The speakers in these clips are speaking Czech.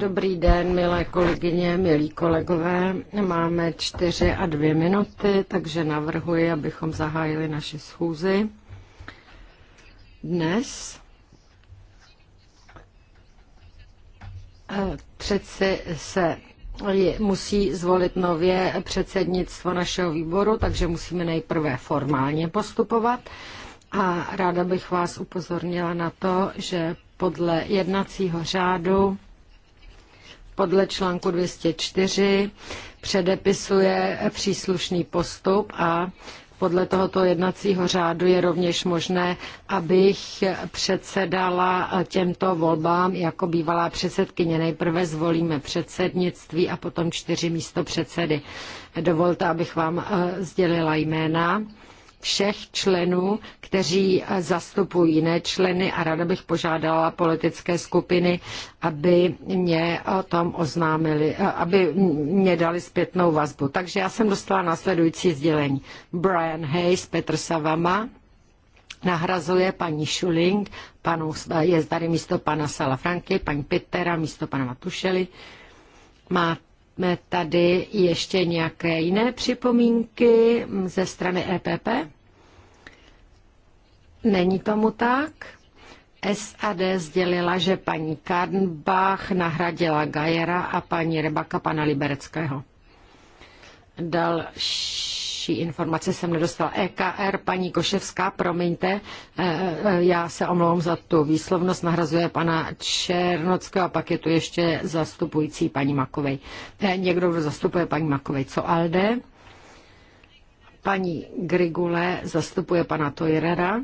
Dobrý den, milé kolegyně, milí kolegové. Máme čtyři a dvě minuty, takže navrhuji, abychom zahájili naši schůzi. Dnes eh, přeci se musí zvolit nově předsednictvo našeho výboru, takže musíme nejprve formálně postupovat. A ráda bych vás upozornila na to, že podle jednacího řádu, podle článku 204, předepisuje příslušný postup a podle tohoto jednacího řádu je rovněž možné, abych předsedala těmto volbám jako bývalá předsedkyně. Nejprve zvolíme předsednictví a potom čtyři místo předsedy. Dovolte, abych vám eh, sdělila jména všech členů, kteří eh, zastupují jiné členy a ráda bych požádala politické skupiny, aby mě o tom oznámili, eh, aby mě dali zpětnou vazbu. Takže já jsem dostala následující sdělení. Brian Hayes, Petr Savama, nahrazuje paní Schuling, panu, eh, je tady místo pana Salafranky, paní Pitera, místo pana Matušely. Má Máme tady ještě nějaké jiné připomínky ze strany EPP? Není tomu tak? SAD sdělila, že paní Karnbach nahradila Gajera a paní Rebaka pana Libereckého. Další další informace jsem nedostal. EKR, paní Koševská, promiňte, eh, eh, já se omlouvám za tu výslovnost, nahrazuje pana Černockého a pak je tu ještě zastupující paní Makovej. Eh, někdo, kdo zastupuje paní Makovej, co Alde? Paní Grigule zastupuje pana Tojrera.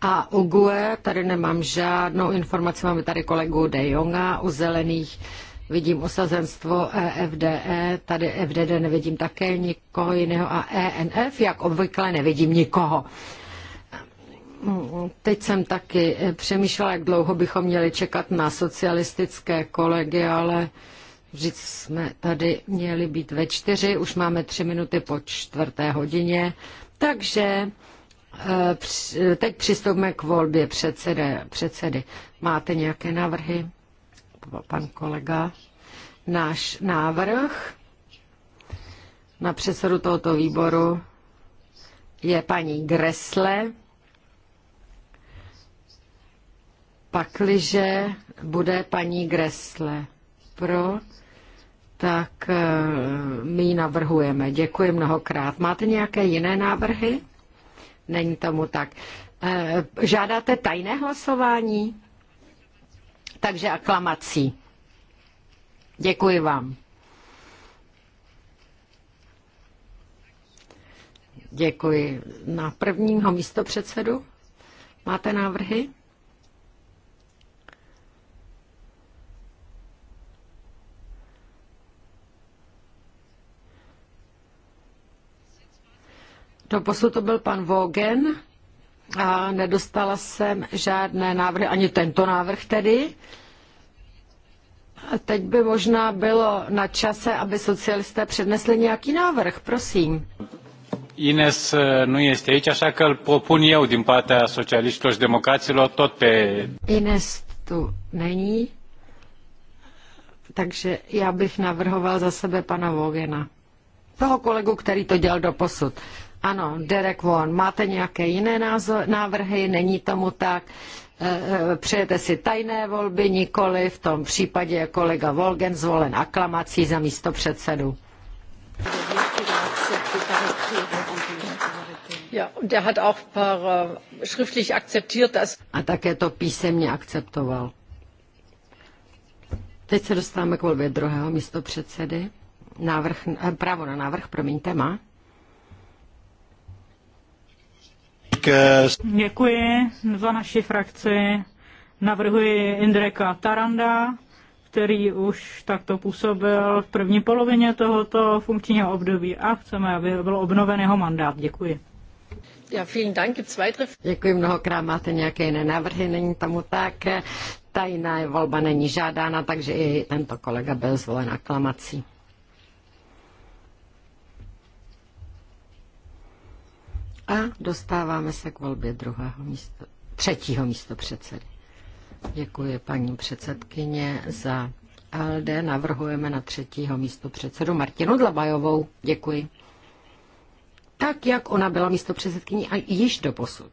A u GUE tady nemám žádnou informaci, máme tady kolegu De Jonga, u zelených vidím osazenstvo EFDE, e, tady e FDD nevidím také nikoho jiného a ENF, jak obvykle, nevidím nikoho. Teď jsem taky přemýšlela, jak dlouho bychom měli čekat na socialistické kolegy, ale vždyť jsme tady měli být ve čtyři, už máme tři minuty po čtvrté hodině, takže e, teď přistoupíme k volbě předsedy. předsedy. Máte nějaké návrhy? pan kolega, náš návrh na předsedu tohoto výboru je paní Gresle. Pakliže bude paní Gresle pro, tak eh, my ji navrhujeme. Děkuji mnohokrát. Máte nějaké jiné návrhy? Není tomu tak. Eh, žádáte tajné hlasování? takže aklamací. Děkuji vám. Děkuji. Na prvního místo předsedu máte návrhy? posud to byl pan Vogen a nedostala jsem žádné návrhy, ani tento návrh tedy. A teď by možná bylo na čase, aby socialisté přednesli nějaký návrh, prosím. Ines eh, nu este aici, așa că îl propun eu din partea socialiștilor și democraților tot pe... Ines tu není, takže já bych navrhoval za sebe pana Vogena. Toho kolegu, který to dělal do posud. Ano, Derek Vaughan, máte nějaké jiné názor, návrhy? Není tomu tak? E, e, přejete si tajné volby, nikoli v tom případě je kolega Volgen zvolen aklamací za místo předsedu. Äh, A také to písemně akceptoval. Teď se dostáváme k volbě druhého místo předsedy. Návrh, eh, právo na návrh, promiňte, má. Děkuji za naši frakci. Navrhuji Indreka Taranda, který už takto působil v první polovině tohoto funkčního období a chceme, aby byl obnoven jeho mandát. Děkuji. Ja, vielen Dank. Gibt's weitere... Děkuji mnohokrát. Máte nějaké jiné návrhy? Není tomu tak. Tajná volba není žádána, takže i tento kolega byl zvolen aklamací. A dostáváme se k volbě druhého místo, třetího místo předsedy. Děkuji paní předsedkyně za ALD. Navrhujeme na třetího místo předsedu Martinu Dlabajovou. Děkuji. Tak, jak ona byla místo předsedkyní a již do posud.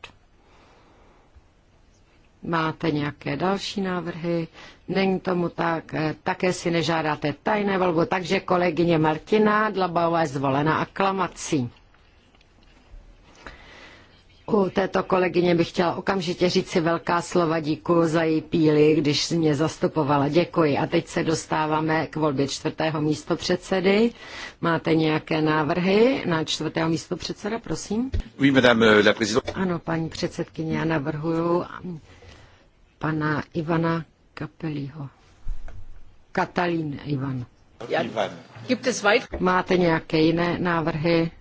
Máte nějaké další návrhy? Není tomu tak. Také si nežádáte tajné volbu, takže kolegyně Martina Dlabajová je zvolena aklamací. U této kolegyně bych chtěla okamžitě říct si velká slova díku za její píly, když mě zastupovala. Děkuji. A teď se dostáváme k volbě čtvrtého místo předsedy. Máte nějaké návrhy na čtvrtého místo předseda, prosím? Oui, madame la présidente. Ano, paní předsedkyně, já navrhuju pana Ivana Kapelího. Katalín Ivan. Máte nějaké jiné návrhy?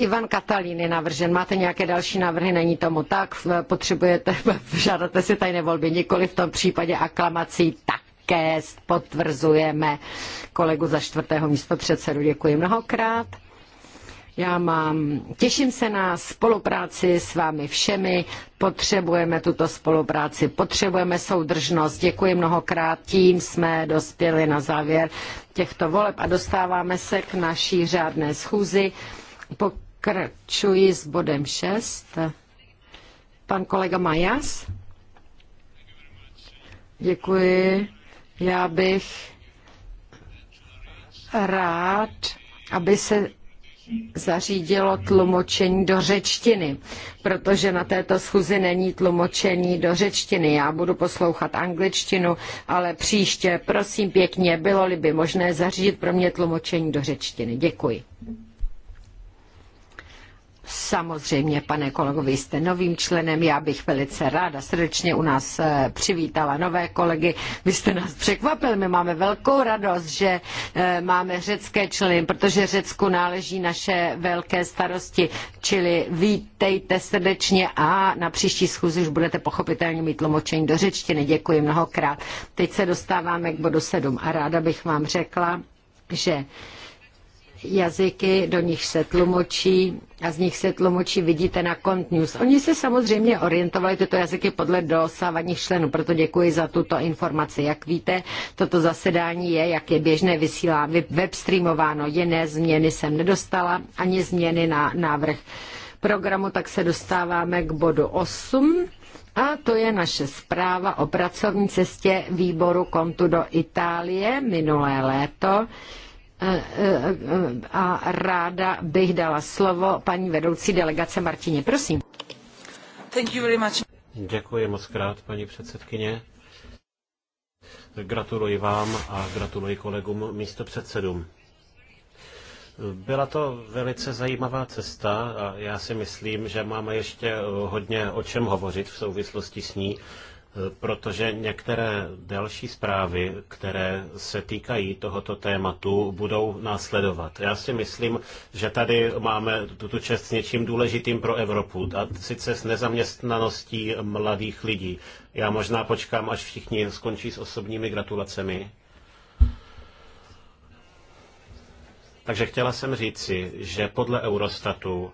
Ivan Katalín je navržen. Máte nějaké další návrhy? Není tomu tak. Potřebujete, žádáte si tajné volby. Nikoli v tom případě aklamací také potvrzujeme kolegu za čtvrtého místo předsedu. Děkuji mnohokrát. Já mám, těším se na spolupráci s vámi všemi, potřebujeme tuto spolupráci, potřebujeme soudržnost, děkuji mnohokrát, tím jsme dospěli na závěr těchto voleb a dostáváme se k naší řádné schůzi. Po pokračuji s bodem 6. Pan kolega Majas. Děkuji. Já bych rád, aby se zařídilo tlumočení do řečtiny, protože na této schůzi není tlumočení do řečtiny. Já budu poslouchat angličtinu, ale příště, prosím pěkně, bylo-li by možné zařídit pro mě tlumočení do řečtiny. Děkuji. Samozřejmě, pane kolego, vy jste novým členem, já bych velice ráda srdečně u nás eh, přivítala nové kolegy. Vy jste nás překvapil, my máme velkou radost, že eh, máme řecké členy, protože Řecku náleží naše velké starosti, čili vítejte srdečně a na příští schůzi už budete pochopitelně mít tlumočení do řečtiny. Děkuji mnohokrát. Teď se dostáváme k bodu 7 a ráda bych vám řekla, že jazyky, do nich se tlumočí a z nich se tlumočí vidíte na Cont News. Oni se samozřejmě orientovali tyto jazyky podle dosávaných členů, proto děkuji za tuto informaci. Jak víte, toto zasedání je, jak je běžné vysílá, webstreamováno. Jiné změny jsem nedostala, ani změny na návrh programu, tak se dostáváme k bodu 8. A to je naše zpráva o pracovní cestě výboru kontu do Itálie minulé léto a ráda bych dala slovo paní vedoucí delegace Martině. Prosím. Thank you very much. Děkuji moc krát, paní předsedkyně. Gratuluji vám a gratuluji kolegům místopředsedům. Byla to velice zajímavá cesta a já si myslím, že máme ještě hodně o čem hovořit v souvislosti s ní protože některé další zprávy, které se týkají tohoto tématu, budou následovat. Já si myslím, že tady máme tuto čest s něčím důležitým pro Evropu, a sice s nezaměstnaností mladých lidí. Já možná počkám, až všichni skončí s osobními gratulacemi. Takže chtěla jsem říci, že podle Eurostatu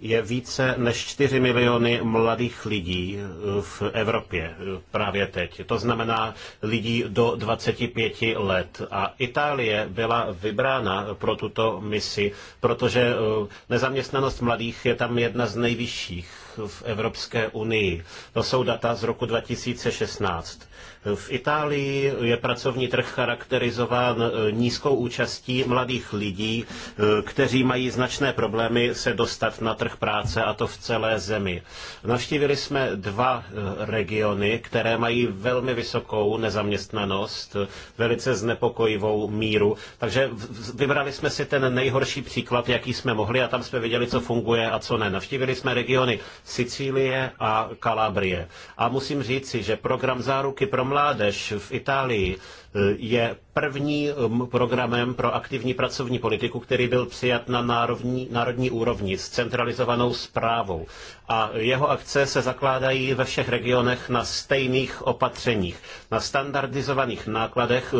je více než 4 miliony mladých lidí eh, v Evropě eh, právě teď. To znamená lidí do 25 let. A Itálie byla vybrána pro tuto misi, protože eh, nezaměstnanost mladých je tam jedna z nejvyšších v Evropské unii. To jsou data z roku 2016. V Itálii je pracovní trh charakterizován e, nízkou účastí mladých lidí, e, kteří mají značné problémy se dostat na trh práce a to v celé zemi. Navštívili jsme dva e, regiony, které mají velmi vysokou nezaměstnanost, velice znepokojivou míru. Takže vybrali jsme si ten nejhorší příklad, jaký jsme mohli a tam jsme viděli, co funguje a co ne. Navštívili jsme regiony Sicílie a Kalábrie. A musím říci, že program záruky pro mladé mládež v Itálii je první um, programem pro aktivní pracovní politiku, který byl přijat na národní, národní úrovni s centralizovanou správou. A jeho akce se zakládají ve všech regionech na stejných opatřeních, na standardizovaných nákladech,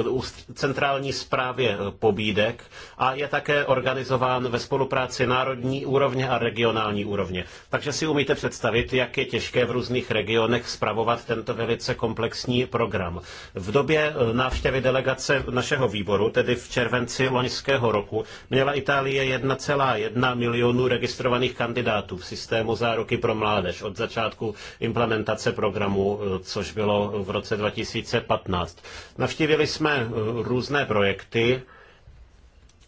centrální správě eh, pobídek a je také organizován ve spolupráci národní úrovně a regionální úrovně. Takže si umíte představit, jak je těžké v různých regionech spravovat tento velice komplexní program. V době eh, návštěvy návštěvy delegace našeho výboru, tedy v červenci loňského roku, měla Itálie 1,1 milionu registrovaných kandidátů v systému záruky pro mládež od začátku implementace programu, eh, což bylo v roce 2015. Navštívili jsme eh, různé projekty,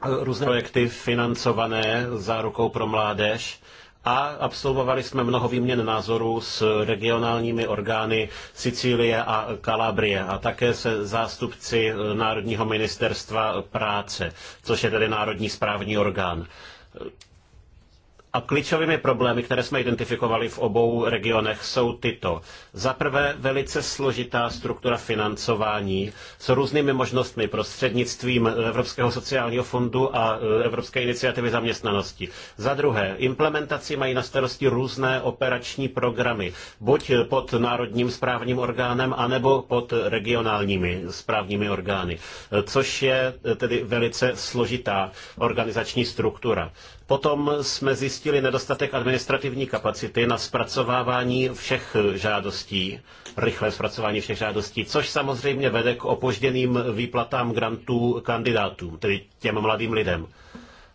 eh, různé projekty financované zárukou pro mládež a absolvovali jsme mnoho výměn názorů s regionálními orgány Sicílie a Kalabrie a také se zástupci eh, Národního ministerstva práce, což je tedy národní správní orgán. A klíčovými problémy, které jsme identifikovali v obou regionech, jsou tyto. Za prvé velice složitá struktura financování s různými možnostmi prostřednictvím Evropského sociálního fondu a e, Evropské iniciativy zaměstnanosti. Za druhé, implementaci mají na starosti různé operační programy, buď pod národním správním orgánem, anebo pod regionálními správními orgány, e, což je e, tedy velice složitá organizační struktura. Potom jsme zjistili nedostatek administrativní kapacity na zpracovávání všech žádostí, rychlé zpracování všech žádostí, což samozřejmě vede k opožděným výplatám grantů kandidátům, tedy těm mladým lidem.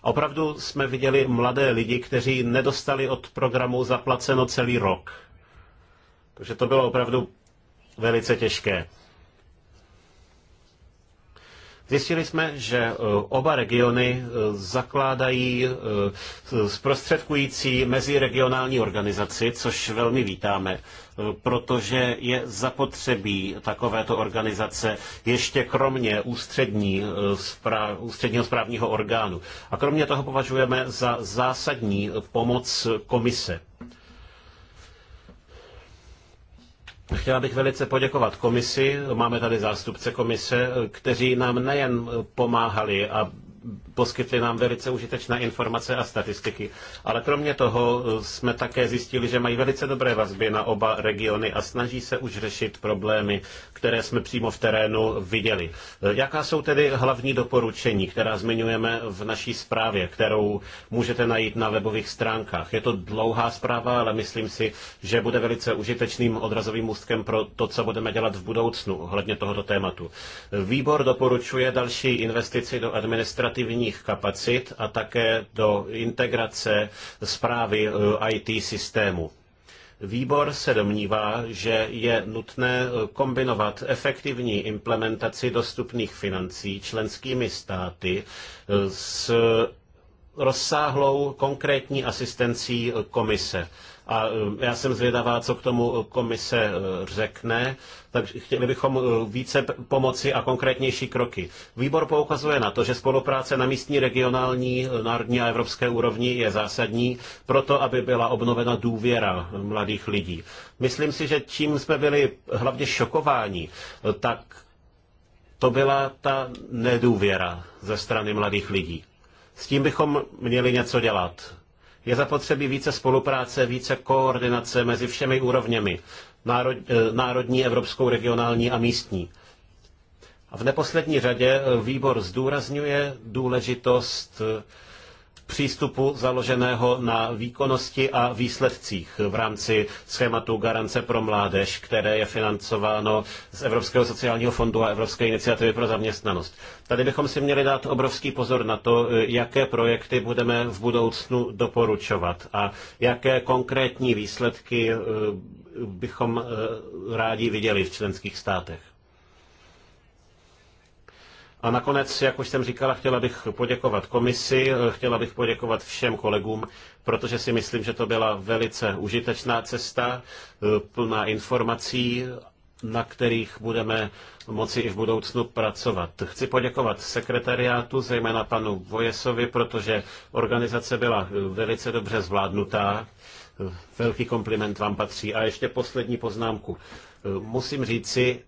Opravdu jsme viděli mladé lidi, kteří nedostali od programu zaplaceno celý rok. Takže to bylo opravdu velice těžké. Zjistili jsme, že e, oba regiony e, zakládají e, zprostředkující meziregionální organizaci, což velmi vítáme, protože je zapotřebí takovéto organizace ještě kromě ústřední, ústředního správního orgánu. A kromě toho považujeme za zásadní pomoc komise Chtěla bych velice poděkovat komisi. Máme tady zástupce komise, kteří nám nejen pomáhali a poskytli nám velice užitečné informace a statistiky. Ale kromě toho eh, jsme také zjistili, že mají velice dobré vazby na oba regiony a snaží se už řešit problémy, které jsme přímo v terénu viděli. Eh, jaká jsou tedy hlavní doporučení, která zmiňujeme v naší zprávě, kterou můžete najít na webových stránkách? Je to dlouhá zpráva, ale myslím si, že bude velice užitečným odrazovým ústkem pro to, co budeme dělat v budoucnu ohledně tohoto tématu. Eh, výbor doporučuje další investici do administrativy operativních kapacit a také do integrace zprávy eh, IT systému. Výbor se domnívá, že je nutné eh, kombinovat efektivní implementaci dostupných financí členskými státy eh, s rozsáhlou konkrétní asistencí komise a e, já jsem zvědavá, co k tomu e, komise e, řekne, takže chtěli bychom více pomoci a konkrétnější kroky. Výbor poukazuje na to, že spolupráce na místní, regionální, národní a evropské úrovni je zásadní pro to, aby byla obnovena důvěra mladých lidí. Myslím si, že čím jsme byli hlavně šokováni, tak to byla ta nedůvěra ze strany mladých lidí. S tím bychom měli něco dělat je zapotřebí více spolupráce, více koordinace mezi všemi úrovněmi. Národ, eh, národní, evropskou, regionální a místní. A v neposlední řadě eh, výbor zdůrazňuje důležitost eh, přístupu založeného na výkonnosti a výsledcích v rámci schématu garance pro mládež, které je financováno z Evropského sociálního fondu a Evropské iniciativy pro zaměstnanost. Tady bychom si měli dát obrovský pozor na to, jaké projekty budeme v budoucnu doporučovat a jaké konkrétní výsledky eh, bychom eh, rádi viděli v členských státech. A nakonec, jak už jsem říkala, chtěla bych poděkovat komisi, chtěla bych poděkovat všem kolegům, protože si myslím, že to byla velice užitečná cesta, eh, plná informací, na kterých budeme moci i v budoucnu pracovat. Chci poděkovat sekretariátu, zejména panu Vojesovi, protože organizace byla eh, velice dobře zvládnutá. Eh, velký kompliment vám patří. A ještě poslední poznámku. Musím říci,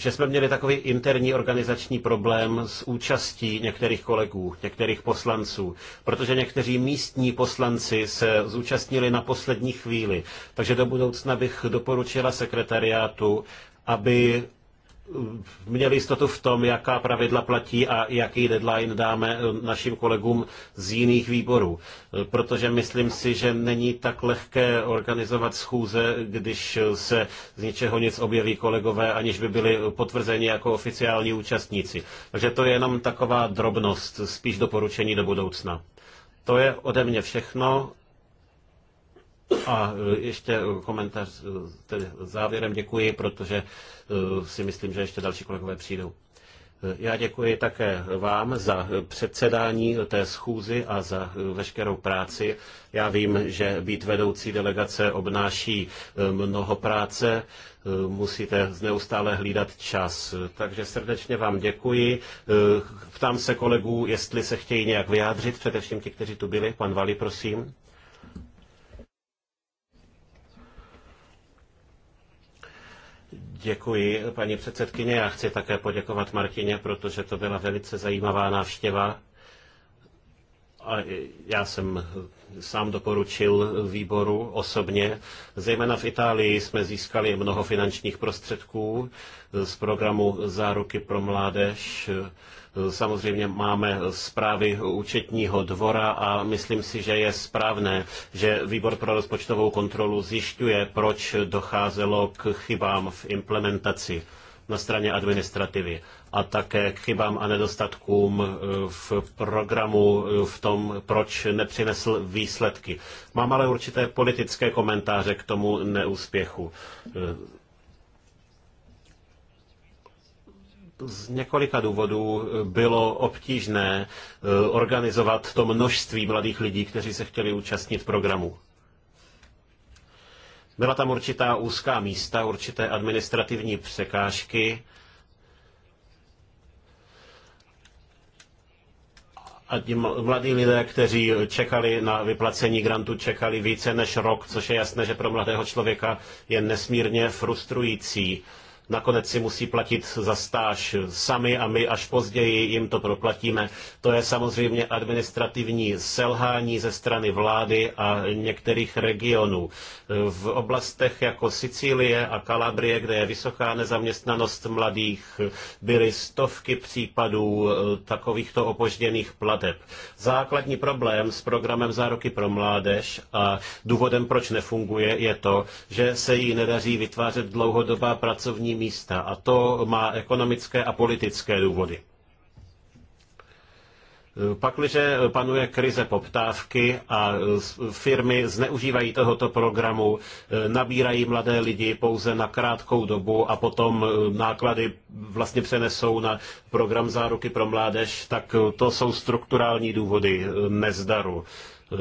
že jsme měli takový interní organizační problém s účastí některých kolegů, některých poslanců, protože někteří místní poslanci se zúčastnili na poslední chvíli. Takže do budoucna bych doporučila sekretariátu, aby měli jistotu v tom, jaká pravidla platí a jaký deadline dáme eh, našim kolegům z jiných výborů. Eh, protože myslím si, že není tak lehké organizovat schůze, když eh, se z ničeho nic objeví kolegové, aniž by byli potvrzeni jako oficiální účastníci. Takže to je jenom taková drobnost, spíš doporučení do budoucna. To je ode mě všechno a e, ještě e, komentář e, tedy závěrem děkuji, protože si myslím, že ještě další kolegové přijdou. Já děkuji také vám za předsedání té schůzy a za veškerou práci. Já vím, že být vedoucí delegace obnáší mnoho práce, musíte neustále hlídat čas. Takže srdečně vám děkuji. Ptám se kolegů, jestli se chtějí nějak vyjádřit, především ti, kteří tu byli. Pan Vali, prosím. Děkuji, paní předsedkyně. Já chci také poděkovat Martině, protože to byla velice zajímavá návštěva. A já jsem sám doporučil výboru osobně. Zejména v Itálii jsme získali mnoho finančních prostředků z programu Záruky pro mládež Samozřejmě máme zprávy účetního dvora a myslím si, že je správné, že výbor pro rozpočtovou kontrolu zjišťuje, proč docházelo k chybám v implementaci na straně administrativy a také k chybám a nedostatkům eh, v programu, eh, v tom, proč nepřinesl výsledky. Mám ale určité politické komentáře k tomu neúspěchu. Eh, z několika důvodů eh, bylo obtížné eh, organizovat to množství mladých lidí, kteří se chtěli účastnit programu. Byla tam určitá úzká místa, určité administrativní překážky. A ti mladí lidé, kteří čekali na vyplacení grantu, čekali více než rok, což je jasné, že pro mladého člověka je nesmírně frustrující nakonec si musí platit za stáž sami a my až později jim to proplatíme. To je samozřejmě administrativní selhání ze strany vlády a některých regionů. V oblastech jako Sicílie a Kalabrie, kde je vysoká nezaměstnanost mladých, byly stovky případů eh, takovýchto opožděných plateb. Základní problém s programem Záruky pro mládež a důvodem, proč nefunguje, je to, že se jí nedaří vytvářet dlouhodobá pracovní místa a to má ekonomické a politické důvody. Pakliže panuje krize poptávky a firmy zneužívají tohoto programu, nabírají mladé lidi pouze na krátkou dobu a potom e, náklady vlastně přenesou na program záruky pro mládež, tak to jsou strukturální důvody e, nezdaru e,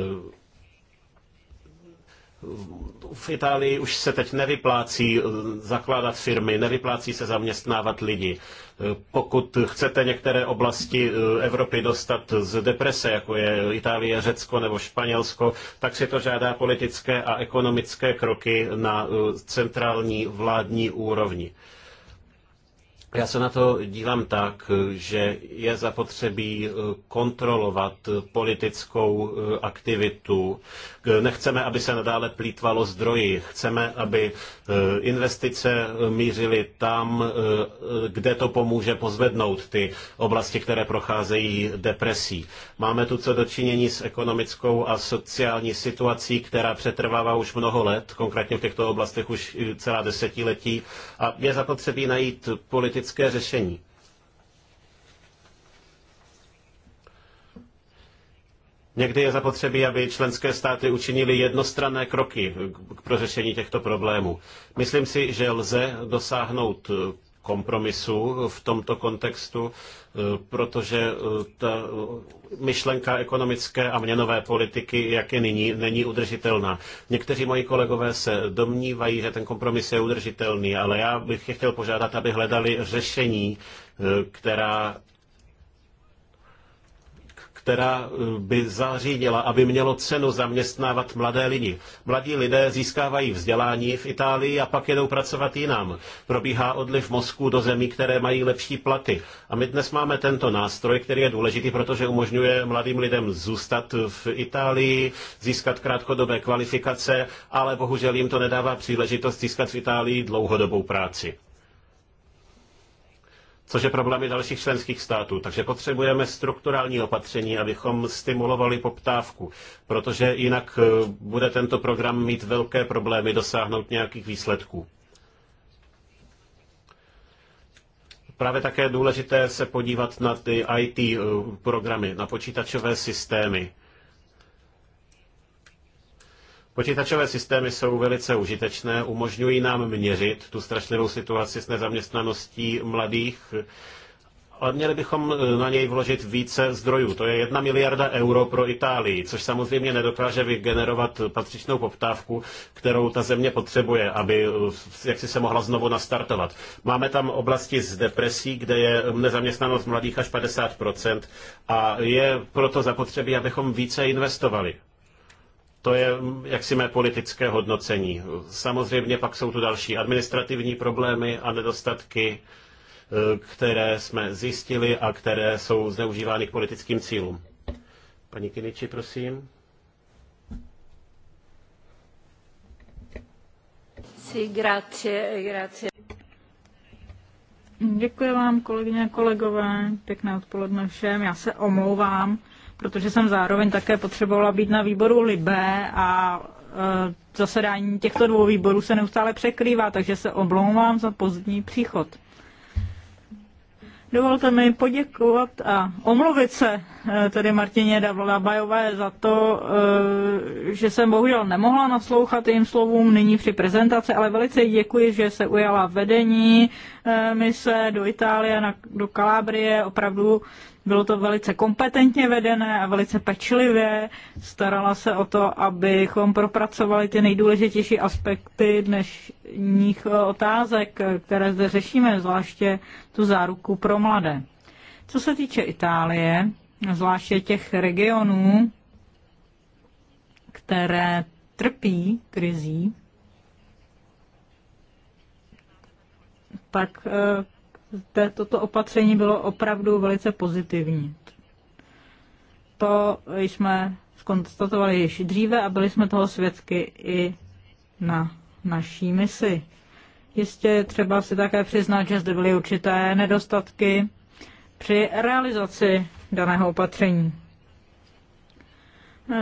v Itálii už se teď nevyplácí eh, zakládat firmy, nevyplácí se zaměstnávat lidi. Eh, pokud chcete některé oblasti eh, Evropy dostat z deprese, jako je Itálie, Řecko nebo Španělsko, tak si to žádá politické a ekonomické kroky na centrální vládní úrovni. Já se na to dívám tak, že je zapotřebí eh, kontrolovat politickou eh, aktivitu. Nechceme, aby se nadále plítvalo zdroji. Chceme, aby Eh, investice eh, mířily tam, eh, kde to pomůže pozvednout ty oblasti, které procházejí depresí. Máme tu co dočinění s ekonomickou a sociální situací, která přetrvává už mnoho let, konkrétně v těchto oblastech už celá desetiletí a je zapotřebí najít politické řešení. Někdy je zapotřebí, aby členské státy učinili jednostranné kroky k prořešení těchto problémů. Myslím si, že lze dosáhnout kompromisu v tomto kontextu, protože ta myšlenka ekonomické a měnové politiky, jak je nyní, není udržitelná. Někteří moji kolegové se domnívají, že ten kompromis je udržitelný, ale já bych je chtěl požádat, aby hledali řešení, která která eh, by zařídila, aby mělo cenu zaměstnávat mladé lidi. Mladí lidé získávají vzdělání v Itálii a pak jedou pracovat jinam. Probíhá odliv mozku do zemí, které mají lepší platy. A my dnes máme tento nástroj, který je důležitý, protože umožňuje mladým lidem zůstat v Itálii, získat krátkodobé kvalifikace, ale bohužel jim to nedává příležitost získat v Itálii dlouhodobou práci což je problémy dalších členských států. Takže potřebujeme strukturální opatření, abychom stimulovali poptávku, protože jinak e, bude tento program mít velké problémy dosáhnout nějakých výsledků. Právě také je důležité se podívat na ty IT e, programy, na počítačové systémy Počítačové systémy jsou velice užitečné, umožňují nám měřit tu strašlivou situaci s nezaměstnaností mladých, ale měli bychom e, na něj vložit více zdrojů. To je jedna miliarda euro pro Itálii, což samozřejmě nedokáže vygenerovat patřičnou poptávku, kterou ta země potřebuje, aby e, jak si se mohla znovu nastartovat. Máme tam oblasti s depresí, kde je nezaměstnanost mladých až 50% a je proto zapotřebí, abychom více investovali. To je mm, jaksi mé politické hodnocení. Samozřejmě pak jsou tu další administrativní problémy a nedostatky, e, které jsme zjistili a které jsou zneužívány k politickým cílům. Paní Kiniči, prosím. Děkuji vám, kolegyně a kolegové. Pěkné odpoledne všem. Já se omlouvám, protože jsem zároveň také potřebovala být na výboru Libé a e, zasedání těchto dvou výborů se neustále překrývá, takže se omlouvám za pozdní příchod. Dovolte mi poděkovat a omluvit se e, tedy Martině Dabajové za to, e, že jsem bohužel nemohla naslouchat jejím slovům nyní při prezentaci, ale velice děkuji, že se ujala vedení mise do Itálie, do Kalábrie. Opravdu bylo to velice kompetentně vedené a velice pečlivě. Starala se o to, abychom propracovali ty nejdůležitější aspekty dnešních eh, otázek, eh, které zde řešíme, zvláště tu záruku pro mladé. Co se týče Itálie, zvláště těch regionů, které trpí krizí, tak eh, zde toto opatření bylo opravdu velice pozitivní. To jsme skonstatovali již dříve a byli jsme toho svědky i na naší misi. Jistě třeba si také přiznat, že zde byly určité nedostatky při realizaci daného opatření.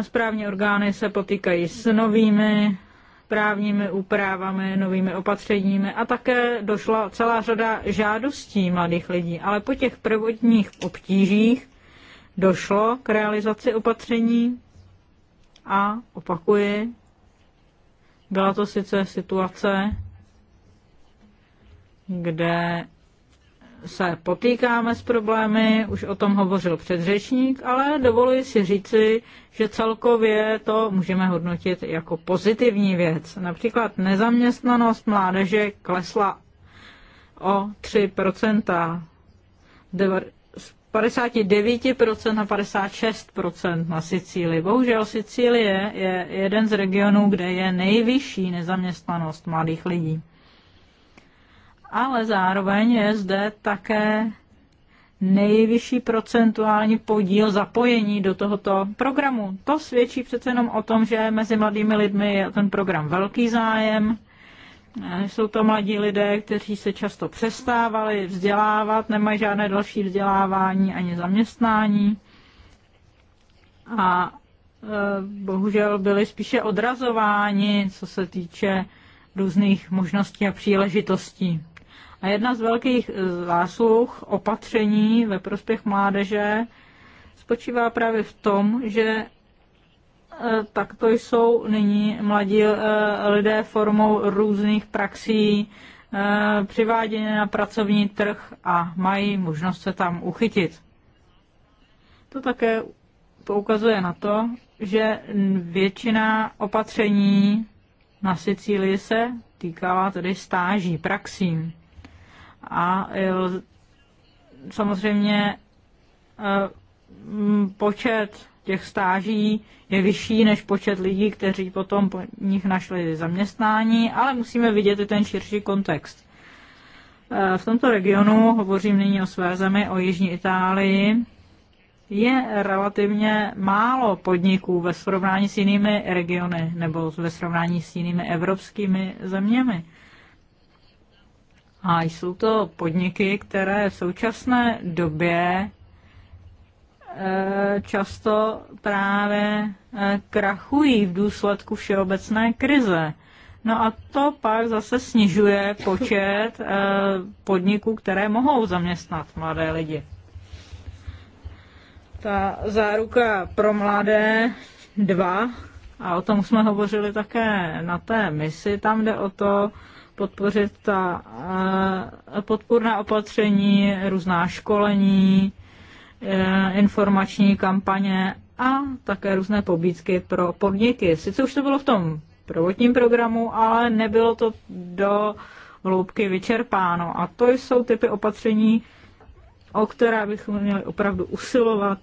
Správní orgány se potýkají s novými právními úpravami, novými opatřeními a také došla celá řada žádostí mladých lidí. Ale po těch prvotních obtížích došlo k realizaci opatření a opakuji, byla to sice situace, kde se potýkáme s problémy, už o tom hovořil předřečník, ale dovoluji si říci, že celkově to můžeme hodnotit jako pozitivní věc. Například nezaměstnanost mládeže klesla o 3%, z 59% na 56% na Sicílii. Bohužel Sicílie je jeden z regionů, kde je nejvyšší nezaměstnanost mladých lidí ale zároveň je zde také nejvyšší procentuální podíl zapojení do tohoto programu. To svědčí přece jenom o tom, že mezi mladými lidmi je ten program velký zájem. Jsou to mladí lidé, kteří se často přestávali vzdělávat, nemají žádné další vzdělávání ani zaměstnání. A e, bohužel byli spíše odrazováni, co se týče různých možností a příležitostí. A jedna z velkých eh, zásluh opatření ve prospěch mládeže spočívá právě v tom, že eh, takto jsou nyní mladí eh, lidé formou různých praxí přiváděni na pracovní trh a mají možnost se tam uchytit. To také poukazuje na to, že většina opatření na Sicílii se týkala tedy stáží, praxí a e, samozřejmě e, počet těch stáží je vyšší než počet lidí, kteří potom po nich našli zaměstnání, ale musíme vidět i ten širší kontext. E, v tomto regionu, hovořím nyní o své zemi, o Jižní Itálii, je relativně málo podniků ve srovnání s jinými regiony nebo ve srovnání s jinými evropskými zeměmi. A jsou to podniky, které v současné době eh, často právě eh, krachují v důsledku všeobecné krize. No a to pak zase snižuje počet eh, podniků, které mohou zaměstnat mladé lidi. Ta záruka pro mladé dva. a o tom jsme hovořili také na té misi, tam jde o to, podpořit ta eh, podpůrná opatření, různá školení, eh, informační kampaně a také různé pobídky pro podniky. Sice už to bylo v tom prvotním programu, ale nebylo to do hloubky vyčerpáno. A to jsou typy opatření, o která bychom měli opravdu usilovat.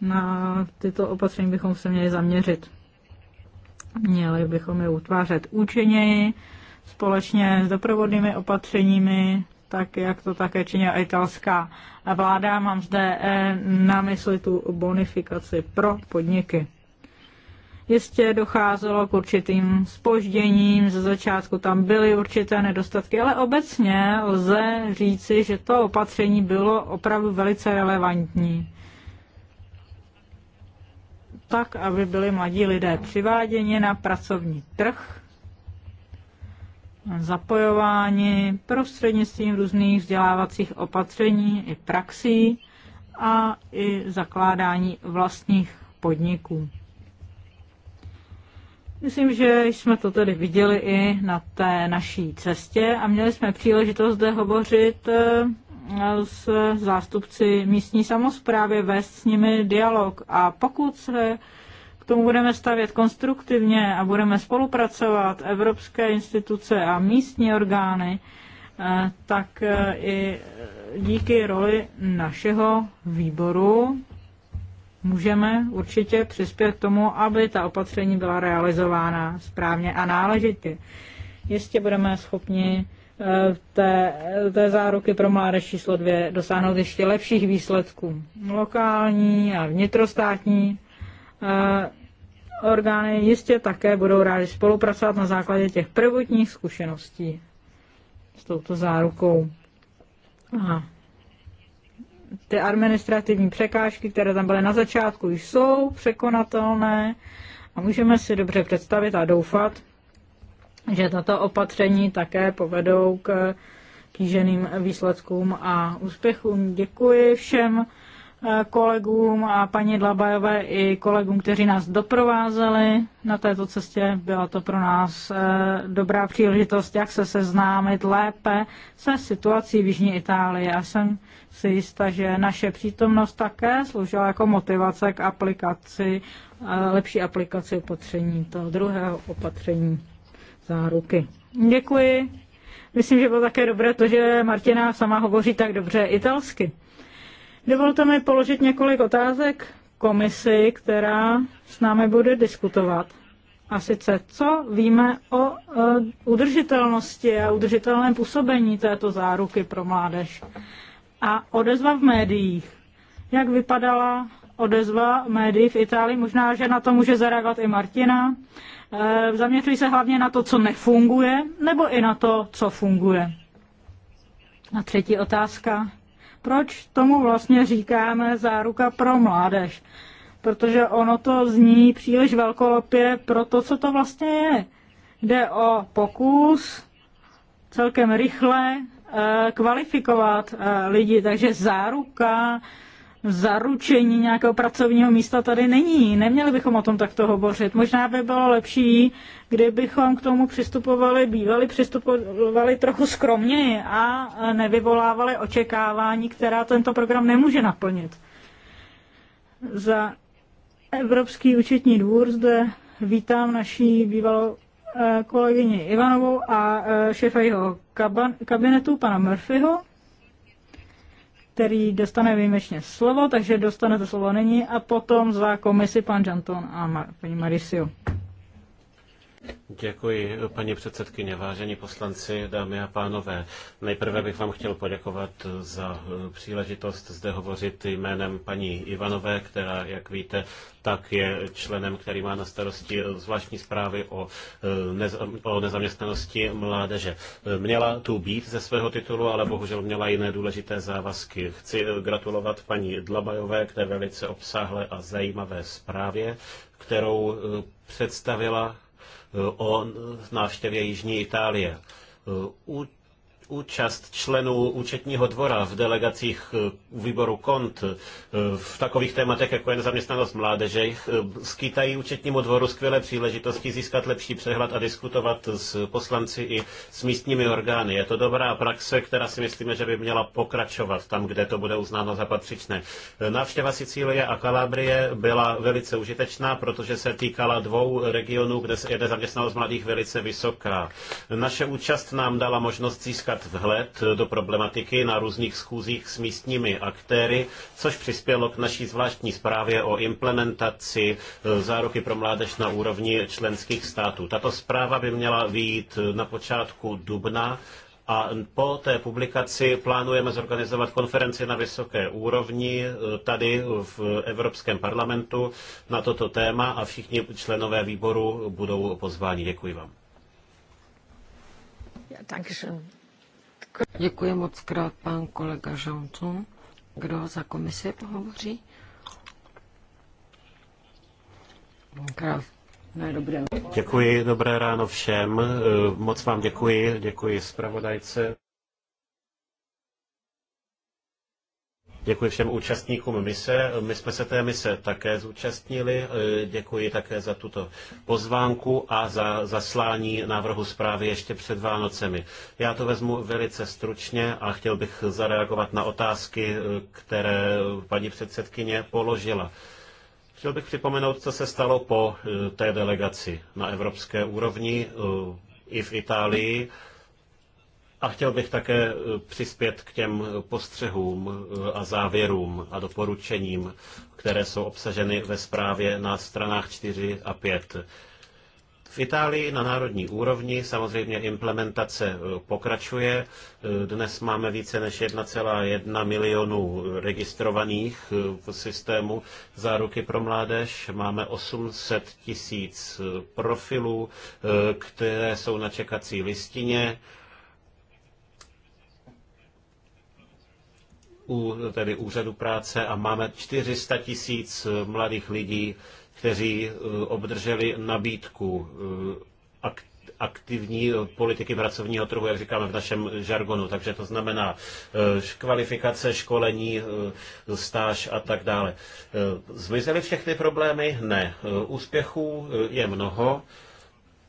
Na tyto opatření bychom se měli zaměřit. Měli bychom je utvářet účinněji, společně s doprovodnými opatřeními, tak jak to také činila italská vláda. Mám zde eh, na mysli tu bonifikaci pro podniky. Jistě docházelo k určitým spožděním, ze začátku tam byly určité nedostatky, ale obecně lze říci, že to opatření bylo opravdu velice relevantní tak, aby byli mladí lidé přiváděni na pracovní trh, zapojováni prostřednictvím různých vzdělávacích opatření i praxí a i zakládání vlastních podniků. Myslím, že jsme to tedy viděli i na té naší cestě a měli jsme příležitost zde hovořit eh, s zástupci místní samozprávy, vést s nimi dialog. A pokud se k tomu budeme stavět konstruktivně a budeme spolupracovat evropské instituce a místní orgány, eh, tak eh, i díky roli našeho výboru můžeme určitě přispět k tomu, aby ta opatření byla realizována správně a náležitě. Jistě budeme schopni Eh, té, té záruky pro mládež číslo dvě dosáhnout ještě lepších výsledků. Lokální a vnitrostátní eh, orgány jistě také budou rádi spolupracovat na základě těch prvotních zkušeností s touto zárukou. Aha. Ty administrativní překážky, které tam byly na začátku, jsou překonatelné a můžeme si dobře představit a doufat, že tato opatření také povedou k kýženým výsledkům a úspěchům. Děkuji všem eh, kolegům a paní Dlabajové i kolegům, kteří nás doprovázeli na této cestě. Byla to pro nás eh, dobrá příležitost, jak se seznámit lépe se situací v Jižní Itálii. Já jsem si jistá, že naše přítomnost také sloužila jako motivace k aplikaci, eh, lepší aplikaci opatření, toho druhého opatření záruky. Děkuji. Myslím, že bylo také dobré to, že Martina sama hovoří tak dobře italsky. Dovolte mi položit několik otázek komisi, která s námi bude diskutovat. A sice, co víme o uh, udržitelnosti a udržitelném působení této záruky pro mládež? A odezva v médiích. Jak vypadala odezva médií v Itálii? Možná, že na to může zareagovat i Martina. Eh, Zaměřují se hlavně na to, co nefunguje, nebo i na to, co funguje. A třetí otázka. Proč tomu vlastně říkáme záruka pro mládež? Protože ono to zní příliš velkolopě pro to, co to vlastně je. Jde o pokus celkem rychle eh, kvalifikovat eh, lidi, takže záruka zaručení nějakého pracovního místa tady není. Neměli bychom o tom takto hovořit. Možná by bylo lepší, kdybychom k tomu přistupovali, bývali přistupovali trochu skromněji a nevyvolávali očekávání, která tento program nemůže naplnit. Za Evropský účetní dvůr zde vítám naší bývalou eh, kolegyni Ivanovou a eh, šéfa jeho kabinetu, pana Murphyho který dostane výjimečně slovo, takže dostanete slovo nyní a potom zvá komisi pan Janton a paní Marisio. Děkuji, paní předsedkyně, vážení poslanci, dámy a pánové. Nejprve bych vám chtěl poděkovat za eh, příležitost zde hovořit jménem paní Ivanové, která, jak víte, tak je členem, který má na starosti eh, zvláštní zprávy o, eh, nez, o nezaměstnanosti mládeže. Měla tu být ze svého titulu, ale bohužel měla jiné důležité závazky. Chci gratulovat paní Dlabajové k té velice obsáhlé a zajímavé zprávě, kterou představila o návštěvě Jižní Itálie. U účast členů účetního dvora v delegacích eh, výboru KONT eh, v takových tématech, jako je nezaměstnanost mládeže, eh, skýtají účetnímu dvoru skvělé příležitosti získat lepší přehled a diskutovat s poslanci i s místními orgány. Je to dobrá praxe, která si myslíme, že by měla pokračovat tam, kde to bude uznáno za patřičné. Návštěva Sicílie a Kalábrie byla velice užitečná, protože se týkala dvou regionů, kde je nezaměstnanost mladých velice vysoká. Naše účast nám dala možnost získat získat vhled do problematiky na různých schůzích s místními aktéry, což přispělo k naší zvláštní zprávě o implementaci e, záruky pro mládež na úrovni členských států. Tato zpráva by měla výjít na počátku dubna a po té publikaci plánujeme zorganizovat konferenci na vysoké úrovni e, tady v Evropském parlamentu na toto téma a všichni členové výboru budou pozváni. Děkuji vám. Ja, Děkuji moc krát, pán kolega Johnson. Kdo za komisi pohovoří? Krát. Dobré. Děkuji, dobré ráno všem. E, moc vám děkuji, děkuji zpravodajce Děkuji všem účastníkům mise. My jsme se té mise také zúčastnili. Děkuji také za tuto pozvánku a za zaslání návrhu zprávy ještě před Vánocemi. Já to vezmu velice stručně a chtěl bych zareagovat na otázky, které paní předsedkyně položila. Chtěl bych připomenout, co se stalo po té delegaci na evropské úrovni eh, i v Itálii. A chtěl bych také e, přispět k těm postřehům e, a závěrům a doporučením, které jsou obsaženy ve zprávě na stranách 4 a 5. V Itálii na národní úrovni samozřejmě implementace e, pokračuje. Dnes máme více než 1,1 milionu registrovaných v systému záruky pro mládež. Máme 800 tisíc profilů, které jsou na čekací listině u tedy úřadu práce a máme 400 tisíc eh, mladých lidí, kteří eh, obdrželi nabídku eh, aktivní politiky pracovního trhu, jak říkáme v našem žargonu. Takže to znamená kvalifikace, školení, stáž a tak dále. Zmizely všechny problémy? Ne. Úspěchů je mnoho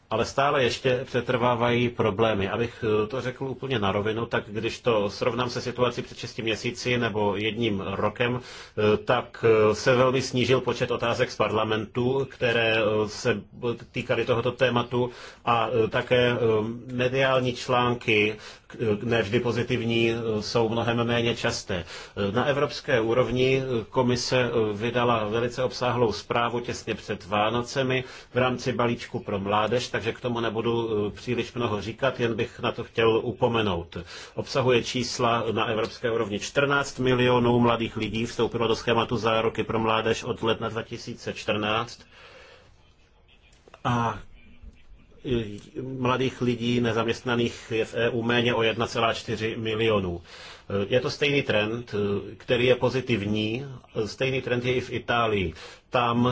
ale stále ještě přetrvávají problémy. Abych eh, to řekl úplně na rovinu, tak když to srovnám se situací před 6 měsíci nebo jedním rokem, eh, tak eh, se velmi snížil počet otázek z parlamentu, které se týkaly tohoto tématu a také mediální články, ne vždy pozitivní, e, jsou mnohem méně časté. E, na evropské úrovni e, komise vydala velice obsáhlou zprávu těsně před Vánocemi v rámci balíčku pro mládež, takže k tomu nebudu příliš mnoho říkat, jen bych na to chtěl upomenout. Obsahuje čísla na evropské úrovni 14 milionů mladých lidí vstoupilo do schématu záruky pro mládež od ledna 2014 a mladých lidí nezaměstnaných je v EU méně o 1,4 milionů. Je to stejný trend, který je pozitivní. Stejný trend je i v Itálii. Tam e,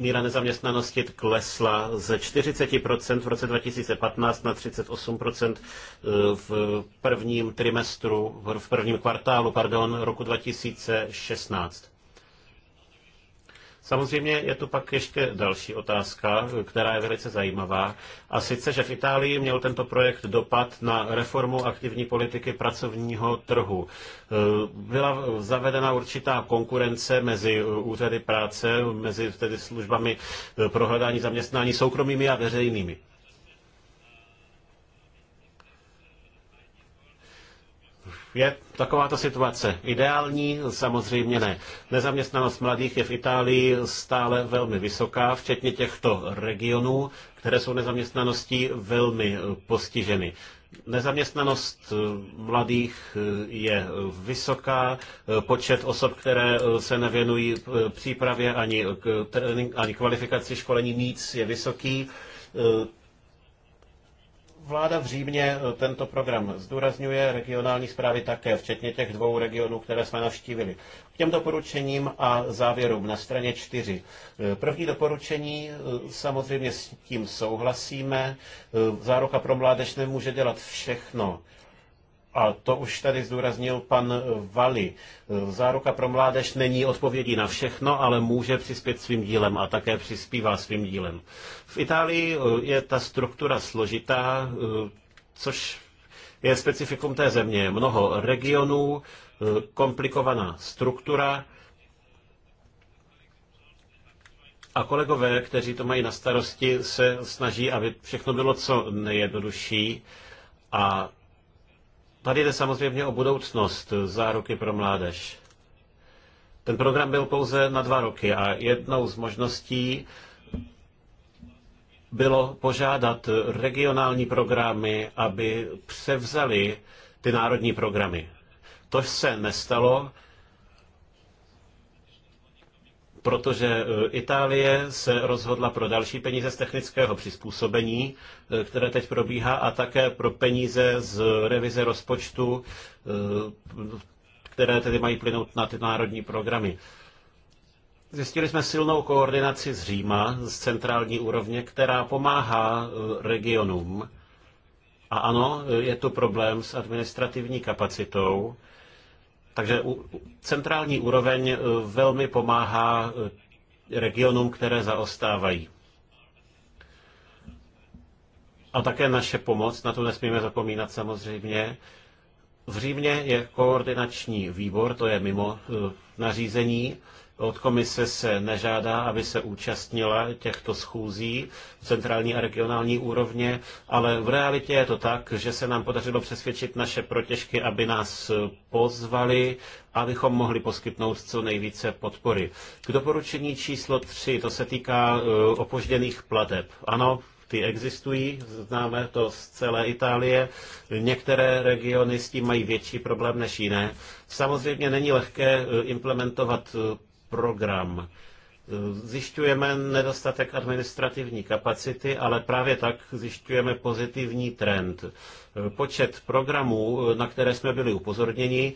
míra nezaměstnanosti klesla ze 40% v roce 2015 na 38% e, v prvním trimestru, v prvním kvartálu, pardon, roku 2016. Samozřejmě je tu pak ještě další otázka, která je velice zajímavá. A sice, že v Itálii měl tento projekt dopad na reformu aktivní politiky pracovního trhu. Eh, byla zavedena určitá konkurence mezi eh, úřady práce, mezi tedy službami eh, pro hledání zaměstnání soukromými a veřejnými. Je takováto situace ideální? Samozřejmě ne. Nezaměstnanost mladých je v Itálii stále velmi vysoká, včetně těchto regionů, které jsou nezaměstnaností velmi eh, postiženy. Nezaměstnanost eh, mladých eh, je vysoká, počet osob, které se nevěnují přípravě ani, ani kvalifikaci školení nic je vysoký Vláda v Římě eh, tento program zdůrazňuje, regionální zprávy také, včetně těch dvou regionů, které jsme navštívili. K těm doporučením a závěrům na straně čtyři. Eh, první doporučení, eh, samozřejmě s tím souhlasíme, záruka pro mládež nemůže dělat všechno. A to už tady zdůraznil pan Vali. Záruka pro mládež není odpovědí na všechno, ale může přispět svým dílem a také přispívá svým dílem. V Itálii eh, je ta struktura složitá, eh, což je specifikum té země. Mnoho regionů, eh, komplikovaná struktura, A kolegové, kteří to mají na starosti, se snaží, aby všechno bylo co nejjednodušší a Tady jde samozřejmě o budoucnost záruky pro mládež. Ten program byl pouze na dva roky a jednou z možností bylo požádat regionální programy, aby převzali ty národní programy. To se nestalo protože e, Itálie se rozhodla pro další peníze z technického přizpůsobení, e, které teď probíhá, a také pro peníze z revize rozpočtu, e, které tedy mají plynout na ty národní programy. Zjistili jsme silnou koordinaci z Říma, z centrální úrovně, která pomáhá regionům. A ano, je tu problém s administrativní kapacitou, takže centrální úroveň eh, velmi pomáhá eh, regionům, které zaostávají. A také naše pomoc, na to nesmíme zapomínat samozřejmě, v Římě je koordinační výbor, to je mimo eh, nařízení. Od komise se nežádá, aby se účastnila těchto schůzí centrální a regionální úrovně, ale v realitě je to tak, že se nám podařilo přesvědčit naše protěžky, aby nás eh, pozvali, abychom mohli poskytnout co nejvíce podpory. K doporučení číslo 3, to se týká eh, opožděných plateb. Ano, ty existují, známe to z celé Itálie. Některé regiony s tím mají větší problém než jiné. Samozřejmě není lehké eh, implementovat eh, program. Eh, zjišťujeme nedostatek administrativní kapacity, ale právě tak zjišťujeme pozitivní trend. Počet programů, na které jsme byli upozorněni,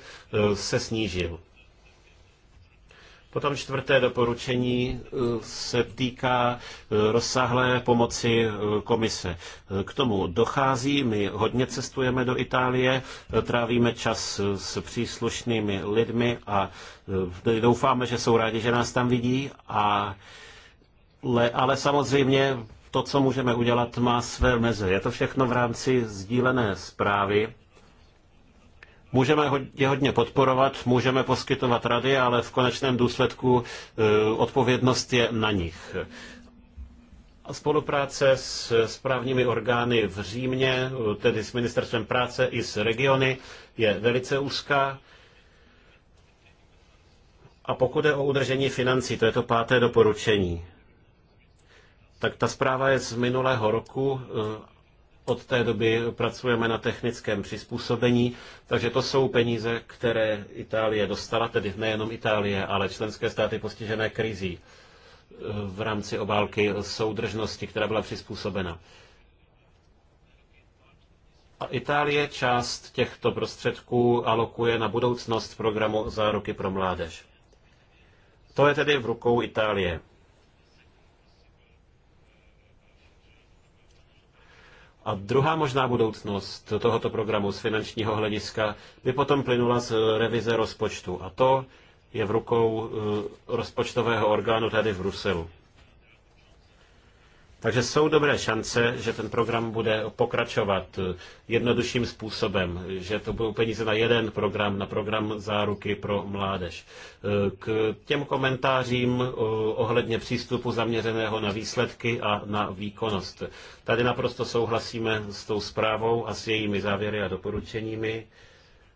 se snížil. Potom čtvrté doporučení eh, se týká eh, rozsáhlé pomoci eh, komise. K tomu dochází, my hodně cestujeme do Itálie, trávíme čas s příslušnými lidmi a doufáme, že jsou rádi, že nás tam vidí, a, ale samozřejmě to, co můžeme udělat, má své meze. Je to všechno v rámci sdílené zprávy Můžeme je hodně podporovat, můžeme poskytovat rady, ale v konečném důsledku e, odpovědnost je na nich. Spolupráce s správními orgány v Římě, tedy s Ministerstvem práce i s regiony, je velice úzká. A pokud je o udržení financí, to je to páté doporučení, tak ta zpráva je z minulého roku e, od té doby pracujeme na technickém přizpůsobení, takže to jsou peníze, které Itálie dostala, tedy nejenom Itálie, ale členské státy postižené krizí eh, v rámci obálky soudržnosti, která byla přizpůsobena. A Itálie část těchto prostředků alokuje na budoucnost programu Záruky pro mládež. To je tedy v rukou Itálie. A druhá možná budoucnost tohoto programu z finančního hlediska by potom plynula z revize rozpočtu. A to je v rukou eh, rozpočtového orgánu tady v Bruselu. Takže jsou dobré šance, že ten program bude pokračovat jednodušším způsobem, že to budou peníze na jeden program, na program záruky pro mládež. K těm komentářím eh, ohledně přístupu zaměřeného na výsledky a na výkonnost. Tady naprosto souhlasíme s tou zprávou a s jejími závěry a doporučeními.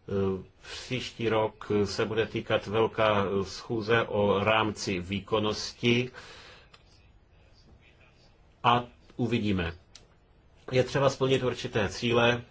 Eh, příští rok se bude týkat velká schůze o rámci výkonnosti a uvidíme. Je třeba splnit určité cíle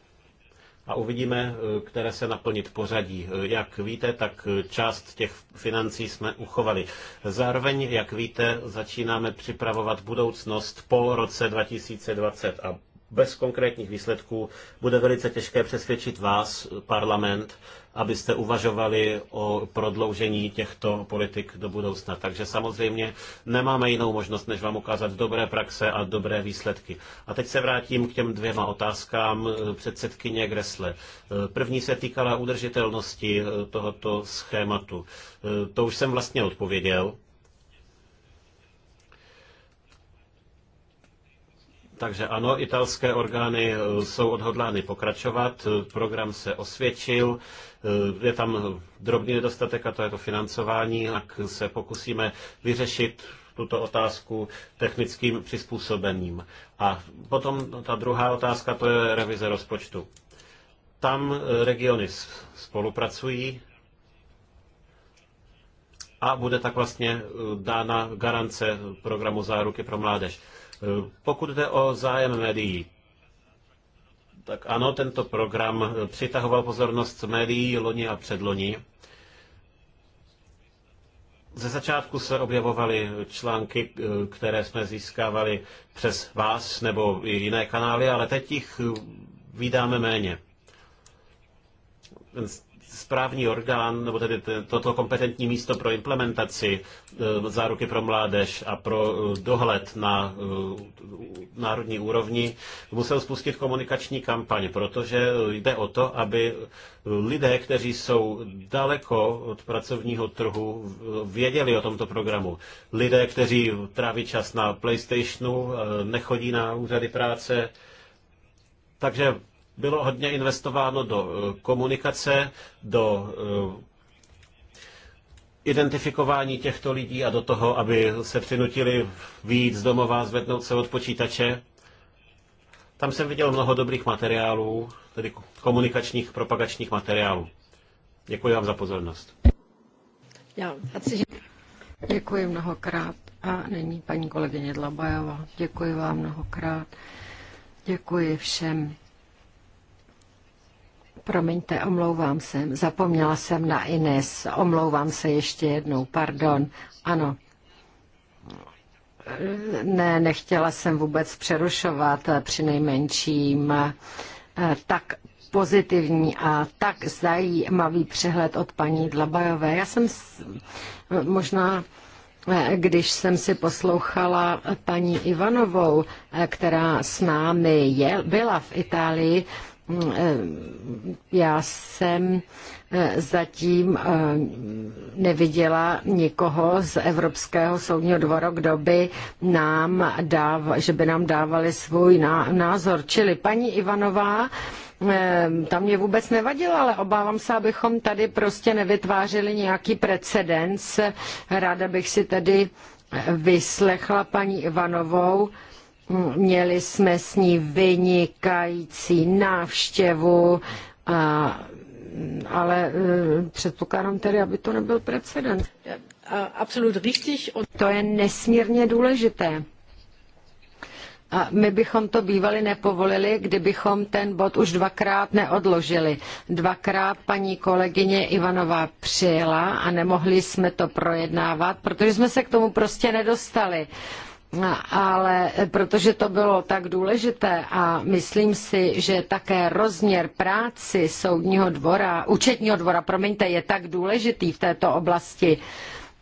a uvidíme, eh, které se naplnit pořadí. Eh, jak víte, tak eh, část těch financí jsme uchovali. Zároveň, jak víte, začínáme připravovat budoucnost po roce 2020 a bez konkrétních výsledků bude velice těžké přesvědčit vás, parlament, abyste uvažovali o prodloužení těchto politik do budoucna. Takže samozřejmě nemáme jinou možnost, než vám ukázat dobré praxe a dobré výsledky. A teď se vrátím k těm dvěma otázkám eh, předsedkyně Gresle. Eh, první se týkala udržitelnosti eh, tohoto schématu. To už jsem vlastně odpověděl. Takže ano, italské orgány eh, jsou odhodlány pokračovat, program se osvědčil, eh, je tam drobný nedostatek a to je to financování, tak se pokusíme vyřešit tuto otázku technickým přizpůsobením. A potom ta druhá otázka, to je revize rozpočtu. Tam eh, regiony spolupracují a bude tak vlastně dána garance programu záruky pro mládež. Eh, pokud jde o zájem médií, tak ano, tento program eh, přitahoval pozornost médií loni a předloni. Ze začátku se objevovaly články, eh, které jsme získávali přes vás nebo jiné kanály, ale teď jich vydáme méně správní orgán, nebo tedy toto kompetentní místo pro implementaci e, záruky pro mládež a pro e, dohled na e, národní úrovni musel spustit komunikační kampaň, protože jde o to, aby lidé, kteří jsou daleko od pracovního trhu, věděli o tomto programu. Lidé, kteří tráví čas na PlayStationu, nechodí na úřady práce, takže bylo hodně investováno do eh, komunikace, do eh, identifikování těchto lidí a do toho, aby se přinutili víc z domova, zvednout se od počítače. Tam jsem viděl mnoho dobrých materiálů, tedy komunikačních, propagačních materiálů. Děkuji vám za pozornost. Děkuji mnohokrát. A nyní paní kolegyně Dlabajová. Děkuji vám mnohokrát. Děkuji všem Promiňte, omlouvám se. Zapomněla jsem na Ines. Omlouvám se ještě jednou. Pardon. Ano. Ne, nechtěla jsem vůbec přerušovat při nejmenším. Eh, tak pozitivní a tak zajímavý přehled od paní Dlabajové. Já jsem možná eh, když jsem si poslouchala paní Ivanovou, eh, která s námi je, byla v Itálii, Eh, já jsem eh, zatím eh, neviděla nikoho z Evropského soudního dvora, kdo by nám dáv, že by nám dávali svůj názor. Čili paní Ivanová, tam mě vůbec nevadilo, ale obávám se, abychom tady prostě nevytvářeli nějaký precedens. Ráda bych si tedy vyslechla paní Ivanovou Měli jsme s ní vynikající návštěvu, a, ale e, předpokládám tedy, aby to nebyl precedent. Absolut richtig. To je nesmírně důležité. A my bychom to bývali nepovolili, kdybychom ten bod už dvakrát neodložili. Dvakrát paní kolegyně Ivanová přijela a nemohli jsme to projednávat, protože jsme se k tomu prostě nedostali. Uh, ale protože to bylo tak důležité a myslím si, že také rozměr práci soudního dvora, účetního dvora, promiňte, je tak důležitý v této oblasti,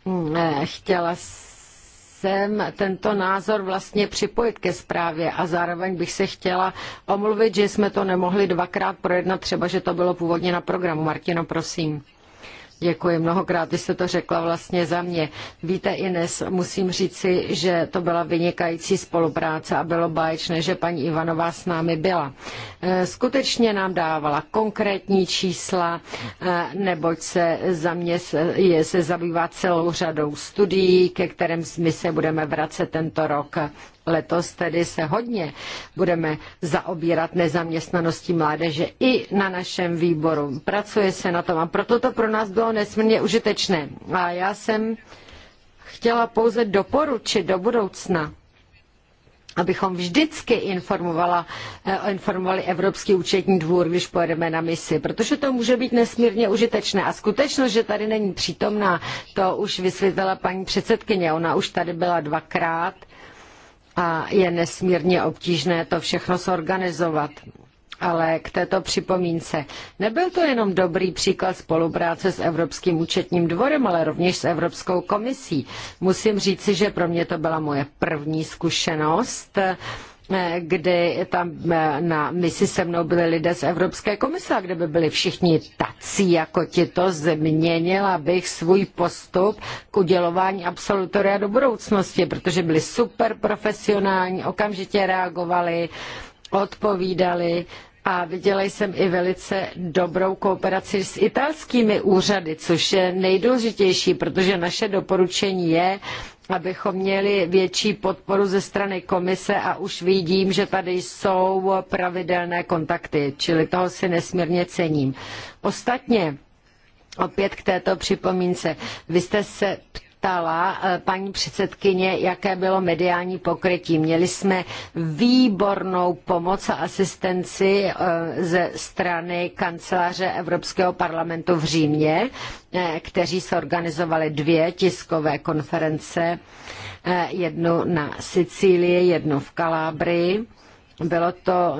mm, eh, chtěla jsem tento názor vlastně připojit ke zprávě a zároveň bych se chtěla omluvit, že jsme to nemohli dvakrát projednat, třeba, že to bylo původně na programu. Martino, prosím. Děkuji mnohokrát, vy jste to řekla vlastně za mě. Víte, Ines, musím říci, že to byla vynikající spolupráce a bylo báječné, že paní Ivanová s námi byla. Eh, skutečně nám dávala konkrétní čísla, eh, neboť se za mě je, se zabývá celou řadou studií, ke kterým my se budeme vracet tento rok Letos tedy se hodně budeme zaobírat nezaměstnaností mládeže i na našem výboru. Pracuje se na tom a proto to pro nás bylo nesmírně užitečné. A já jsem chtěla pouze doporučit do budoucna, abychom vždycky informovala, eh, informovali Evropský účetní dvůr, když pojedeme na misi, protože to může být nesmírně užitečné. A skutečnost, že tady není přítomná, to už vysvětlila paní předsedkyně. Ona už tady byla dvakrát a je nesmírně obtížné to všechno zorganizovat. Ale k této připomínce. Nebyl to jenom dobrý příklad spolupráce s Evropským účetním dvorem, ale rovněž s Evropskou komisí. Musím říci, že pro mě to byla moje první zkušenost Eh, kdy tam eh, na misi se mnou byli lidé z Evropské komise a kdyby byli všichni tací jako to, změnila bych svůj postup k udělování absolutoria do budoucnosti, protože byli super profesionální, okamžitě reagovali, odpovídali, a viděla jsem i velice dobrou kooperaci s italskými úřady, což je nejdůležitější, protože naše doporučení je, abychom měli větší podporu ze strany komise a už vidím, že tady jsou pravidelné kontakty, čili toho si nesmírně cením. Ostatně, opět k této připomínce, vy jste se ptali, ptala eh, paní předsedkyně, jaké bylo mediální pokrytí. Měli jsme výbornou pomoc a asistenci eh, ze strany kanceláře Evropského parlamentu v Římě, eh, kteří zorganizovali organizovali dvě tiskové konference, jednu na Sicílii, jednu v Kalábrii bylo to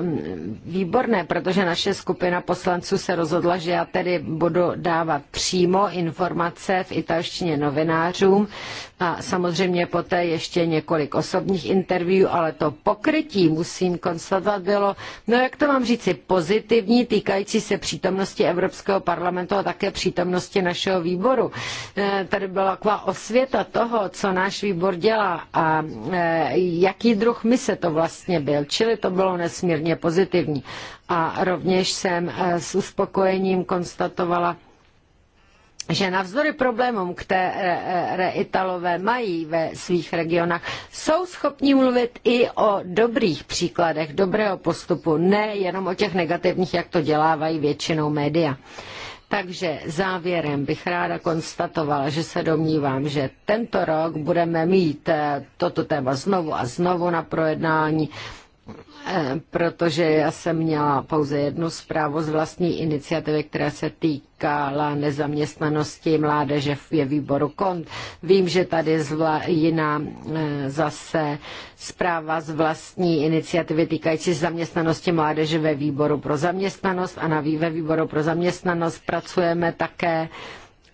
výborné, protože naše skupina poslanců se rozhodla, že já tedy budu dávat přímo informace v italštině novinářům, a samozřejmě poté ještě několik osobních interview, ale to pokrytí, musím konstatovat, bylo, no jak to mám říci, pozitivní, týkající se přítomnosti Evropského parlamentu a také přítomnosti našeho výboru. E, tady byla taková osvěta toho, co náš výbor dělá a e, jaký druh mise to vlastně byl. Čili to bylo nesmírně pozitivní. A rovněž jsem e, s uspokojením konstatovala, že navzdory problémům, které eh, eh, Italové mají ve svých regionech, jsou schopni mluvit i o dobrých příkladech, dobrého postupu, ne jenom o těch negativních, jak to dělávají většinou média. Takže závěrem bych ráda konstatovala, že se domnívám, že tento rok budeme mít eh, toto téma znovu a znovu na projednání Eh, protože já jsem měla pouze jednu zprávu z vlastní iniciativy, která se týkala nezaměstnanosti mládeže je výboru KONT. Vím, že tady zvla, jiná eh, zase zpráva z vlastní iniciativy týkající zaměstnanosti mládeže ve výboru pro zaměstnanost a na, ve výboru pro zaměstnanost pracujeme také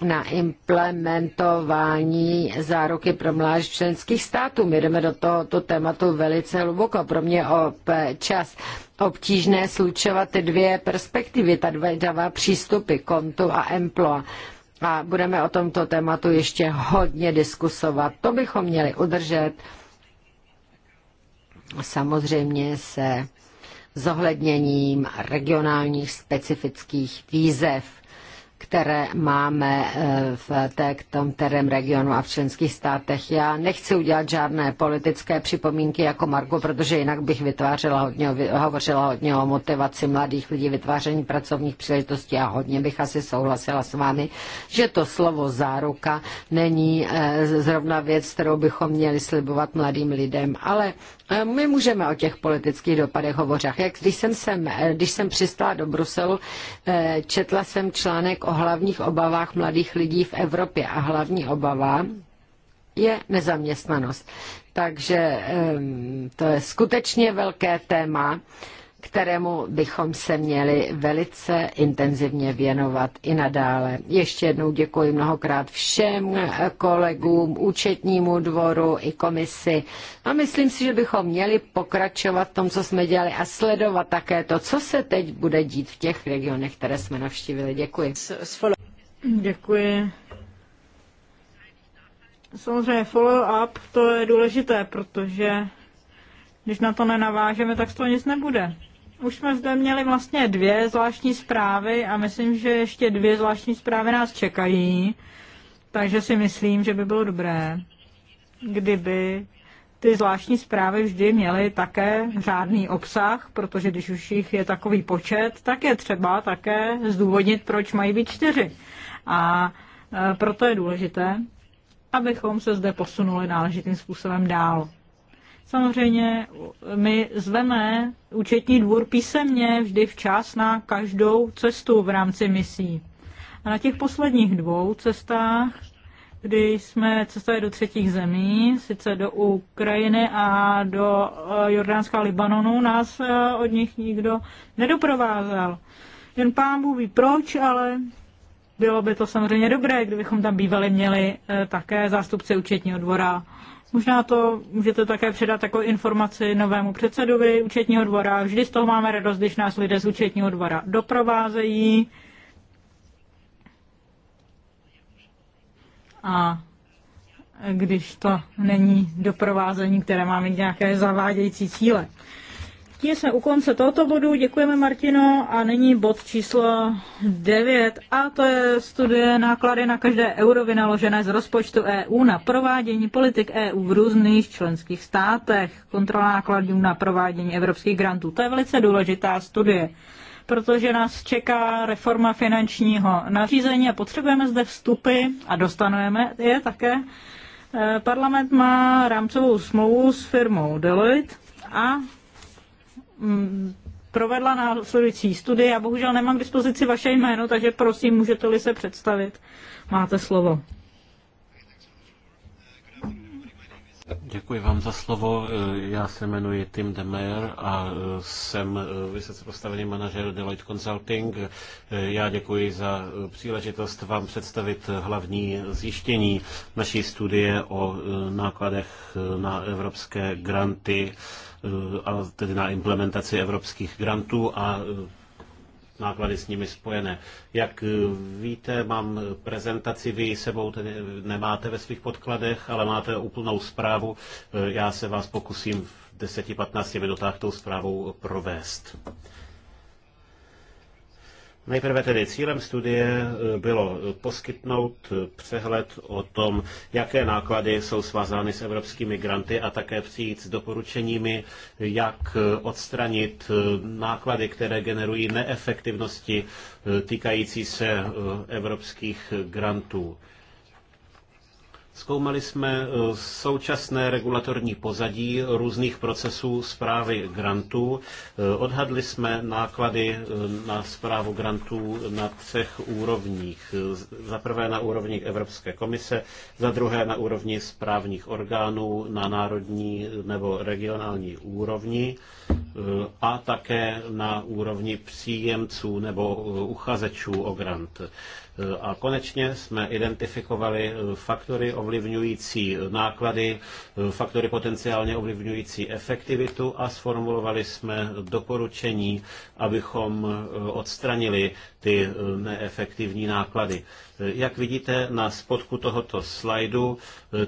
na implementování záruky pro mláž členských států. My jdeme do tohoto tématu velice hluboko. Pro mě op čas obtížné slučovat ty dvě perspektivy, ta dva, dva přístupy, kontu a emplo. A budeme o tomto tématu ještě hodně diskusovat. To bychom měli udržet. Samozřejmě se zohledněním regionálních specifických výzev které máme eh, v tom kterém regionu a v členských státech. Já nechci udělat žádné politické připomínky jako Marko, protože jinak bych vytvářela hodně, hovořila hodně o motivaci mladých lidí, vytváření pracovních příležitostí a hodně bych asi souhlasila s vámi, že to slovo záruka není eh, zrovna věc, kterou bychom měli slibovat mladým lidem, ale my můžeme o těch politických dopadech hovořit. Jak když jsem, sem, když jsem přistala do Bruselu, eh, četla jsem článek o hlavních obavách mladých lidí v Evropě a hlavní obava je nezaměstnanost. Takže ehm, to je skutečně velké téma kterému bychom se měli velice intenzivně věnovat i nadále. Ještě jednou děkuji mnohokrát všem kolegům, účetnímu dvoru i komisi a myslím si, že bychom měli pokračovat v tom, co jsme dělali a sledovat také to, co se teď bude dít v těch regionech, které jsme navštívili. Děkuji. Děkuji. Samozřejmě follow-up to je důležité, protože když na to nenavážeme, tak z toho nic nebude. Už jsme zde měli vlastně dvě zvláštní zprávy a myslím, že ještě dvě zvláštní zprávy nás čekají, takže si myslím, že by bylo dobré, kdyby ty zvláštní zprávy vždy měly také řádný obsah, protože když už jich je takový počet, tak je třeba také zdůvodnit, proč mají být čtyři. A e, proto je důležité, abychom se zde posunuli náležitým způsobem dál. Samozřejmě my zveme účetní dvůr písemně vždy včas na každou cestu v rámci misí. A na těch posledních dvou cestách, kdy jsme cestovali do třetích zemí, sice do Ukrajiny a do eh, Jordánska a Libanonu, nás eh, od nich nikdo nedoprovázel. Jen pán Bůh ví proč, ale bylo by to samozřejmě dobré, kdybychom tam bývali měli eh, také zástupce účetního dvora Možná to můžete také předat jako informaci novému předsedovi účetního dvora. Vždy z toho máme radost, když nás lidé z účetního dvora doprovázejí. A když to není doprovázení, které máme nějaké zavádějící cíle. Tím jsme u konce tohoto bodu. Děkujeme, Martino. A nyní bod číslo 9. A to je studie náklady na každé euro vynaložené z rozpočtu EU na provádění politik EU v různých členských státech. Kontrola nákladů na provádění evropských grantů. To je velice důležitá studie, protože nás čeká reforma finančního nařízení a potřebujeme zde vstupy a dostaneme je také. Eh, Parlament má rámcovou smlouvu s firmou Deloitte a Mm, provedla následující studii. Já bohužel nemám k dispozici vaše jméno, takže prosím, můžete-li se představit. Máte slovo. Děkuji vám za slovo. Já se jmenuji Tim Demeyer a jsem vysoce postavený manažer Deloitte Consulting. Já děkuji za příležitost vám představit hlavní zjištění naší studie o nákladech na evropské granty Eh, a tedy na implementaci evropských grantů a eh, náklady s nimi spojené. Jak eh, víte, mám prezentaci, vy sebou tedy nemáte ve svých podkladech, ale máte úplnou zprávu. Já se vás pokusím v 10-15 minutách tou zprávou provést. Nejprve tedy cílem studie eh, bylo eh, poskytnout eh, přehled o tom, jaké náklady jsou svázány s evropskými granty a také přijít s doporučeními, jak odstranit náklady, které generují neefektivnosti týkající se evropských grantů. Zkoumali jsme eh, současné regulatorní pozadí různých procesů zprávy grantů. Eh, odhadli jsme náklady eh, na zprávu grantů na třech úrovních. Za prvé na úrovni Evropské komise, za druhé na úrovni správních orgánů na národní nebo regionální úrovni a také na úrovni příjemců nebo uchazečů o grant. A konečně jsme identifikovali eh, faktory ovlivňující eh, náklady, eh, faktory potenciálně ovlivňující efektivitu a sformulovali jsme doporučení, abychom odstranili ty neefektivní náklady. Jak vidíte na spodku tohoto slajdu,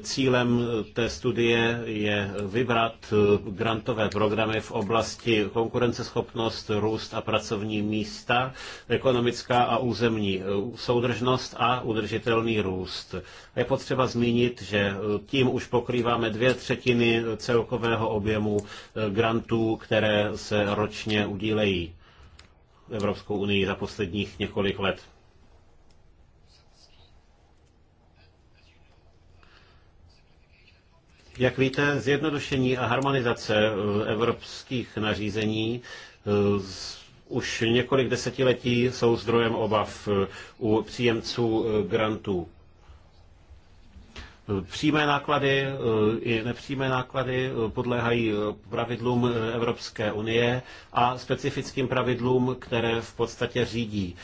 cílem té studie je vybrat eh, grantové programy v oblasti konkurenceschopnost, růst a pracovní místa, ekonomická a územní eh, soudržnost a udržitelný růst. Je potřeba zmínit, že eh, tím už pokrýváme dvě třetiny celkového objemu grantů, které se ročně udílejí Evropskou unii za posledních několik let. Jak víte, zjednodušení a harmonizace eh, evropských nařízení eh, už několik desetiletí jsou zdrojem obav eh, u příjemců grantů. Přímé náklady eh, i nepřímé náklady eh, podléhají eh, pravidlům Evropské unie a specifickým pravidlům, které v podstatě řídí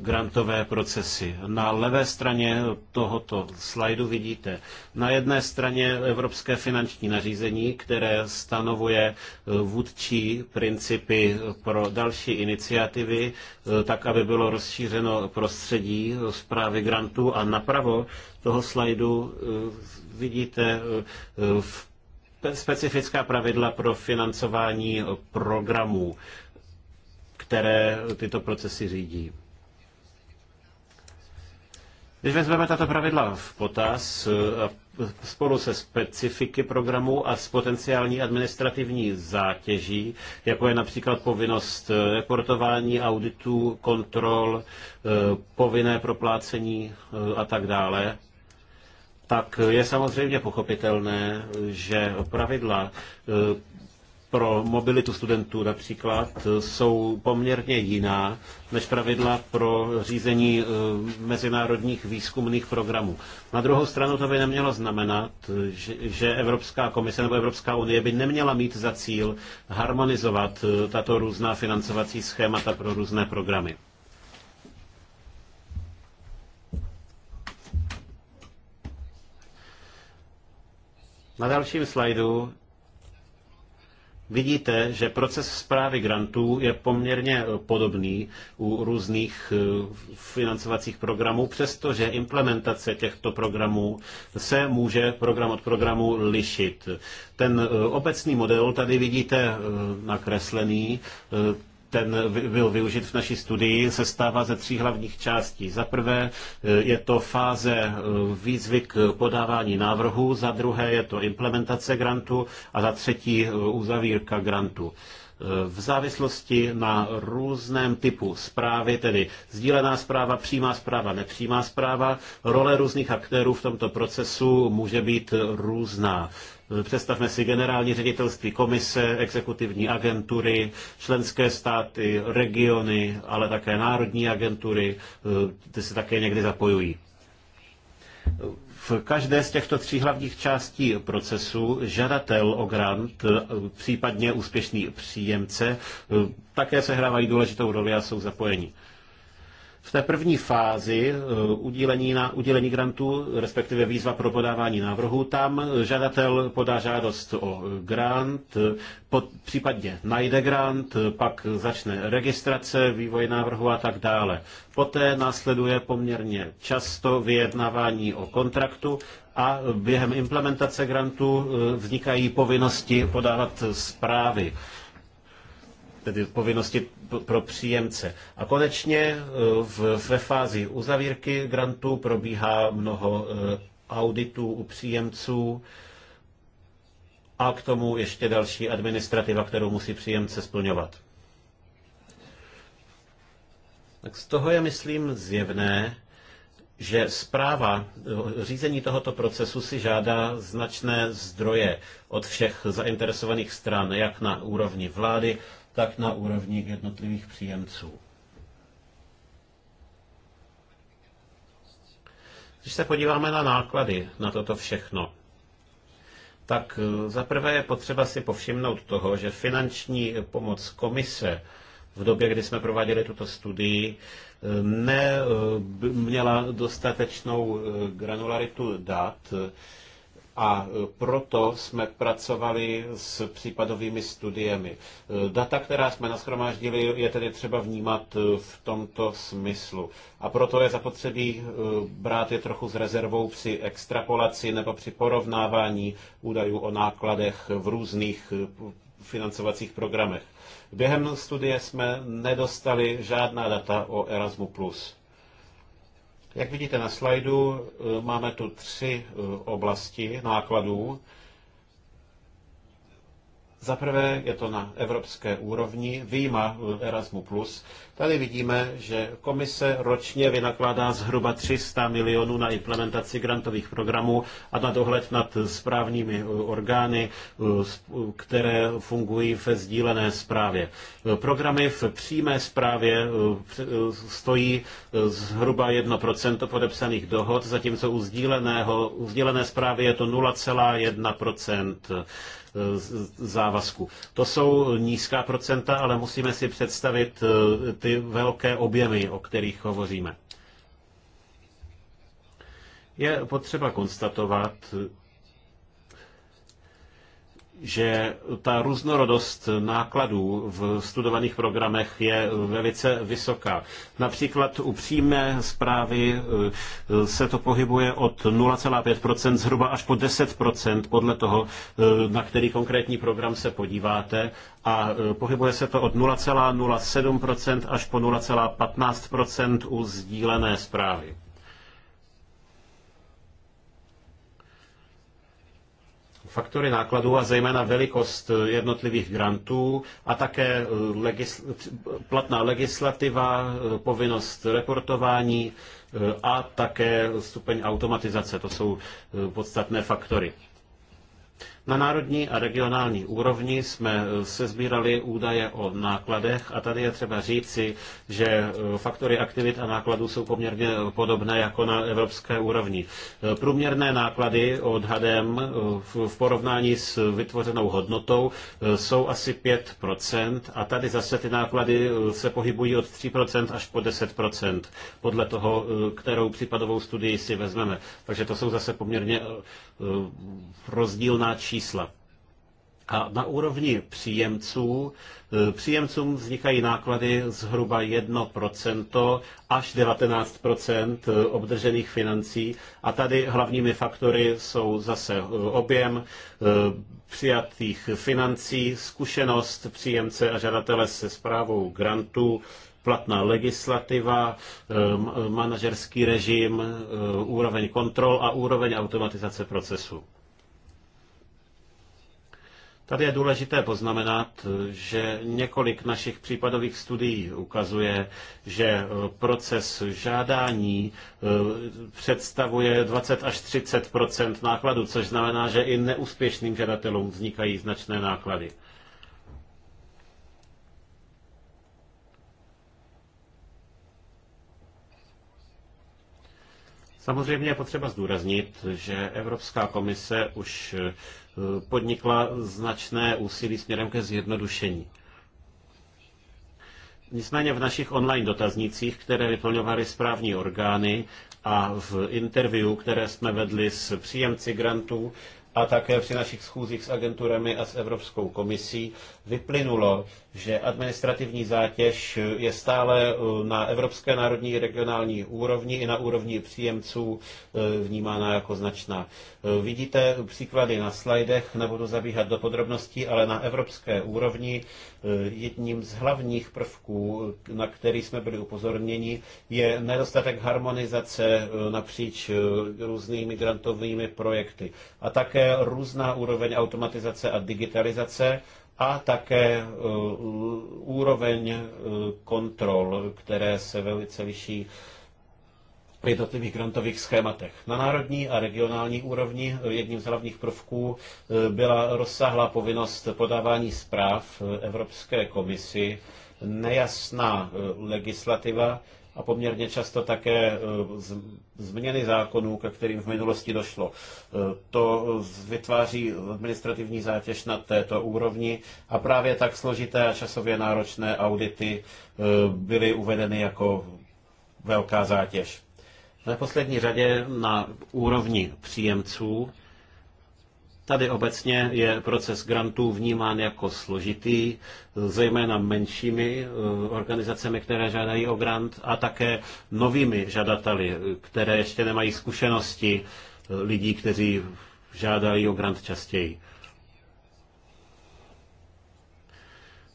grantové procesy. Na levé straně tohoto slajdu vidíte na jedné straně Evropské finanční nařízení, které stanovuje vůdčí principy pro další iniciativy, tak aby bylo rozšířeno prostředí zprávy grantů a napravo toho slajdu eh, vidíte eh, specifická pravidla pro financování eh, programů, které tyto procesy řídí. Když vezmeme tato pravidla v potaz spolu se specifiky programu a s potenciální administrativní zátěží, jako je například povinnost reportování auditů, kontrol, povinné proplácení a tak dále, tak je samozřejmě pochopitelné, že pravidla eh, pro mobilitu studentů například eh, jsou poměrně jiná než pravidla pro řízení eh, mezinárodních výzkumných programů. Na druhou stranu to by nemělo znamenat, že Evropská komise nebo Evropská unie by neměla mít za cíl harmonizovat tato různá financovací schémata pro různé programy. Na dalším slajdu vidíte, že proces zprávy grantů je poměrně podobný u různých eh, financovacích programů, přestože implementace těchto programů se může program od programu lišit. Ten eh, obecný model tady vidíte eh, nakreslený, ten byl využit v naší studii, se stává ze tří hlavních částí. Za prvé eh, je to fáze eh, výzvy k podávání návrhu, za druhé je to implementace grantu a za třetí eh, uzavírka grantu v závislosti na různém typu zprávy, tedy sdílená zpráva, přímá zpráva, nepřímá zpráva. Role různých aktérů v tomto procesu může být různá. Představme si generální ředitelství komise, exekutivní agentury, členské státy, regiony, ale také národní agentury, eh, ty se také někdy zapojují. V každé z těchto tří hlavních částí procesu žadatel o grant, eh, případně úspěšný příjemce, eh, také sehrávají důležitou roli a jsou zapojeni. V té první fázi eh, udělení, na, udělení grantu, respektive výzva pro podávání návrhu, tam eh, žadatel podá žádost o grant, eh, pod, případně najde grant, pak začne registrace, vývoj návrhu a tak dále. Poté následuje poměrně často vyjednávání o kontraktu a během implementace grantu vznikají povinnosti podávat zprávy tedy povinnosti pro příjemce. A konečně e, v, ve fázi uzavírky grantů probíhá mnoho e, auditů u příjemců a k tomu ještě další administrativa, kterou musí příjemce splňovat. Tak z toho je, myslím, zjevné, že zpráva e, řízení tohoto procesu si žádá značné zdroje od všech zainteresovaných stran, jak na úrovni vlády, tak na úrovni jednotlivých příjemců. Když se podíváme na náklady na toto všechno, tak e, zaprvé je potřeba si povšimnout toho, že finanční pomoc komise v době, kdy jsme prováděli tuto studii, e, neměla e, dostatečnou granularitu dat, a e, proto jsme pracovali s případovými studiemi. E, data, která jsme nashromáždili, je tedy třeba vnímat e, v tomto smyslu. A proto je zapotřebí brát je trochu s rezervou při extrapolaci nebo při porovnávání údajů o nákladech v různých financovacích programech. Během studie jsme nedostali žádná data o Erasmu+. Jak vidíte na slajdu, eh, máme tu tři eh, oblasti nákladů. Za prvé je to na evropské úrovni, výjima Erasmu+. Tady vidíme, že komise ročně vynakládá zhruba 300 milionů na implementaci grantových programů a na dohled nad správními orgány, které fungují ve sdílené správě. Programy v přímé správě eh, eh, stojí eh, zhruba 1% podepsaných dohod, zatímco u, sdíleného, u sdílené správy je to 0,1% Eh, závazku. To jsou nízká procenta, ale musíme si představit eh, ty velké objemy, o kterých hovoříme. Je potřeba konstatovat, že ta různorodost nákladů v studovaných programech je velice vysoká. Například u přímé zprávy eh, se to pohybuje od 0,5% zhruba až po 10% podle toho, eh, na který konkrétní program se podíváte a eh, pohybuje se to od 0,07% až po 0,15% u sdílené zprávy. faktory nákladů a zejména velikost eh, jednotlivých grantů a také eh, legisl- platná legislativa, eh, povinnost reportování a také stupeň automatizace. To jsou podstatné faktory. Na národní a regionální úrovni jsme eh, sezbírali údaje o nákladech a tady je třeba říci, že eh, faktory aktivit a nákladů jsou poměrně podobné jako na evropské úrovni. Eh, průměrné náklady odhadem v porovnání s vytvořenou hodnotou jsou asi 5% a tady zase ty náklady se pohybují od 3% až po 10% podle toho, kterou případovou studii si vezmeme. Takže to jsou zase poměrně Eh, rozdílná čísla. A na úrovni příjemců, eh, příjemcům vznikají náklady zhruba 1% až 19% eh, obdržených financí. A tady hlavními faktory jsou zase objem přijatých financí, zkušenost příjemce a žadatele se zprávou grantů, platná legislativa, ehm, manažerský režim, eh, úroveň kontrol a úroveň automatizace procesu. Tady je důležité poznamenat, že několik našich případových studií ukazuje, že eh, proces žádání eh, představuje 20 až 30 nákladů, což znamená, že i neúspěšným žadatelům vznikají značné náklady. Samozřejmě je potřeba zdůraznit, že Evropská komise už eh, podnikla značné úsilí směrem ke zjednodušení. Nicméně v našich online dotaznících, které vyplňovaly správní orgány a v interview, které jsme vedli s příjemci grantů a také při našich schůzích s agenturami a s Evropskou komisí, vyplynulo, že administrativní zátěž je stále eh, na evropské národní regionální úrovni i na úrovni příjemců eh, vnímána jako značná. Eh, vidíte příklady na slajdech, nebudu zabíhat do podrobností, ale na evropské úrovni jedním z hlavních prvků, na který jsme byli upozorněni, je nedostatek harmonizace napříč různými grantovými projekty a také různá úroveň automatizace a digitalizace a také e, úroveň e, kontrol, které se velice liší v jednotlivých grantových schématech. Na národní a regionální úrovni e, jedním z hlavních prvků byla rozsáhlá povinnost podávání zpráv Evropské komisi, nejasná legislativa, a poměrně často také e, změny zákonů, ke kterým v minulosti došlo. E, to vytváří administrativní zátěž na této úrovni a právě tak složité a časově náročné audity e, byly uvedeny jako velká zátěž. V neposlední řadě na úrovni příjemců Tady obecně je proces grantů vnímán jako složitý, zejména menšími eh, organizacemi, které žádají o grant a také novými žadateli, které ještě nemají zkušenosti eh, lidí, kteří žádají o grant častěji.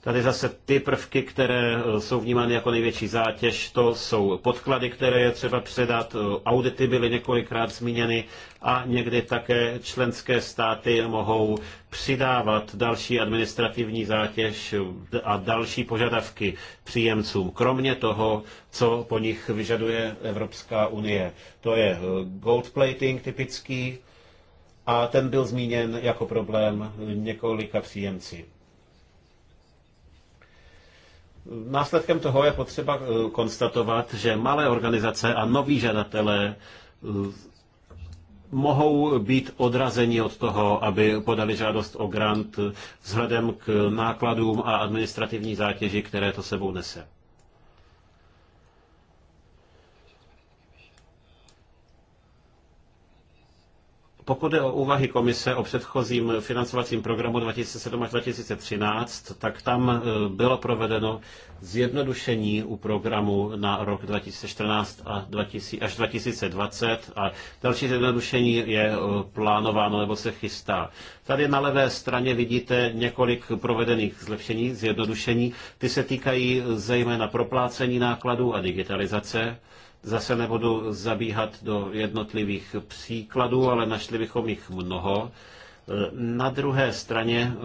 Tady zase ty prvky, které eh, jsou vnímány jako největší zátěž, to jsou podklady, které je třeba předat, eh, audity byly několikrát zmíněny a někdy také členské státy mohou přidávat další administrativní zátěž eh, a další požadavky příjemcům, kromě toho, co po nich vyžaduje Evropská unie. To je gold plating typický a ten byl zmíněn jako problém několika příjemci. Následkem toho je potřeba eh, konstatovat, že malé organizace a noví žadatelé eh, mohou být odrazeni od toho, aby podali žádost o grant eh, vzhledem k nákladům a administrativní zátěži, které to sebou nese. Pokud je o úvahy komise o předchozím financovacím programu 2007 až 2013, tak tam e, bylo provedeno zjednodušení u programu na rok 2014 až 2020 a další zjednodušení je e, plánováno nebo se chystá. Tady na levé straně vidíte několik provedených zlepšení, zjednodušení. Ty se týkají e, zejména proplácení nákladů a digitalizace. Zase nebudu zabíhat do jednotlivých příkladů, ale našli bychom jich mnoho. Na druhé straně eh,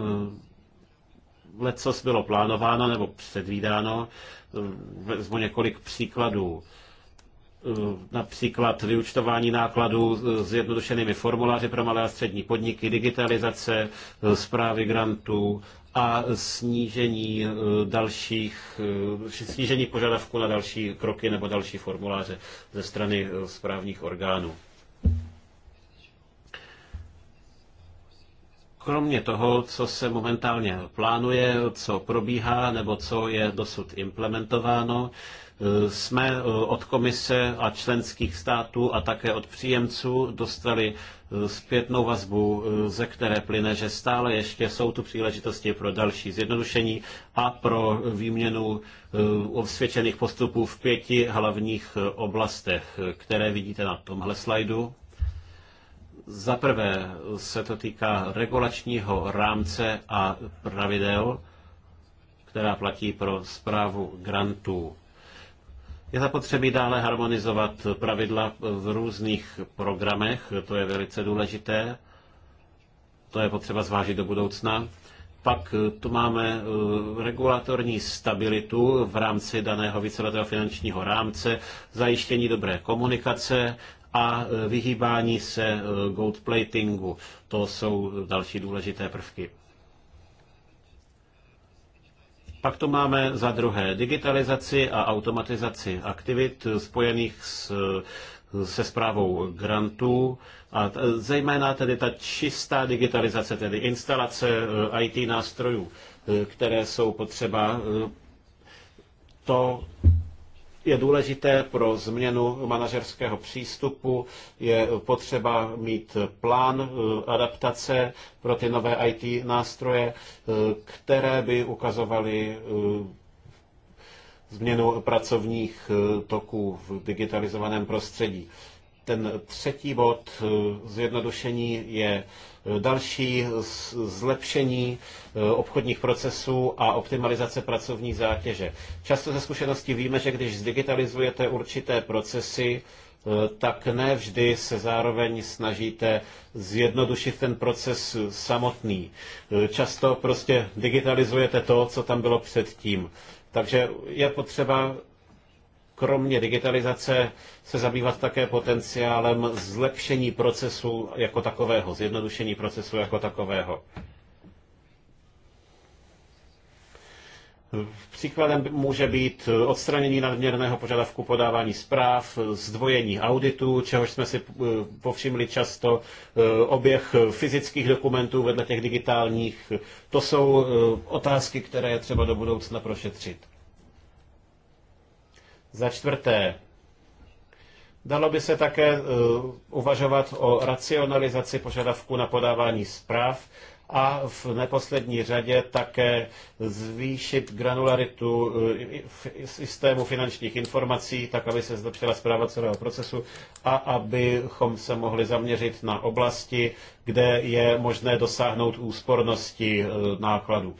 lecos bylo plánováno nebo předvídáno, eh, vezmu několik příkladů. Eh, například vyučtování nákladů eh, zjednodušenými formuláři pro malé a střední podniky, digitalizace, eh, zprávy grantů a snížení dalších, snížení požadavku na další kroky nebo další formuláře ze strany správních orgánů. Kromě toho, co se momentálně plánuje, co probíhá nebo co je dosud implementováno, jsme eh, od komise a členských států a také od příjemců dostali eh, zpětnou vazbu, eh, ze které plyne, že stále ještě jsou tu příležitosti pro další zjednodušení a pro výměnu osvědčených postupů v pěti hlavních oblastech, které vidíte na tomhle slajdu. Za prvé se to týká regulačního rámce a pravidel, která platí pro zprávu grantů. Je zapotřebí dále harmonizovat pravidla v různých programech, to je velice důležité. To je potřeba zvážit do budoucna. Pak tu máme eh, regulatorní stabilitu v rámci daného víceletého finančního rámce, zajištění dobré komunikace a eh, vyhýbání se eh, gold platingu. To jsou další důležité prvky. Pak tu máme za druhé digitalizaci a automatizaci aktivit spojených s, se zprávou grantů a zejména tedy ta čistá digitalizace, tedy instalace e, IT nástrojů, e, které jsou potřeba e, to je důležité pro změnu manažerského přístupu, je potřeba mít plán e, adaptace pro ty nové IT nástroje, e, které by ukazovaly e, změnu pracovních toků v digitalizovaném prostředí. Ten třetí bod eh, zjednodušení je eh, další zlepšení eh, obchodních procesů a optimalizace pracovní zátěže. Často ze zkušenosti víme, že když zdigitalizujete určité procesy, tak ne vždy se zároveň snažíte zjednodušit ten proces samotný. Často prostě digitalizujete to, co tam bylo předtím. Takže je potřeba kromě digitalizace se zabývat také potenciálem zlepšení procesu jako takového, zjednodušení procesu jako takového. Příkladem může být odstranění nadměrného požadavku podávání zpráv, zdvojení auditu, čehož jsme si eh, povšimli často, eh, oběh fyzických dokumentů vedle těch digitálních. To jsou eh, otázky, které je třeba do budoucna prošetřit. Za čtvrté, dalo by se také eh, uvažovat o racionalizaci požadavků na podávání zpráv a v neposlední řadě také zvýšit granularitu eh, systému finančních informací, tak aby se zlepšila zpráva celého procesu a abychom se mohli zaměřit na oblasti, kde je možné dosáhnout úspornosti eh, nákladů.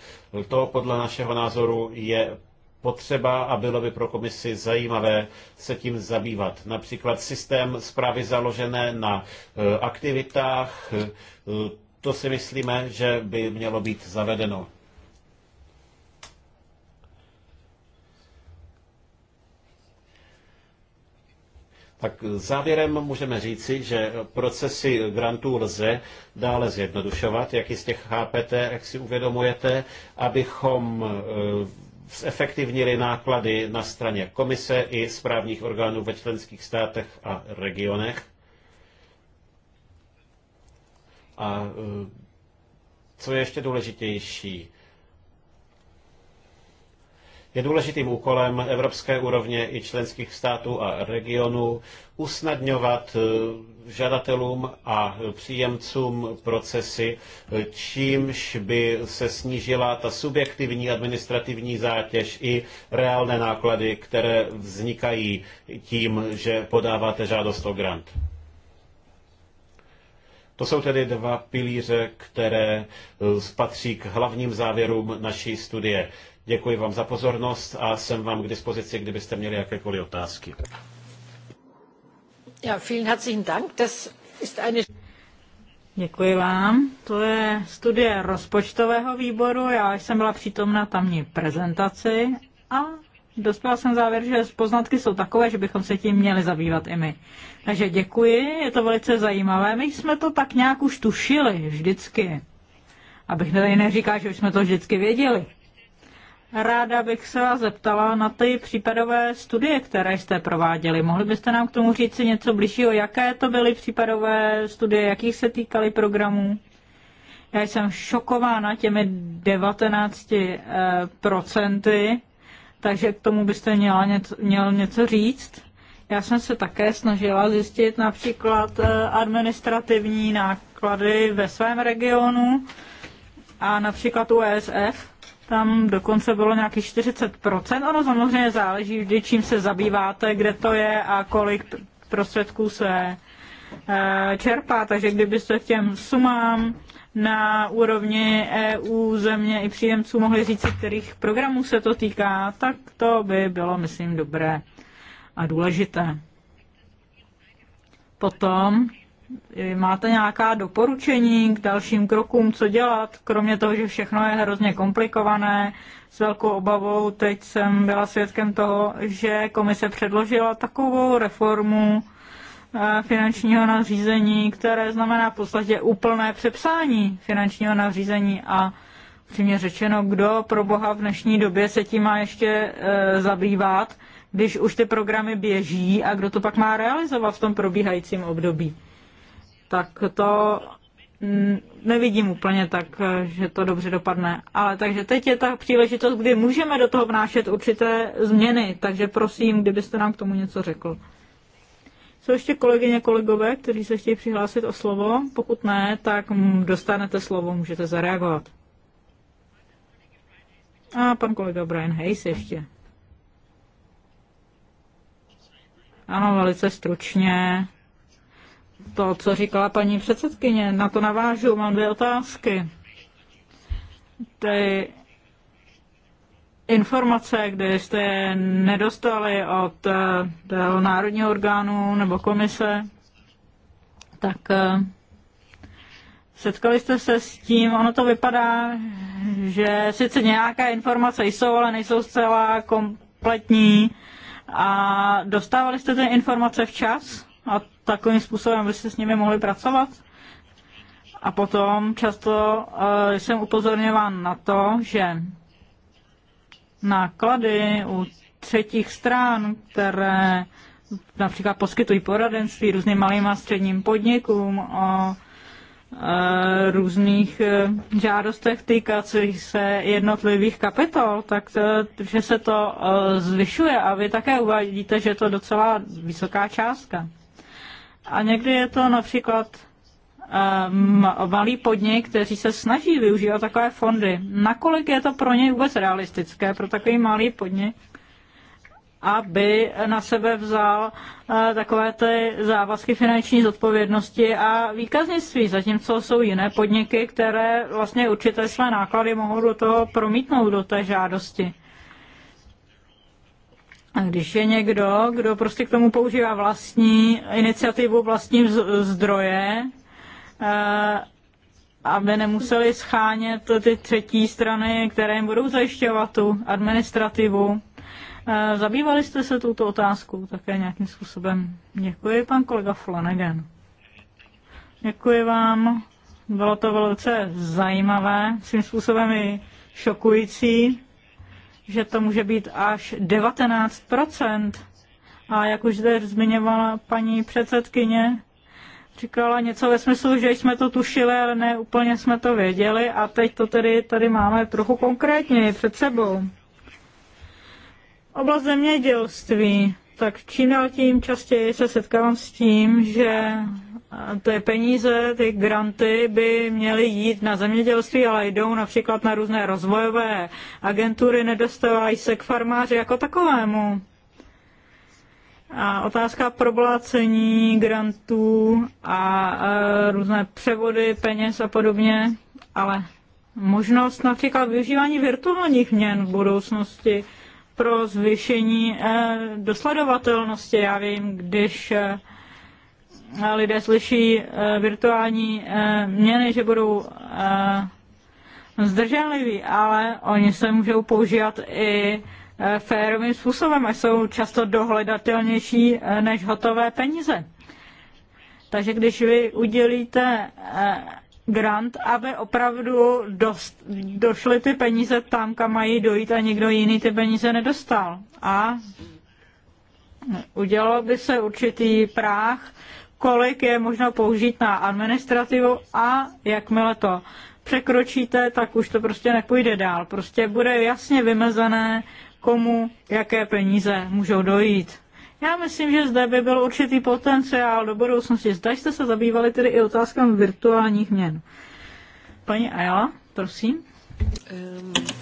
To podle našeho názoru je potřeba a bylo by pro komisi zajímavé se tím zabývat. Například systém zprávy založené na e, aktivitách, e, to si myslíme, že by mělo být zavedeno. Tak závěrem můžeme říci, že procesy grantů lze dále zjednodušovat, jak jistě chápete, jak si uvědomujete, abychom e, zefektivnili náklady na straně komise i správních orgánů ve členských státech a regionech. A e, co je ještě důležitější, je důležitým úkolem evropské úrovně i členských států a regionů usnadňovat eh, žadatelům a příjemcům procesy, eh, čímž by se snížila ta subjektivní administrativní zátěž i reálné náklady, které vznikají tím, že podáváte žádost o grant. To jsou tedy dva pilíře, které eh, patří k hlavním závěrům naší studie. Děkuji vám za pozornost a jsem vám k dispozici, kdybyste měli jakékoliv otázky. Ja, vielen herzlichen Dank. Das ist eine... Děkuji vám. To je studie rozpočtového výboru. Já jsem byla přítomna tamní prezentaci a dospěla jsem závěr, že poznatky jsou takové, že bychom se tím měli zabývat i my. Takže děkuji, je to velice zajímavé. My jsme to tak nějak už tušili vždycky. Abych tady neříkal, že už jsme to vždycky věděli. Ráda bych se vás zeptala na ty případové studie, které jste prováděli. Mohli byste nám k tomu říct si něco bližšího? Jaké to byly případové studie, jakých se týkaly programů? Já jsem šokována těmi 19 eh, procenty, takže k tomu byste měla něco, měl něco říct. Já jsem se také snažila zjistit například eh, administrativní náklady ve svém regionu a například u ESF, tam dokonce bylo nějakých 40%. Ono samozřejmě záleží vždy, čím se zabýváte, kde to je a kolik prostředků se eh, čerpá. Takže kdybyste k těm sumám na úrovni EU země i příjemců mohli říct, kterých programů se to týká, tak to by bylo, myslím, dobré a důležité. Potom Máte nějaká doporučení k dalším krokům, co dělat, kromě toho, že všechno je hrozně komplikované? S velkou obavou teď jsem byla svědkem toho, že komise předložila takovou reformu eh, finančního nařízení, které znamená v podstatě úplné přepsání finančního nařízení a přímě řečeno, kdo pro boha v dnešní době se tím má ještě e, zabývat, když už ty programy běží a kdo to pak má realizovat v tom probíhajícím období tak to mm, nevidím úplně tak, že to dobře dopadne. Ale takže teď je ta příležitost, kdy můžeme do toho vnášet určité změny, takže prosím, kdybyste nám k tomu něco řekl. Jsou ještě kolegyně, kolegové, kteří se chtějí přihlásit o slovo? Pokud ne, tak dostanete slovo, můžete zareagovat. A pan kolega Brian Hayes ještě. Ano, velice stručně to, co říkala paní předsedkyně. Na to navážu, mám dvě otázky. Ty informace, kde jste je nedostali od eh, toho národního orgánu nebo komise, tak eh, setkali jste se s tím, ono to vypadá, že sice nějaká informace jsou, ale nejsou zcela kompletní a dostávali jste ty informace včas a takovým způsobem, se s nimi mohli pracovat? A potom často eh, jsem upozorňován na to, že náklady u třetích stran, které například poskytují poradenství různým malým a středním podnikům o eh, různých eh, žádostech týkajících se jednotlivých kapitol, tak to, že se to zvyšuje a vy také uvádíte, že je to docela vysoká částka. A někdy je to například um, malý podnik, kteří se snaží využívat takové fondy. Nakolik je to pro ně vůbec realistické, pro takový malý podnik, aby na sebe vzal uh, takové ty závazky finanční zodpovědnosti a výkaznictví, zatímco jsou jiné podniky, které vlastně určité své náklady mohou do toho promítnout, do té žádosti. A když je někdo, kdo prostě k tomu používá vlastní iniciativu, vlastní zdroje, eh, aby nemuseli schánět ty třetí strany, které jim budou zajišťovat tu administrativu. Eh, zabývali jste se touto otázkou také nějakým způsobem? Děkuji, pan kolega Flanagan. Děkuji vám. Bylo to velice zajímavé, svým způsobem i šokující že to může být až 19 A jak už zde zmiňovala paní předsedkyně, říkala něco ve smyslu, že jsme to tušili, ale ne úplně jsme to věděli a teď to tedy tady máme trochu konkrétně před sebou. Oblast zemědělství. Tak čím dál tím častěji se setkávám s tím, že ty peníze, ty granty by měly jít na zemědělství, ale jdou například na různé rozvojové agentury, nedostávají se k farmáři jako takovému. A otázka problácení grantů a e, různé převody peněz a podobně, ale možnost například využívání virtuálních měn v budoucnosti pro zvýšení e, dosledovatelnosti. Já vím, když e, lidé slyší eh, virtuální eh, měny, že budou eh, zdrženliví, ale oni se můžou používat i férovým způsobem a jsou často dohledatelnější než hotové peníze. Takže když vy udělíte grant, aby opravdu dost, došly ty peníze tam, kam mají dojít a někdo jiný ty peníze nedostal. A udělalo by se určitý práh kolik je možno použít na administrativu a jakmile to překročíte, tak už to prostě nepůjde dál. Prostě bude jasně vymezené, komu jaké peníze můžou dojít. Já myslím, že zde by byl určitý potenciál do budoucnosti. Zda jste se zabývali tedy i otázkami virtuálních měn. Paní Ayala, prosím.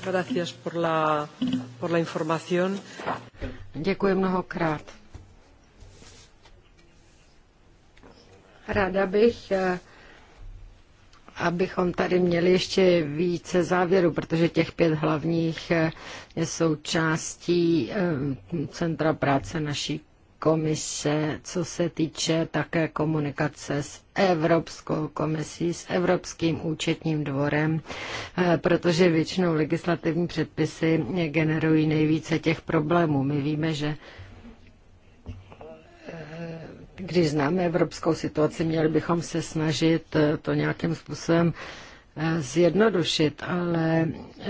Gracias por la, por la información. Děkuji mnohokrát. Ráda bych eh, abychom tady měli ještě více závěru, protože těch pět hlavních eh, je součástí eh, Centra práce naší komise, co se týče také komunikace s Evropskou komisí, s Evropským účetním dvorem, protože většinou legislativní předpisy generují nejvíce těch problémů. My víme, že když známe evropskou situaci, měli bychom se snažit eh, to nějakým způsobem eh, zjednodušit, ale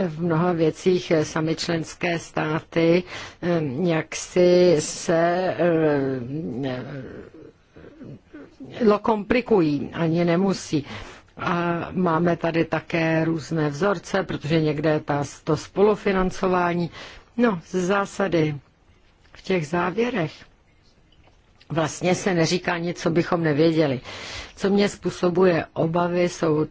v mnoha věcích eh, sami členské státy jaksi se lo komplikují, ani nemusí. A máme tady také různé vzorce, protože někde je ta, to spolufinancování. No, z zásady v těch závěrech vlastně se neříká nic, co bychom nevěděli. Co mě způsobuje obavy, jsou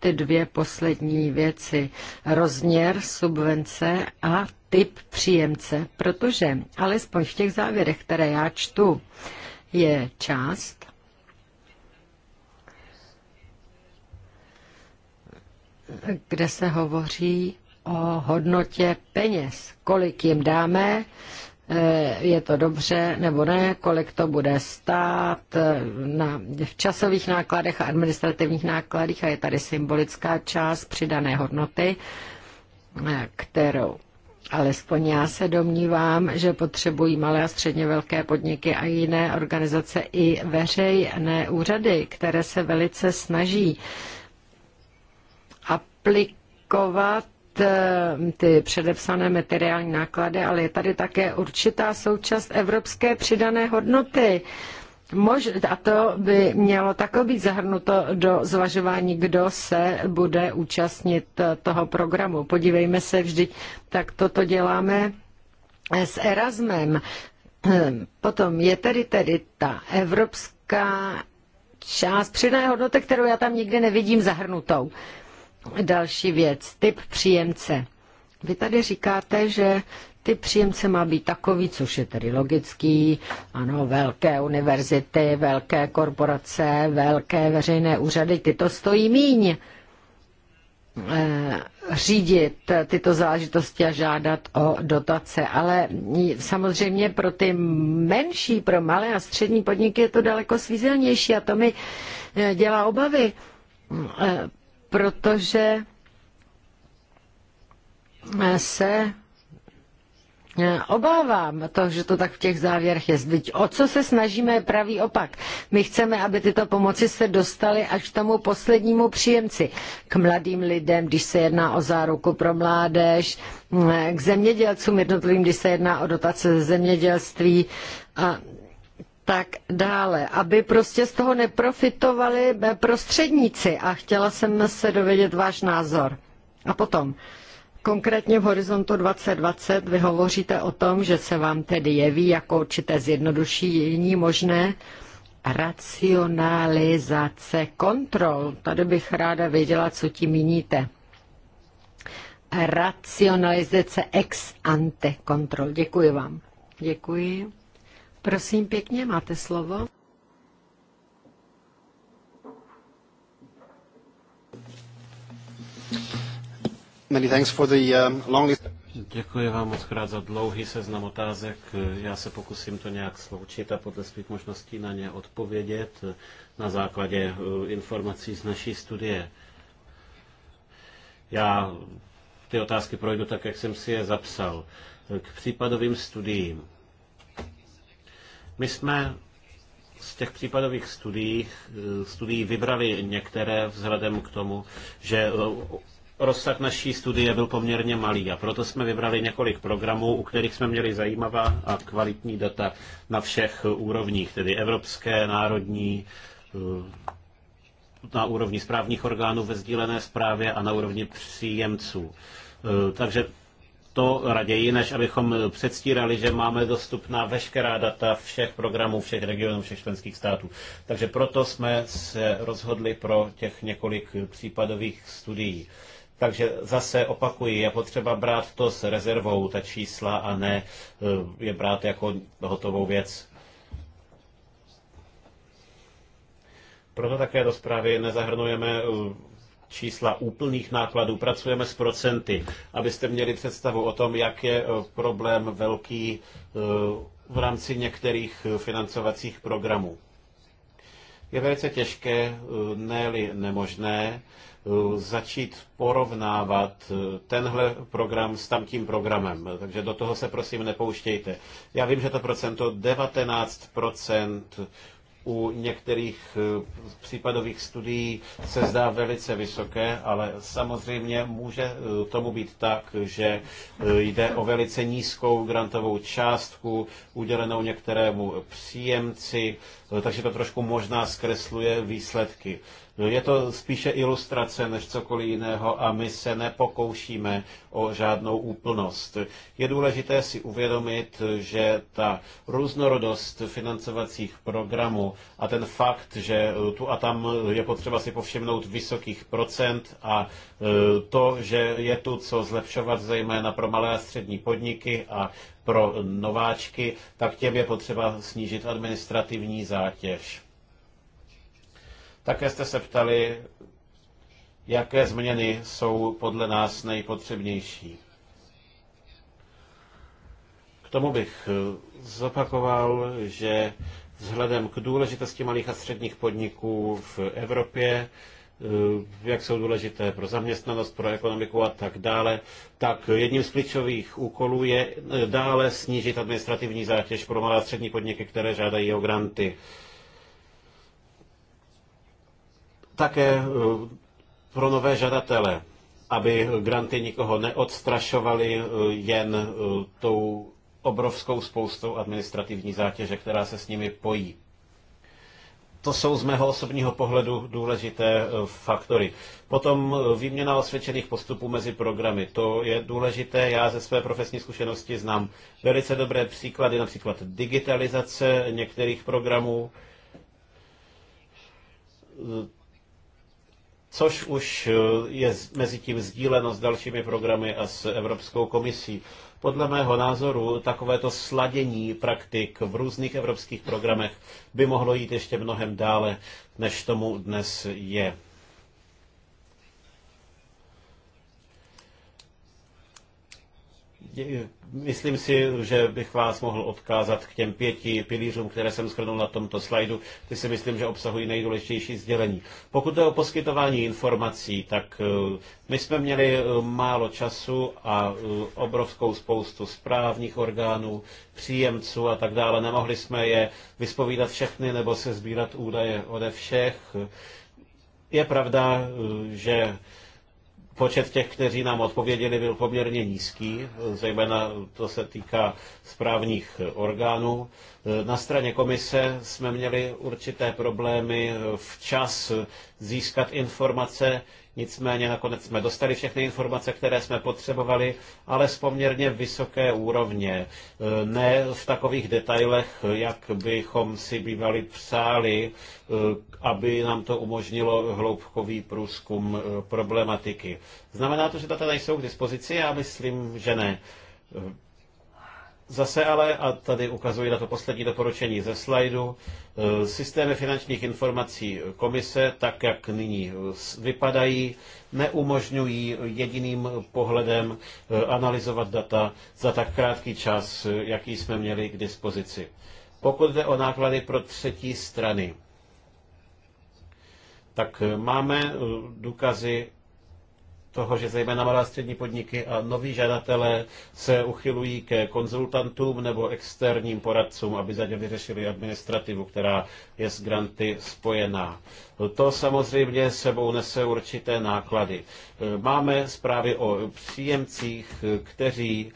ty dvě poslední věci. Rozměr subvence a typ příjemce, protože alespoň v těch závěrech, které já čtu, je část, kde se hovoří o hodnotě peněz, kolik jim dáme, Eh, je to dobře nebo ne, kolik to bude stát eh, na, v časových nákladech a administrativních nákladech a je tady symbolická část přidané hodnoty, eh, kterou Alespoň já se domnívám, že potřebují malé a středně velké podniky a jiné organizace i veřejné úřady, které se velice snaží aplikovat Eh, ty předepsané materiální náklady, ale je tady také určitá součást evropské přidané hodnoty. Mož, a to by mělo takhle být zahrnuto do zvažování, kdo se bude účastnit eh, toho programu. Podívejme se vždyť, tak toto děláme s Erasmem. Potom je tedy tedy ta evropská část přidané hodnoty, kterou já tam nikdy nevidím zahrnutou. Další věc, typ příjemce. Vy tady říkáte, že ty příjemce má být takový, což je tedy logický, ano, velké univerzity, velké korporace, velké veřejné úřady, ty to stojí míň eh, řídit tyto záležitosti a žádat o dotace, ale samozřejmě pro ty menší, pro malé a střední podniky je to daleko svízelnější a to mi eh, dělá obavy, eh, protože se eh, Obávám to, že to tak v těch závěrech je. Vždyť o co se snažíme je pravý opak. My chceme, aby tyto pomoci se dostaly až k tomu poslednímu příjemci. K mladým lidem, když se jedná o záruku pro mládež, eh, k zemědělcům jednotlivým, když se jedná o dotace ze zemědělství a tak dále, aby prostě z toho neprofitovali prostředníci a chtěla jsem se dovědět váš názor. A potom, konkrétně v Horizontu 2020 vy hovoříte o tom, že se vám tedy jeví jako určité zjednodušení možné racionalizace kontrol. Tady bych ráda věděla, co tím míníte. Racionalizace ex ante kontrol. Děkuji vám. Děkuji. Prosím pěkně, máte slovo. Many thanks for the um, long list. Děkuji vám moc krát za dlouhý seznam otázek. Já se pokusím to nějak sloučit a podle svých možností na ně odpovědět na základě uh, informací z naší studie. Já ty otázky projdu tak, jak jsem si je zapsal. K případovým studiím. My jsme z těch případových studií, studií vybrali některé vzhledem k tomu, že rozsah naší studie byl poměrně malý a proto jsme vybrali několik programů, u kterých jsme měli zajímavá a kvalitní data na všech úrovních, tedy evropské, národní, na úrovni správních orgánů ve sdílené správě a na úrovni příjemců. Takže to raději, než abychom předstírali, že máme dostupná veškerá data všech programů, všech regionů, všech členských států. Takže proto jsme se rozhodli pro těch několik případových studií. Takže zase opakuji, je potřeba brát to s rezervou, ta čísla, a ne eh, je brát jako hotovou věc. Proto také do zprávy nezahrnujeme eh, čísla úplných nákladů, pracujeme s procenty, abyste měli představu o tom, jak je eh, problém velký eh, v rámci některých eh, financovacích programů. Je velice těžké, ne-li nemožné, začít porovnávat tenhle program s tamtím programem. Takže do toho se prosím nepouštějte. Já vím, že to procento 19% u některých eh, případových studií se zdá velice vysoké, ale samozřejmě může eh, tomu být tak, že eh, jde o velice nízkou grantovou částku udělenou některému příjemci, takže to trošku možná zkresluje výsledky. No, je to spíše ilustrace než cokoliv jiného a my se nepokoušíme o žádnou úplnost. Je důležité si uvědomit, že ta různorodost financovacích programů a ten fakt, že tu a tam je potřeba si povšimnout vysokých procent a e, to, že je tu co zlepšovat zejména pro malé a střední podniky a pro nováčky, tak těm je potřeba snížit administrativní zátěž. Také jste se ptali, jaké změny jsou podle nás nejpotřebnější. K tomu bych eh, zopakoval, že vzhledem k důležitosti malých a středních podniků v Evropě, eh, jak jsou důležité pro zaměstnanost, pro ekonomiku a tak dále, tak jedním z klíčových úkolů je eh, dále snížit administrativní zátěž pro malé a střední podniky, které žádají o granty. Také eh, pro nové žadatele, aby granty nikoho neodstrašovaly eh, jen eh, tou obrovskou spoustou administrativní zátěže, která se s nimi pojí. To jsou z mého osobního pohledu důležité faktory. Potom výměna osvědčených postupů mezi programy. To je důležité. Já ze své profesní zkušenosti znám velice dobré příklady, například digitalizace některých programů, což už eh, je mezi tím sdíleno s dalšími programy a s Evropskou komisí. Podle mého názoru takovéto sladění praktik v různých evropských programech by mohlo jít ještě mnohem dále, než tomu dnes je. Myslím si, že bych vás mohl odkázat k těm pěti pilířům, které jsem shrnul na tomto slajdu. Ty si myslím, že obsahují nejdůležitější sdělení. Pokud je o poskytování informací, tak eh, my jsme měli eh, málo času a eh, obrovskou spoustu správních orgánů, příjemců a tak dále. Nemohli jsme je vyspovídat všechny nebo se sbírat údaje ode všech. Je pravda, že Počet těch, kteří nám odpověděli, byl poměrně nízký, zejména to se týká správních orgánů. Na straně komise jsme měli určité problémy včas získat informace, Nicméně nakonec jsme dostali všechny informace, které jsme potřebovali, ale z poměrně vysoké úrovně. E, ne v takových detailech, jak bychom si bývali přáli, e, aby nám to umožnilo hloubkový průzkum e, problematiky. Znamená to, že data nejsou k dispozici? Já myslím, že ne. Zase ale, a tady ukazuji na to poslední doporučení ze slajdu, eh, systémy finančních informací komise, tak jak nyní eh, vypadají, neumožňují jediným pohledem eh, analyzovat data za tak krátký čas, jaký jsme měli k dispozici. Pokud jde o náklady pro třetí strany, tak máme důkazy toho, že zejména malá střední podniky a noví žadatelé se uchylují ke konzultantům nebo externím poradcům, aby za ně vyřešili administrativu, která je s granty spojená. To samozřejmě sebou nese určité náklady. Máme zprávy o příjemcích, kteří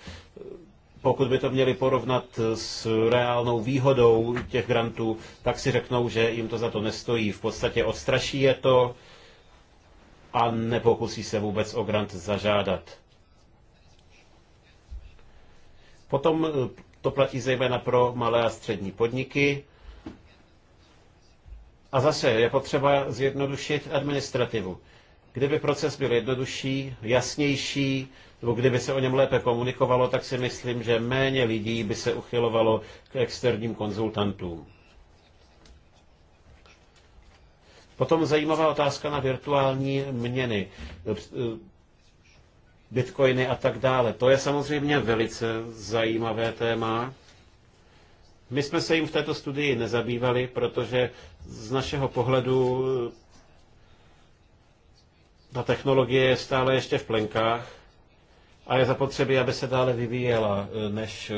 pokud by to měli porovnat s reálnou výhodou těch grantů, tak si řeknou, že jim to za to nestojí. V podstatě odstraší je to, a nepokusí se vůbec o grant zažádat. Potom eh, to platí zejména pro malé a střední podniky. A zase je potřeba zjednodušit administrativu. Kdyby proces byl jednodušší, jasnější, nebo kdyby se o něm lépe komunikovalo, tak si myslím, že méně lidí by se uchylovalo k externím konzultantům. Potom zajímavá otázka na virtuální měny, bitcoiny a tak dále. To je samozřejmě velice zajímavé téma. My jsme se jim v této studii nezabývali, protože z našeho pohledu ta technologie je stále ještě v plenkách a je zapotřebí, aby se dále vyvíjela, než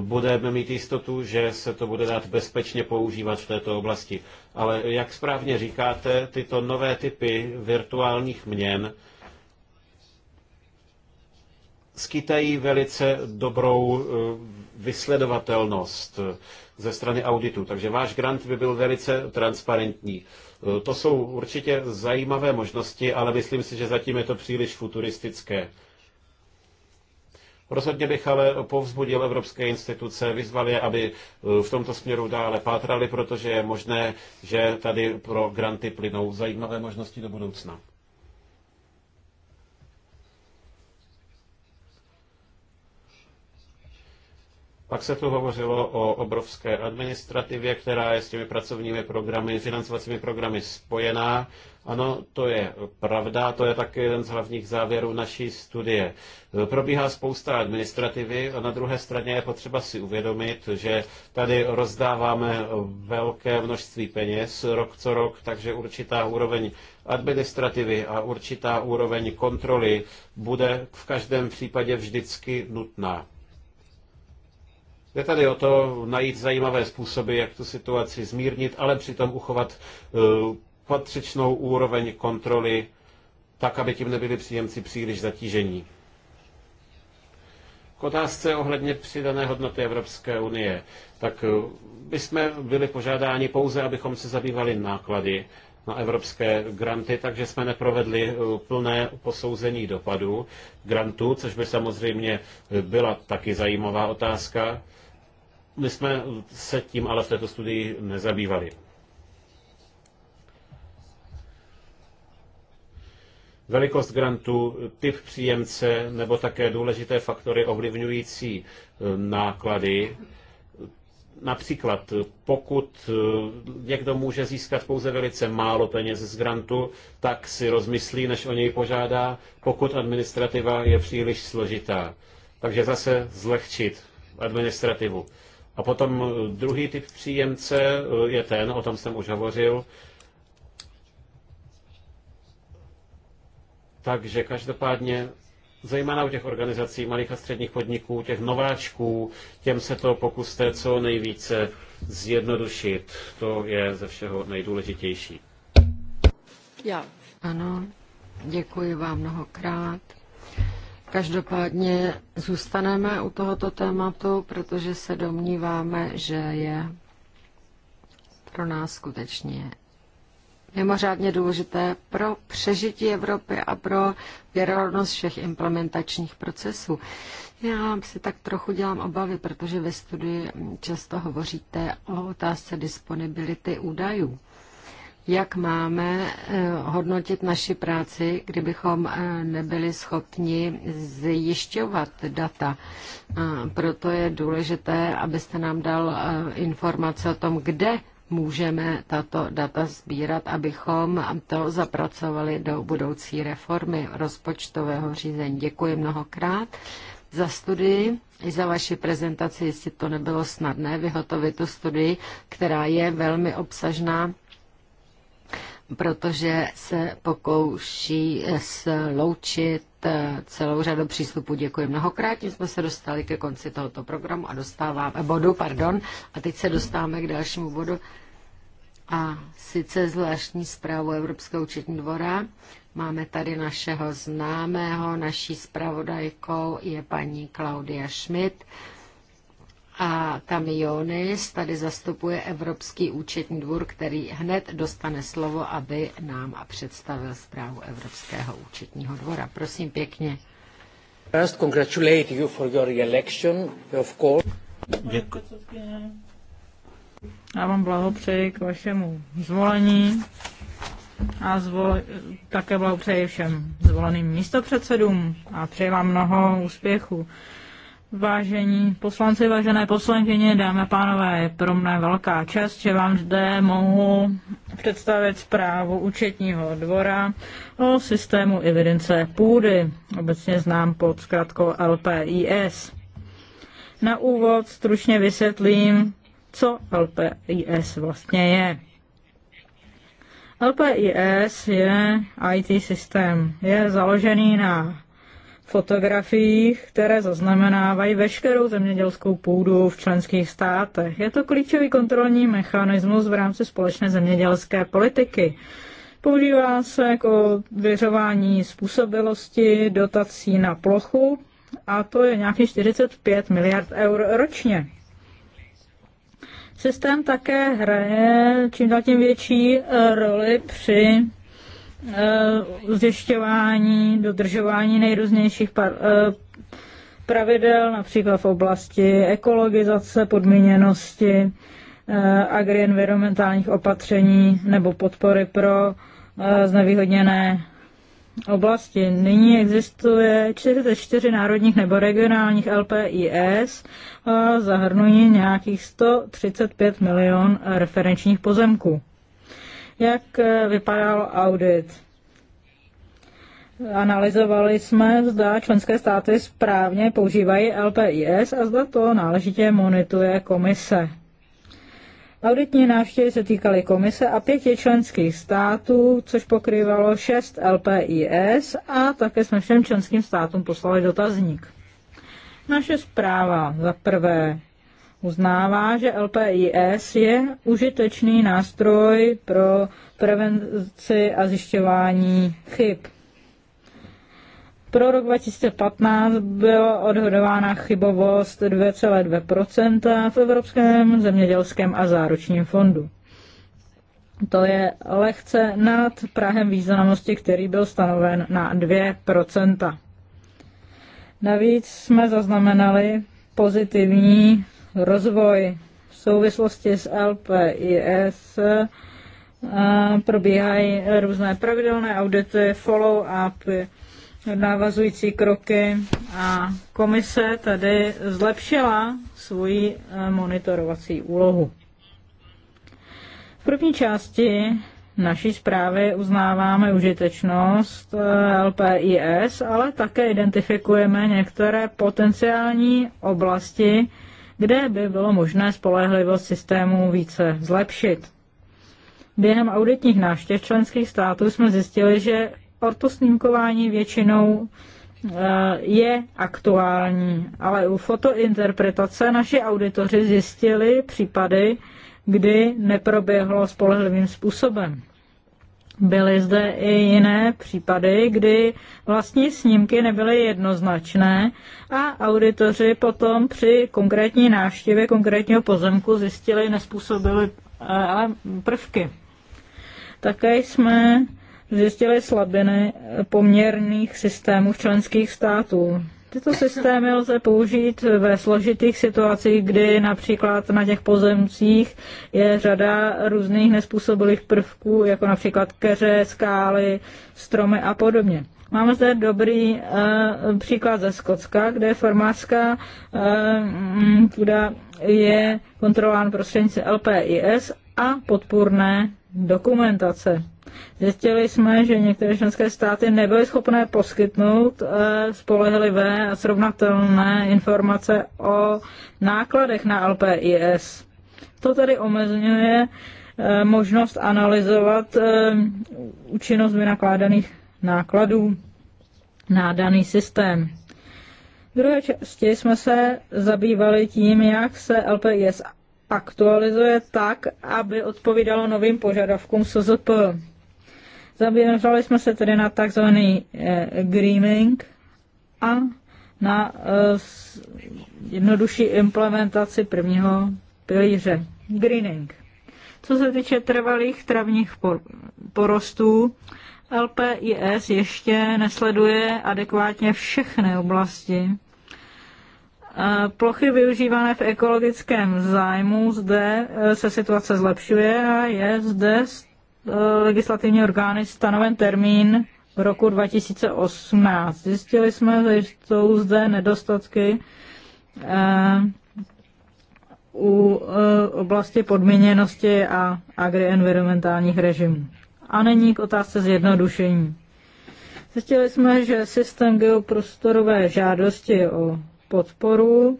budeme mít jistotu, že se to bude dát bezpečně používat v této oblasti. Ale jak správně říkáte, tyto nové typy virtuálních měn skýtají velice dobrou eh, vysledovatelnost eh, ze strany auditu, takže váš grant by byl velice transparentní. Eh, to jsou určitě zajímavé možnosti, ale myslím si, že zatím je to příliš futuristické. Rozhodně bych ale povzbudil evropské instituce, vyzval je, aby eh, v tomto směru dále pátrali, protože je možné, že tady pro granty plynou zajímavé možnosti do budoucna. Pak se tu hovořilo o obrovské administrativě, která je s těmi pracovními programy, financovacími programy spojená. Ano, to je pravda, to je také jeden z hlavních závěrů naší studie. Probíhá spousta administrativy a na druhé straně je potřeba si uvědomit, že tady rozdáváme velké množství peněz rok co rok, takže určitá úroveň administrativy a určitá úroveň kontroly bude v každém případě vždycky nutná. Jde tady o to najít zajímavé způsoby, jak tu situaci zmírnit, ale přitom uchovat eh, patřičnou úroveň kontroly, tak, aby tím nebyli příjemci příliš zatížení. K otázce ohledně přidané hodnoty Evropské unie, tak bychom eh, byli požádáni pouze, abychom se zabývali náklady na evropské granty, takže jsme neprovedli eh, plné posouzení dopadu grantů, což by samozřejmě byla taky zajímavá otázka. My jsme se tím ale v této studii nezabývali. velikost grantu, typ příjemce nebo také důležité faktory ovlivňující eh, náklady. Například eh, pokud eh, někdo může získat pouze velice málo peněz z grantu, tak si rozmyslí, než o něj požádá, pokud administrativa je příliš složitá. Takže zase zlehčit administrativu. A potom eh, druhý typ příjemce eh, je ten, o tom jsem už hovořil, Takže každopádně zejména u těch organizací malých a středních podniků, těch nováčků, těm se to pokuste co nejvíce zjednodušit. To je ze všeho nejdůležitější. Já. Ano, děkuji vám mnohokrát. Každopádně zůstaneme u tohoto tématu, protože se domníváme, že je pro nás skutečně mimořádně důležité pro přežití Evropy a pro věrohodnost všech implementačních procesů. Já si tak trochu dělám obavy, protože ve studii často hovoříte o otázce disponibility údajů jak máme eh, hodnotit naši práci, kdybychom eh, nebyli schopni zjišťovat data. Proto je důležité, abyste nám dal eh, informace o tom, kde můžeme tato data sbírat, abychom to zapracovali do budoucí reformy rozpočtového řízení. Děkuji mnohokrát za studii i za vaši prezentaci, jestli to nebylo snadné vyhotovit tu studii, která je velmi obsažná protože se pokouší sloučit eh, celou řadu přístupů. Děkuji mnohokrát, tím jsme se dostali ke konci tohoto programu a dostáváme bodu, pardon, a teď se dostáváme k dalšímu bodu a sice zvláštní zprávu Evropského účetní dvora. Máme tady našeho známého, naší zpravodajkou je paní Klaudia Schmidt a Kamiones tady zastupuje Evropský účetní dvůr, který hned dostane slovo, aby nám představil zprávu Evropského účetního dvora. Prosím pěkně. First, congratulate you for your election, of course. Děkuji. Já vám blahopřeji k vašemu zvolení a zvol, také blahopřeji všem zvoleným místopředsedům a přeji vám mnoho úspěchů. Vážení poslanci, vážené poslankyně, dámy a pánové, je pro mne velká čest, že vám zde mohu představit zprávu účetního dvora o systému evidence půdy, obecně znám pod zkratkou LPIS. Na úvod stručně vysvětlím, co LPIS vlastně je. LPIS je IT systém. Je založený na fotografiích, které zaznamenávají veškerou zemědělskou půdu v členských státech. Je to klíčový kontrolní mechanismus v rámci společné zemědělské politiky. Používá se k ověřování způsobilosti dotací na plochu a to je nějakých 45 miliard eur ročně. Systém také hraje čím dál tím větší roli při Eh, zjišťování, dodržování nejrůznějších par, eh, pravidel, například v oblasti ekologizace, podmíněnosti, eh, agrienvironmentálních opatření nebo podpory pro znevýhodněné oblasti. Nyní existuje 44 národních nebo regionálních LPIS a zahrnují nějakých 135 milion referenčních pozemků jak eh, vypadal audit. Analyzovali jsme, zda členské státy správně používají LPIS a zda to náležitě monitoruje komise. Auditní návštěvy se týkaly komise a pěti členských států, což pokrývalo šest LPIS a také jsme všem členským státům poslali dotazník. Naše zpráva za prvé uznává, že LPIS je užitečný nástroj pro prevenci a zjišťování chyb. Pro rok 2015 byla odhodována chybovost 2,2 v Evropském zemědělském a záručním fondu. To je lehce nad Prahem významnosti, který byl stanoven na 2 Navíc jsme zaznamenali pozitivní rozvoj v souvislosti s LPIS probíhají různé pravidelné audity, follow-up, navazující kroky a komise tady zlepšila svoji eh, monitorovací úlohu. V první části naší zprávy uznáváme užitečnost eh, LPIS, ale také identifikujeme některé potenciální oblasti, kde by bylo možné spolehlivost systému více zlepšit. Během auditních návštěv členských států jsme zjistili, že ortosnímkování většinou eh, je aktuální, ale u fotointerpretace naši auditoři zjistili případy, kdy neproběhlo spolehlivým způsobem. Byly zde i jiné případy, kdy vlastní snímky nebyly jednoznačné a auditoři potom při konkrétní návštěvě konkrétního pozemku zjistili nespůsobily eh, prvky. Také jsme zjistili slabiny poměrných systémů členských států. Tyto systémy lze použít ve složitých situacích, kdy například na těch pozemcích je řada různých nespůsobilých prvků, jako například keře, skály, stromy a podobně. Máme zde dobrý uh, příklad ze Skotska, kde farmářská uh, půda je kontrolována prostřednictvím LPIS a podpůrné dokumentace. Zjistili jsme, že některé členské státy nebyly schopné poskytnout eh, spolehlivé a srovnatelné informace o nákladech na LPIS. To tedy omezňuje eh, možnost analyzovat eh, účinnost vynakládaných nákladů na daný systém. V druhé části jsme se zabývali tím, jak se LPIS aktualizuje tak, aby odpovídalo novým požadavkům SZP. Zaměřovali jsme se tedy na takzvaný eh, greening a na eh, jednodušší implementaci prvního pilíře. Greening. Co se týče trvalých travních porostů, LPIS ještě nesleduje adekvátně všechny oblasti. Eh, plochy využívané v ekologickém zájmu zde se situace zlepšuje a je zde Eh, legislativní orgány stanoven termín v roku 2018. Zjistili jsme, že jsou zde nedostatky eh, u eh, oblasti podmíněnosti a agrienvironmentálních režimů. A není k otázce zjednodušení. Zjistili jsme, že systém geoprostorové žádosti o podporu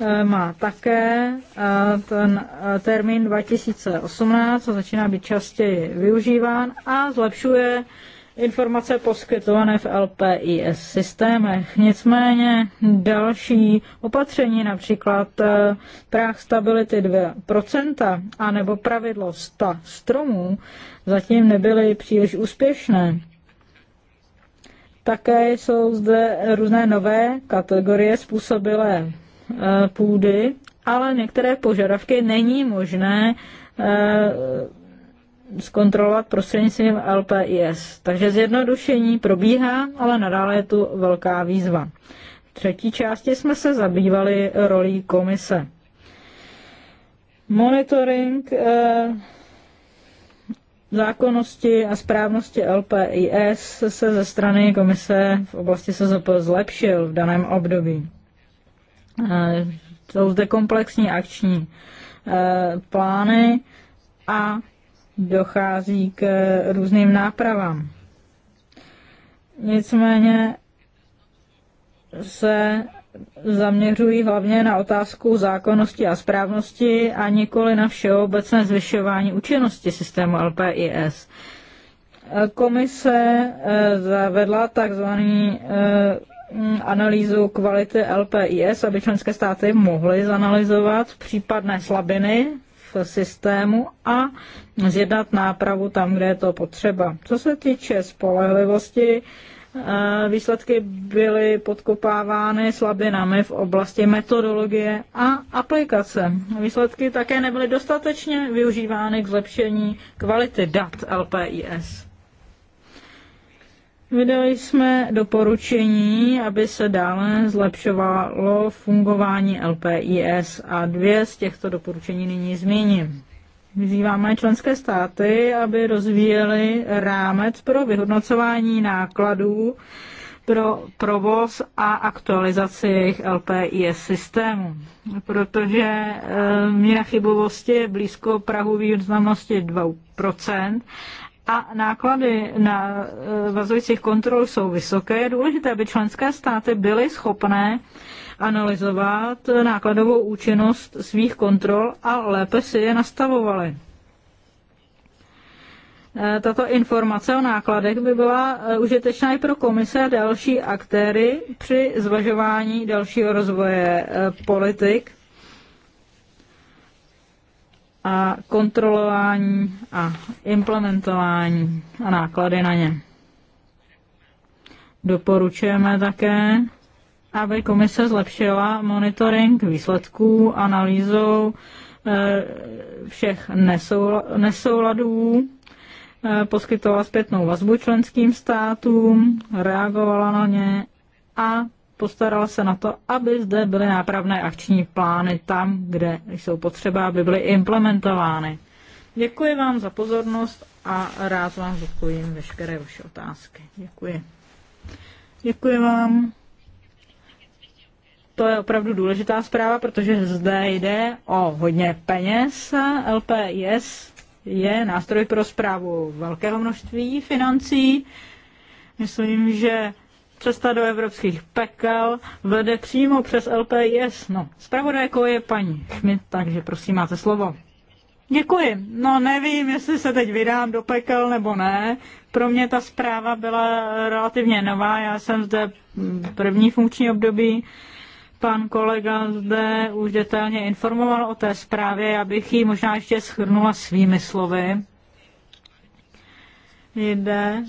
Eh, má také eh, ten eh, termín 2018, co začíná být častěji využíván a zlepšuje informace poskytované v LPIS systémech. Nicméně další opatření, například práh stability 2% a nebo pravidlo 100 stromů, zatím nebyly příliš úspěšné. Také jsou zde různé nové kategorie způsobilé Eh, půdy, ale některé požadavky není možné eh, zkontrolovat prostřednictvím LPIS. Takže zjednodušení probíhá, ale nadále je tu velká výzva. V třetí části jsme se zabývali rolí komise. Monitoring eh, zákonnosti a správnosti LPIS se ze strany komise v oblasti SZP zlepšil v daném období. Eh, jsou zde komplexní akční eh, plány a dochází k různým nápravám. Nicméně se zaměřují hlavně na otázku zákonnosti a správnosti a nikoli na všeobecné zvyšování účinnosti systému LPIS. Eh, komise zavedla takzvaný Mm, analýzu kvality LPIS, aby členské státy mohly zanalizovat případné slabiny v systému a zjednat nápravu tam, kde je to potřeba. Co se týče spolehlivosti, eh, výsledky byly podkopávány slabinami v oblasti metodologie a aplikace. Výsledky také nebyly dostatečně využívány k zlepšení kvality dat LPIS. Vydali jsme doporučení, aby se dále zlepšovalo fungování LPIS a dvě z těchto doporučení nyní zmíním. Vyzýváme členské státy, aby rozvíjeli rámec pro vyhodnocování nákladů pro provoz a aktualizaci jejich LPIS systému, protože e, míra chybovosti je blízko Prahu významnosti 2% a náklady na eh, vazujících kontrol jsou vysoké, je důležité, aby členské státy byly schopné analyzovat nákladovou účinnost svých kontrol a lépe si je nastavovaly. Eh, tato informace o nákladech by byla eh, užitečná i pro komise a další aktéry při zvažování dalšího rozvoje politik a kontrolování a implementování a náklady na ně. Doporučujeme také, aby komise zlepšila monitoring výsledků analýzou eh, všech nesouladů, eh, poskytovala zpětnou vazbu členským státům, reagovala na ně a postaral se na to, aby zde byly nápravné akční plány tam, kde jsou potřeba, aby byly implementovány. Děkuji vám za pozornost a rád vám zodpovím veškeré vaše otázky. Děkuji. Děkuji vám. To je opravdu důležitá zpráva, protože zde jde o hodně peněz. LPIS je nástroj pro zprávu velkého množství financí. Myslím, že cesta do evropských pekel vede přímo přes LPIS. No, zpravodajkou je paní Schmidt, takže prosím, máte slovo. Děkuji. No nevím, jestli se teď vydám do pekel nebo ne. Pro mě ta zpráva byla relativně nová. Já jsem zde první funkční období. Pan kolega zde už detailně informoval o té zprávě. abych bych ji možná ještě schrnula svými slovy. Jde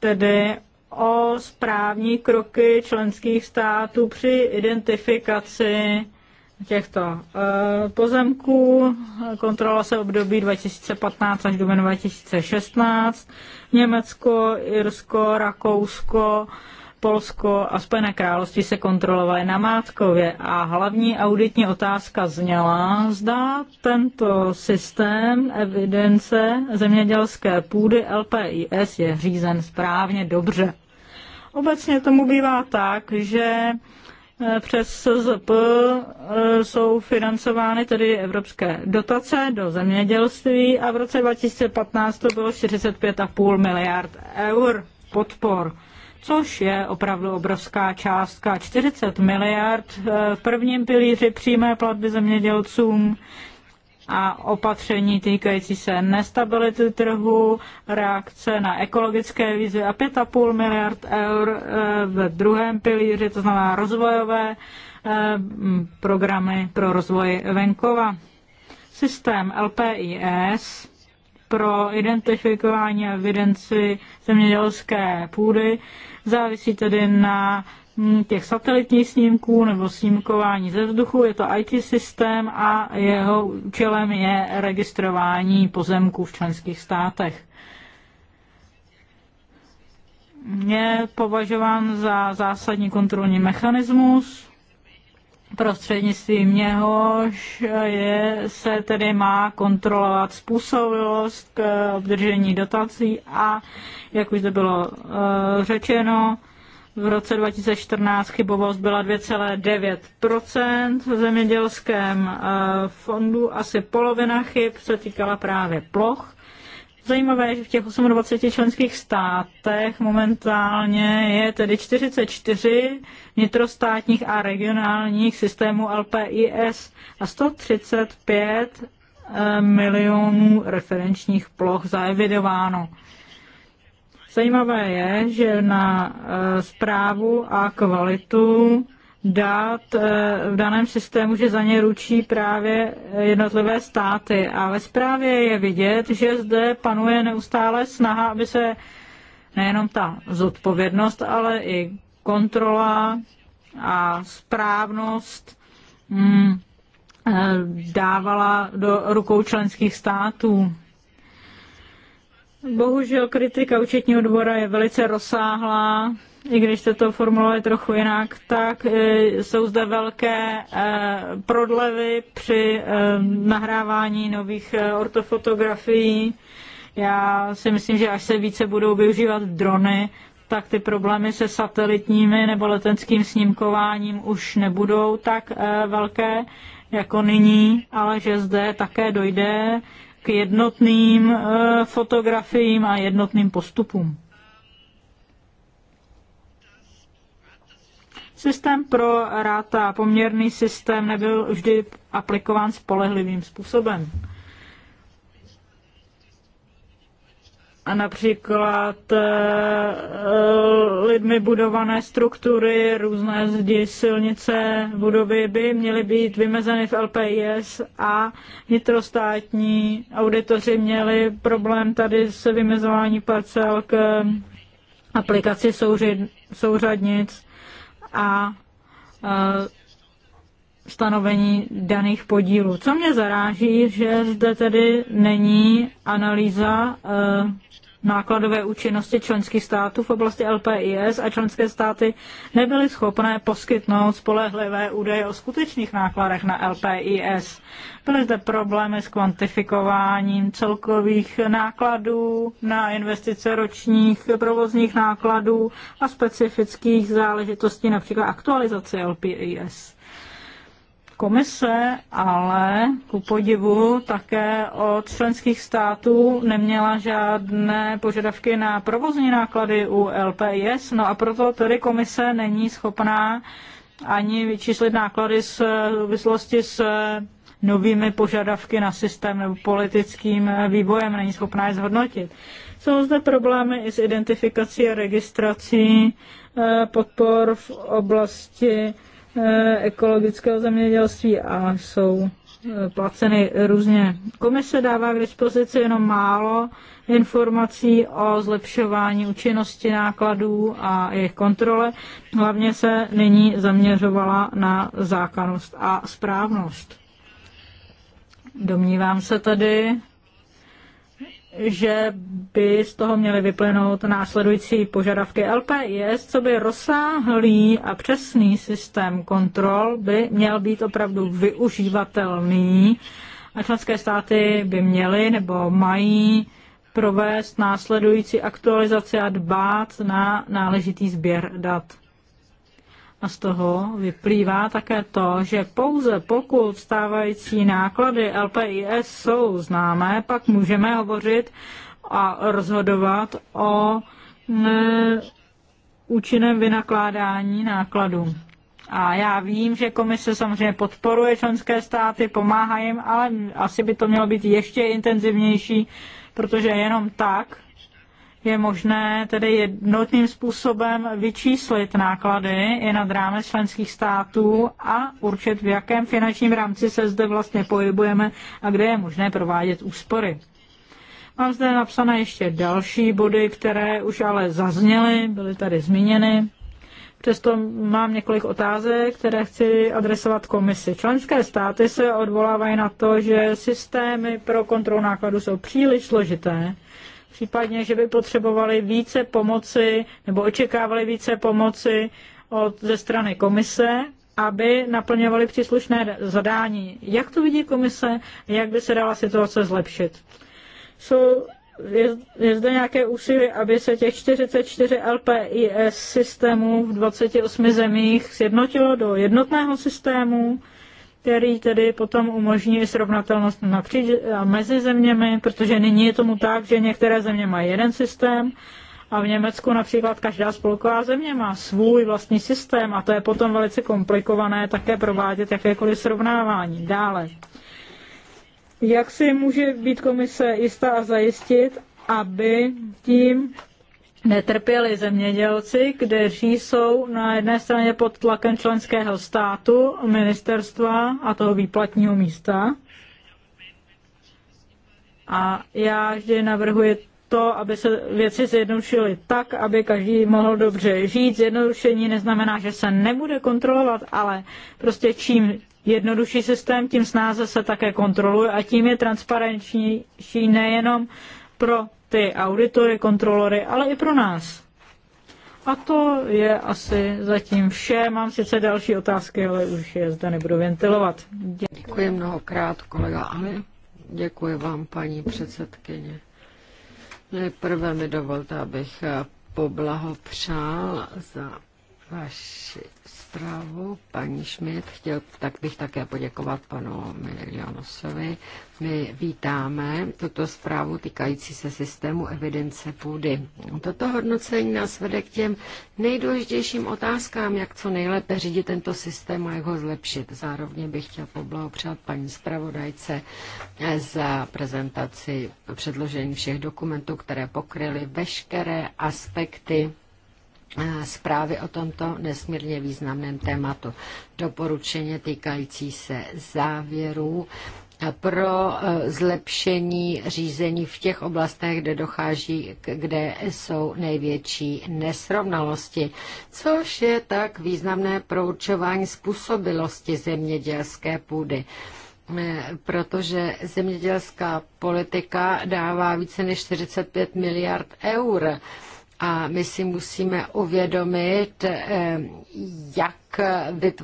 tedy o správní kroky členských států při identifikaci těchto eh, pozemků. Kontrola se období 2015 až duben 2016. Německo, Irsko, Rakousko, Polsko a Spojené království se kontrolovaly na Mátkově a hlavní auditní otázka zněla, zda tento systém evidence zemědělské půdy LPIS je řízen správně dobře. Obecně tomu bývá tak, že eh, přes SZP eh, jsou financovány tedy evropské dotace do zemědělství a v roce 2015 to bylo 45,5 miliard eur podpor což je opravdu obrovská částka. 40 miliard eh, v prvním pilíři přímé platby zemědělcům a opatření týkající se nestability trhu, reakce na ekologické výzvy a 5,5 miliard eur eh, ve druhém pilíři, to znamená rozvojové eh, programy pro rozvoj venkova. Systém LPIS pro identifikování a evidenci zemědělské půdy závisí tedy na mm, těch satelitních snímků nebo snímkování ze vzduchu, je to IT systém a jeho účelem je registrování pozemků v členských státech. Je považován za zásadní kontrolní mechanismus, prostřednictvím něhož je, se tedy má kontrolovat způsobilost k obdržení dotací a, jak už to bylo e, řečeno, v roce 2014 chybovost byla 2,9 v zemědělském e, fondu, asi polovina chyb se týkala právě ploch Zajímavé je, že v těch 28 členských státech momentálně je tedy 44 vnitrostátních a regionálních systémů LPIS a 135 eh, milionů referenčních ploch zaevidováno. Zajímavé je, že na zprávu eh, a kvalitu dát eh, v daném systému, že za ně ručí právě jednotlivé státy. A ve zprávě je vidět, že zde panuje neustále snaha, aby se nejenom ta zodpovědnost, ale i kontrola a správnost mm, eh, dávala do rukou členských států. Bohužel kritika účetního dvora je velice rozsáhlá i když se to formulovali trochu jinak, tak e, jsou zde velké e, prodlevy při e, nahrávání nových ortofotografií. Já si myslím, že až se více budou využívat drony, tak ty problémy se satelitními nebo letenským snímkováním už nebudou tak velké jako nyní, ale že zde také dojde k jednotným fotografiím a jednotným postupům. Systém pro ráta a poměrný systém nebyl vždy aplikován spolehlivým způsobem. A například eh, eh, lidmi budované struktury, různé zdi, silnice, budovy by měly být vymezeny v LPIS a vnitrostátní auditoři měli problém tady s vymezování parcel k aplikaci souři, souřadnic a e, stanovení daných podílů. Co mě zaráží, že zde tedy není analýza e, nákladové účinnosti členských států v oblasti LPIS a členské státy nebyly schopné poskytnout spolehlivé údaje o skutečných nákladech na LPIS. Byly zde problémy s kvantifikováním celkových nákladů na investice ročních provozních nákladů a specifických záležitostí, například aktualizace LPIS. Komise ale ku podivu také od členských států neměla žádné požadavky na provozní náklady u LPIS, no a proto tedy komise není schopná ani vyčíslit náklady s souvislosti s novými požadavky na systém nebo politickým vývojem, není schopná je zhodnotit. Jsou zde problémy i s identifikací a registrací eh, podpor v oblasti Eh, ekologického zemědělství a jsou eh, placeny různě. Komise dává k dispozici jenom málo informací o zlepšování účinnosti nákladů a jejich kontrole. Hlavně se nyní zaměřovala na zákonnost a správnost. Domnívám se tedy, že by z toho měly vyplynout následující požadavky LPIS, co by rozsáhlý a přesný systém kontrol by měl být opravdu využívatelný a členské státy by měly nebo mají provést následující aktualizaci a dbát na náležitý sběr dat. A z toho vyplývá také to, že pouze pokud stávající náklady LPIS jsou známé, pak můžeme hovořit a rozhodovat o ne, mm, účinném vynakládání nákladů. A já vím, že komise samozřejmě podporuje členské státy, pomáhá jim, ale asi by to mělo být ještě intenzivnější, protože jenom tak je možné tedy jednotným způsobem vyčíslit náklady i na dráme členských států a určit, v jakém finančním rámci se zde vlastně pohybujeme a kde je možné provádět úspory. Mám zde napsané ještě další body, které už ale zazněly, byly tady zmíněny. Přesto mám několik otázek, které chci adresovat komisi. Členské státy se odvolávají na to, že systémy pro kontrolu nákladu jsou příliš složité případně, že by potřebovali více pomoci nebo očekávali více pomoci od, ze strany komise, aby naplňovali příslušné zadání. Jak to vidí komise jak by se dala situace zlepšit? Jsou, je, je zde nějaké úsilí, aby se těch 44 LPIS systémů v 28 zemích sjednotilo do jednotného systému, který tedy potom umožní srovnatelnost napříč a mezi zeměmi, protože nyní je tomu tak, že některé země mají jeden systém a v Německu například každá spolková země má svůj vlastní systém a to je potom velice komplikované také provádět jakékoliv srovnávání. Dále. Jak si může být komise jistá a zajistit, aby tím netrpěli zemědělci, kteří jsou na jedné straně pod tlakem členského státu, ministerstva a toho výplatního místa. A já vždy navrhuji to, aby se věci zjednodušily tak, aby každý mohl dobře žít. Zjednodušení neznamená, že se nebude kontrolovat, ale prostě čím jednodušší systém, tím snáze se také kontroluje a tím je transparentnější nejenom pro ty auditory, kontrolory, ale i pro nás. A to je asi zatím vše. Mám sice další otázky, ale už je zde nebudu ventilovat. Děkuji, Děkuji mnohokrát, kolega Ale. Děkuji vám, paní předsedkyně. Nejprve mi dovolte, abych poblahopřál za vaši zprávu paní Schmidt. Chtěl, tak bych také poděkovat panu Milionosovi. My vítáme tuto zprávu týkající se systému evidence půdy. Toto hodnocení nás vede k těm nejdůležitějším otázkám, jak co nejlépe řídit tento systém a jak ho zlepšit. Zároveň bych chtěl poblahopřát paní zpravodajce eh, za prezentaci předložení všech dokumentů, které pokryly veškeré aspekty zprávy o tomto nesmírně významném tématu. Doporučeně týkající se závěrů pro e, zlepšení řízení v těch oblastech, kde dochází, kde jsou největší nesrovnalosti, což je tak významné pro určování způsobilosti zemědělské půdy e, protože zemědělská politika dává více než 45 miliard eur a my si musíme uvědomit, eh, jak,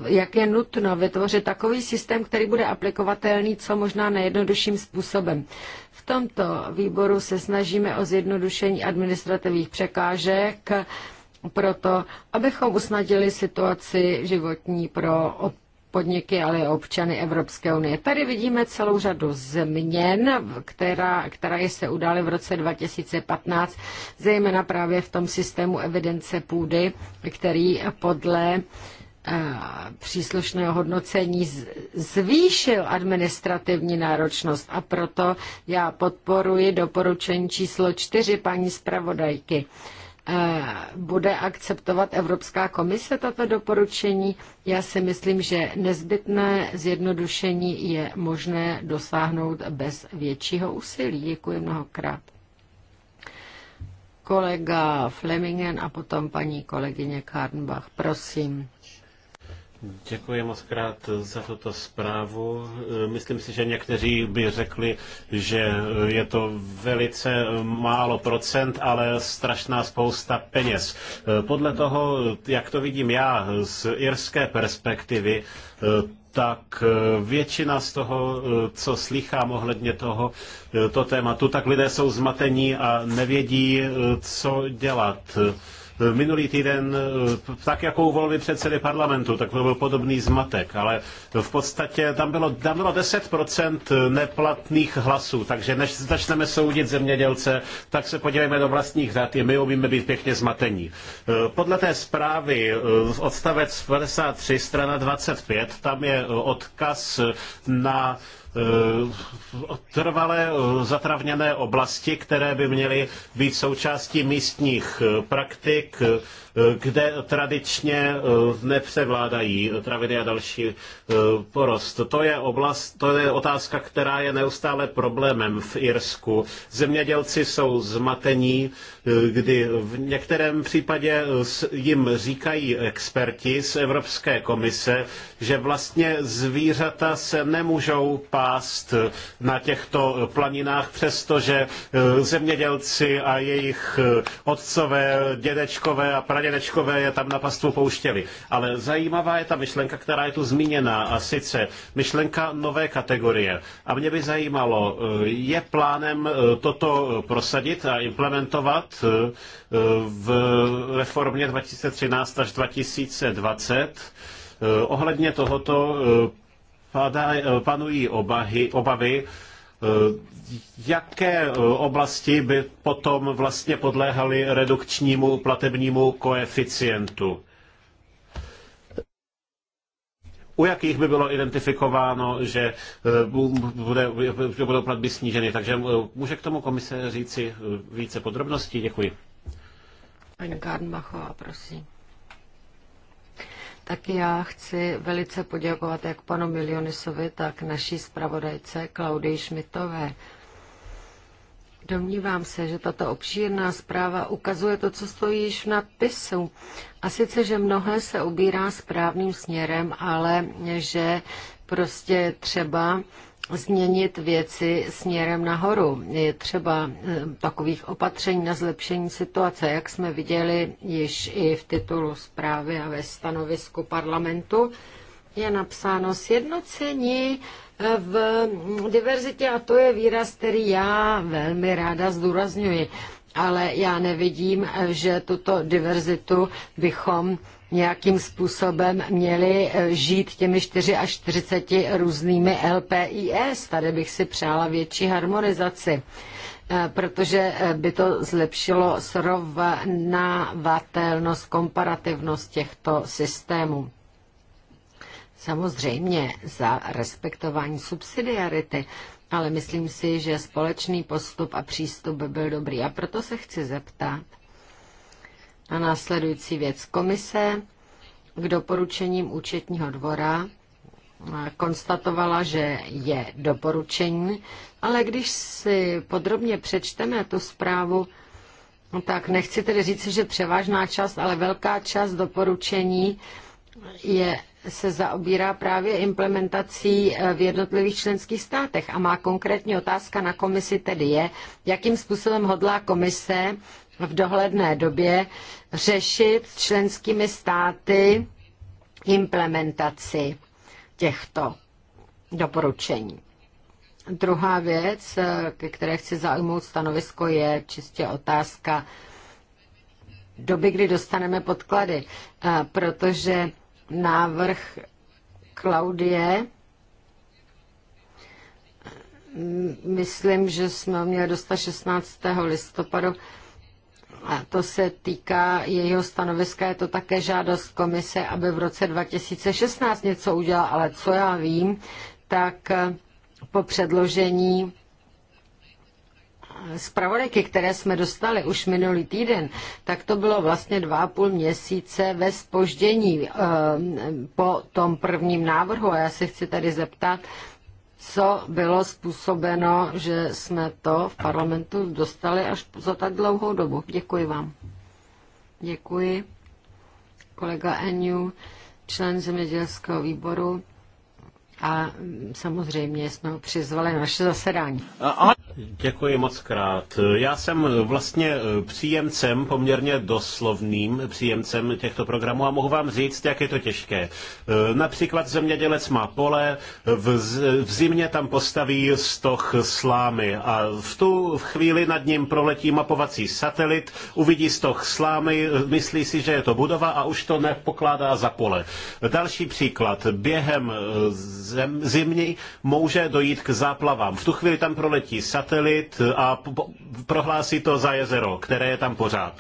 jak je nutno vytvořit takový systém, který bude aplikovatelný co možná nejjednodušším způsobem. V tomto výboru se snažíme o zjednodušení administrativních překážek, proto, abychom usnadili situaci životní pro podniky, ale i občany Evropské unie. Tady vidíme celou řadu změn, která, která se udály v roce 2015, zejména právě v tom systému evidence půdy, který podle eh, příslušného hodnocení zvýšil administrativní náročnost a proto já podporuji doporučení číslo čtyři paní zpravodajky. Eh, bude akceptovat Evropská komise tato doporučení? Já si myslím, že nezbytné zjednodušení je možné dosáhnout bez většího úsilí. Děkuji mnohokrát. Kolega Flemingen a potom paní kolegyně Karnbach, prosím. Děkuji moc krát za tuto zprávu. Myslím si, že někteří by řekli, že je to velice málo procent, ale strašná spousta peněz. Podle toho, jak to vidím já z irské perspektivy, tak většina z toho, co slychám ohledně toho to tématu, tak lidé jsou zmatení a nevědí, co dělat. Minulý týden, eh, tak jako u volby předsedy parlamentu, tak to byl podobný zmatek, ale v podstatě tam bylo, tam bylo 10% neplatných hlasů, takže než začneme soudit zemědělce, tak se podívejme do vlastních řad, i my umíme být pěkně zmatení. Eh, podle té zprávy eh, odstavec 53, strana 25, tam je odkaz na Eh, trvalé eh, zatravněné oblasti, které by měly být součástí místních eh, praktik, kde tradičně nepřevládají traviny a další porost. To je, oblast, to je otázka, která je neustále problémem v Irsku. Zemědělci jsou zmatení, kdy v některém případě jim říkají experti z Evropské komise, že vlastně zvířata se nemůžou pást na těchto planinách, přestože e, zemědělci a jejich e, otcové, dědečkové a pradědečkové je tam na pastvu pouštěli. Ale zajímavá je ta myšlenka, která je tu zmíněna, a sice myšlenka nové kategorie. A mě by zajímalo, e, je plánem toto prosadit a implementovat? v reformě 2013 až 2020. Ohledně tohoto eh, eh, panují obahy, obavy, eh, jaké oblasti by potom vlastně podléhaly redukčnímu platebnímu koeficientu u jakých by bylo identifikováno, že, eh, bude, budou platby sníženy. Takže eh, může k tomu komise říci eh, více podrobností? Děkuji. Pani Gardenbachová, prosím. Tak já chci velice poděkovat jak panu Milionisovi, tak naší zpravodajce Klaudii Šmitové. Domnívám se, že tato obšírná zpráva ukazuje to, co stojí již v nadpisu. A sice, že mnohé se ubírá správným směrem, ale že prostě třeba změnit věci směrem nahoru. Je třeba eh, takových opatření na zlepšení situace, jak jsme viděli již i v titulu zprávy a ve stanovisku parlamentu, je napsáno sjednocení eh, v diverzitě a to je výraz, který já velmi ráda zdůrazňuji ale já nevidím, že tuto diverzitu bychom nějakým způsobem měli eh, žít těmi 4 až 40 různými LPIS. Tady bych si přála větší harmonizaci eh, protože eh, by to zlepšilo srovnávatelnost, komparativnost těchto systémů. Samozřejmě za respektování subsidiarity, ale myslím si, že společný postup a přístup by byl dobrý. A proto se chci zeptat na následující věc. Komise k doporučením účetního dvora konstatovala, že je doporučení, ale když si podrobně přečteme tu zprávu, no tak nechci tedy říct, že převážná část, ale velká část doporučení je se zaobírá právě implementací eh, v jednotlivých členských státech. A má konkrétní otázka na komisi tedy je, jakým způsobem hodlá komise v dohledné době řešit s členskými státy implementaci těchto doporučení. Druhá věc, eh, ke které chci zaujmout stanovisko, je čistě otázka doby, kdy dostaneme podklady, eh, protože návrh Klaudie. Myslím, že jsme měli dostat 16. listopadu. A to se týká jejího stanoviska, je to také žádost komise, aby v roce 2016 něco udělala, ale co já vím, tak po předložení zpravodajky, které jsme dostali už minulý týden, tak to bylo vlastně dva a půl měsíce ve spoždění eh, po tom prvním návrhu. A já se chci tady zeptat, co bylo způsobeno, že jsme to v parlamentu dostali až za tak dlouhou dobu. Děkuji vám. Děkuji. Kolega Eniu, člen zemědělského výboru a samozřejmě jsme přizvali naše zasedání. Děkuji moc krát. Já jsem vlastně e, příjemcem, poměrně doslovným příjemcem těchto programů a mohu vám říct, jak je to těžké. E, například zemědělec má pole, v zimě tam postaví stoch slámy a v tu chvíli nad ním proletí mapovací satelit, uvidí stoch slámy, myslí si, že je to budova a už to nepokládá za pole. Další příklad. Během e, zem, zimní, může dojít k záplavám. V tu chvíli tam proletí satelit a prohlásí to za jezero, které je tam pořád.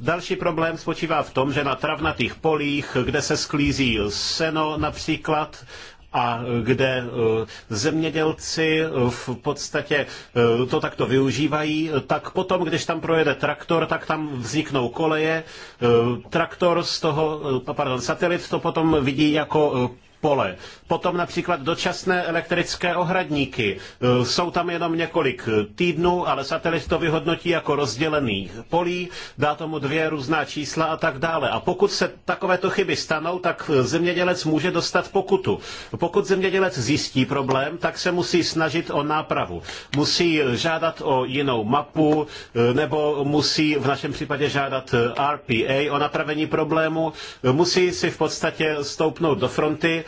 Další problém spočívá v tom, že na travnatých polích, kde se sklízí seno například, a kde e, zemědělci e, v podstatě e, to takto využívají, tak potom, když tam projede traktor, tak tam vzniknou koleje. Traktor z toho, pardon, satelit to potom vidí jako pole. Potom například dočasné elektrické ohradníky. E, jsou tam jenom několik týdnů, ale satelit to vyhodnotí jako rozdělený polí, dá tomu dvě různá čísla a tak dále. A pokud se takovéto chyby stanou, tak zemědělec může dostat pokutu. Pokud zemědělec zjistí problém, tak se musí snažit o nápravu. Musí žádat o jinou mapu, e, nebo musí v našem případě žádat e, RPA o napravení problému, musí si v podstatě stoupnout do fronty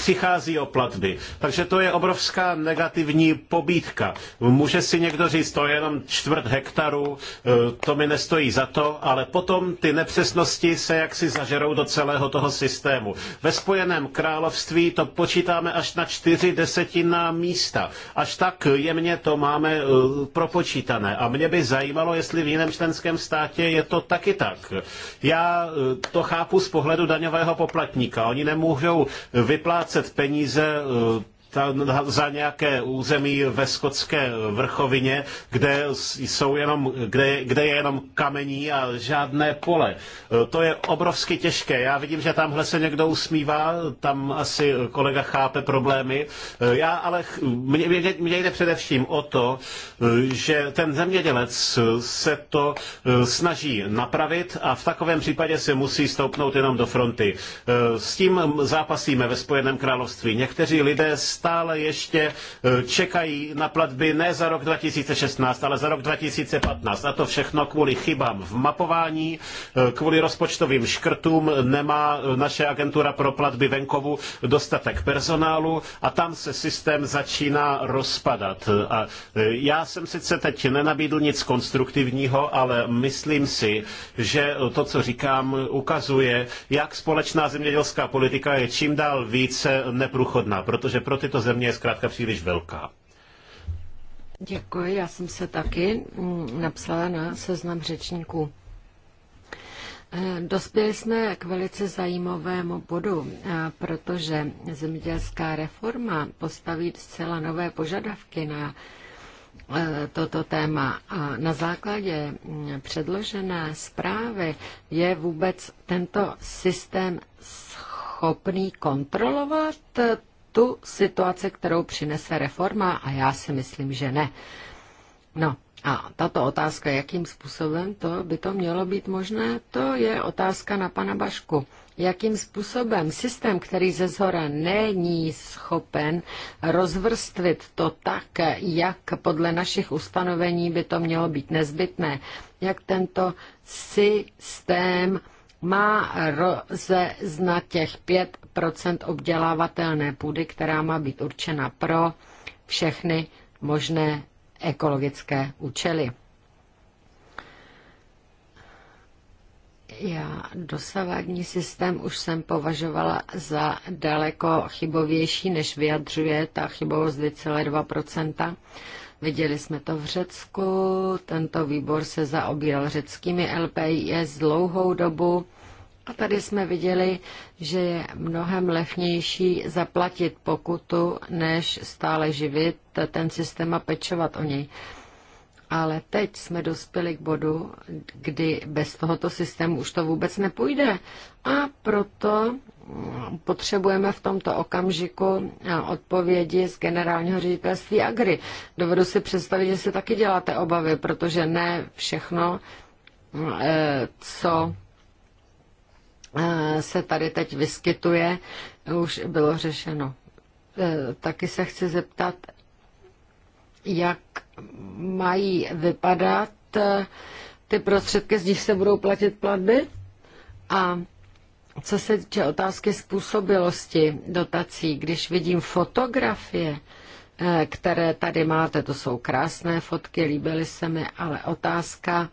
přichází o platby. Takže to je obrovská negativní pobídka. Může si někdo říct, to je jenom čtvrt hektaru, eh, to mi nestojí za to, ale potom ty nepřesnosti se jaksi zažerou do celého toho systému. Ve Spojeném království to počítáme až na čtyři desetinná místa. Až tak jemně to máme eh, propočítané. A mě by zajímalo, jestli v jiném členském státě je to taky tak. Já eh, to chápu z pohledu daňového poplatníka. Oni nemůžou vyplácet vracet peníze eh, ta, za nějaké území ve skotské vrchovině, kde, jsou jenom, kde, kde je jenom kamení a žádné pole. E, to je obrovsky těžké. Já vidím, že tamhle se někdo usmívá, tam asi kolega chápe problémy. E, já ale, mně, jde především o to, e, že ten zemědělec se to snaží napravit a v takovém případě se musí stoupnout jenom do fronty. S tím zápasíme ve Spojeném království. Někteří lidé stále ještě eh, čekají na platby ne za rok 2016, ale za rok 2015. A to všechno kvůli chybám v mapování, eh, kvůli rozpočtovým škrtům nemá eh, naše agentura pro platby venkovu dostatek personálu a tam se systém začíná rozpadat. A já jsem sice teď nenabídl nic konstruktivního, ale myslím si, že to, co říkám, ukazuje, jak společná zemědělská politika je čím dál více neprůchodná, protože pro ty to země je zkrátka příliš velká. Děkuji, já jsem se taky mm, napsala na seznam řečníků. Eh, dospěli jsme k velice zajímavému bodu, eh, protože zemědělská reforma postaví zcela nové požadavky na eh, toto téma. A na základě mm, předložené zprávy je vůbec tento systém schopný kontrolovat tu situaci, kterou přinese reforma? A já si myslím, že ne. No, a tato otázka, jakým způsobem to by to mělo být možné, to je otázka na pana Bašku. Jakým způsobem systém, který ze zhora není schopen rozvrstvit to tak, jak podle našich ustanovení by to mělo být nezbytné, jak tento systém má rozeznat těch 5% obdělávatelné půdy, která má být určena pro všechny možné ekologické účely. Já dosavadní systém už jsem považovala za daleko chybovější, než vyjadřuje ta chybovost 2,2%. Viděli jsme to v Řecku, tento výbor se zaobíral řeckými LPIS dlouhou dobu a tady jsme viděli, že je mnohem levnější zaplatit pokutu, než stále živit ten systém a pečovat o něj. Ale teď jsme dospěli k bodu, kdy bez tohoto systému už to vůbec nepůjde. A proto potřebujeme v tomto okamžiku eh, odpovědi z generálního ředitelství Agri. Dovedu si představit, že si taky děláte obavy, protože ne všechno, eh, co eh, se tady teď vyskytuje, už bylo řešeno. Taky se chci zeptat, jak mají vypadat ty prostředky, z nich se budou platit platby a co se týče otázky způsobilosti dotací, když vidím fotografie, eh, které tady máte, to jsou krásné fotky, líbily se mi, ale otázka,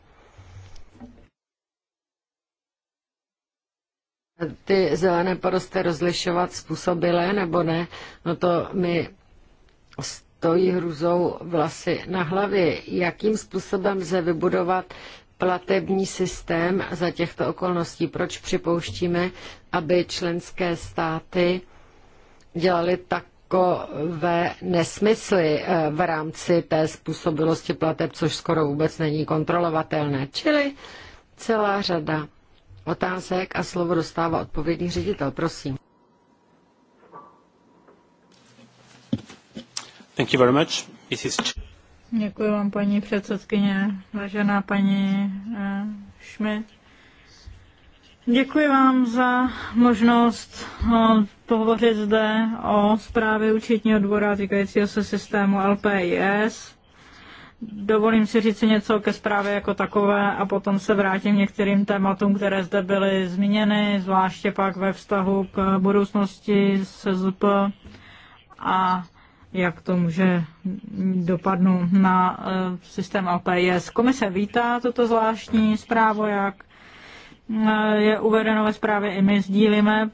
ty zelené poroste rozlišovat způsobilé nebo ne, no to mi stojí hruzou vlasy na hlavě. Jakým způsobem se vybudovat platební systém za těchto okolností? Proč připouštíme, aby členské státy dělali tak takové nesmysly eh, v rámci té způsobilosti plateb, což skoro vůbec není kontrolovatelné. Čili celá řada otázek a slovo dostává odpovědný ředitel. Prosím. Thank you very much. is... Děkuji vám, paní předsedkyně, vážená paní eh, Šmit. Děkuji vám za možnost eh, pohovořit zde o zprávě účetního dvora týkajícího se systému LPIS. Dovolím si říct něco ke zprávě jako takové a potom se vrátím k některým tématům, které zde byly zmíněny, zvláště pak ve vztahu k budoucnosti SZP a jak to může dopadnout na eh, systém LPS. Komise vítá toto zvláštní zprávo, jak eh, je uvedeno ve zprávě i my sdílíme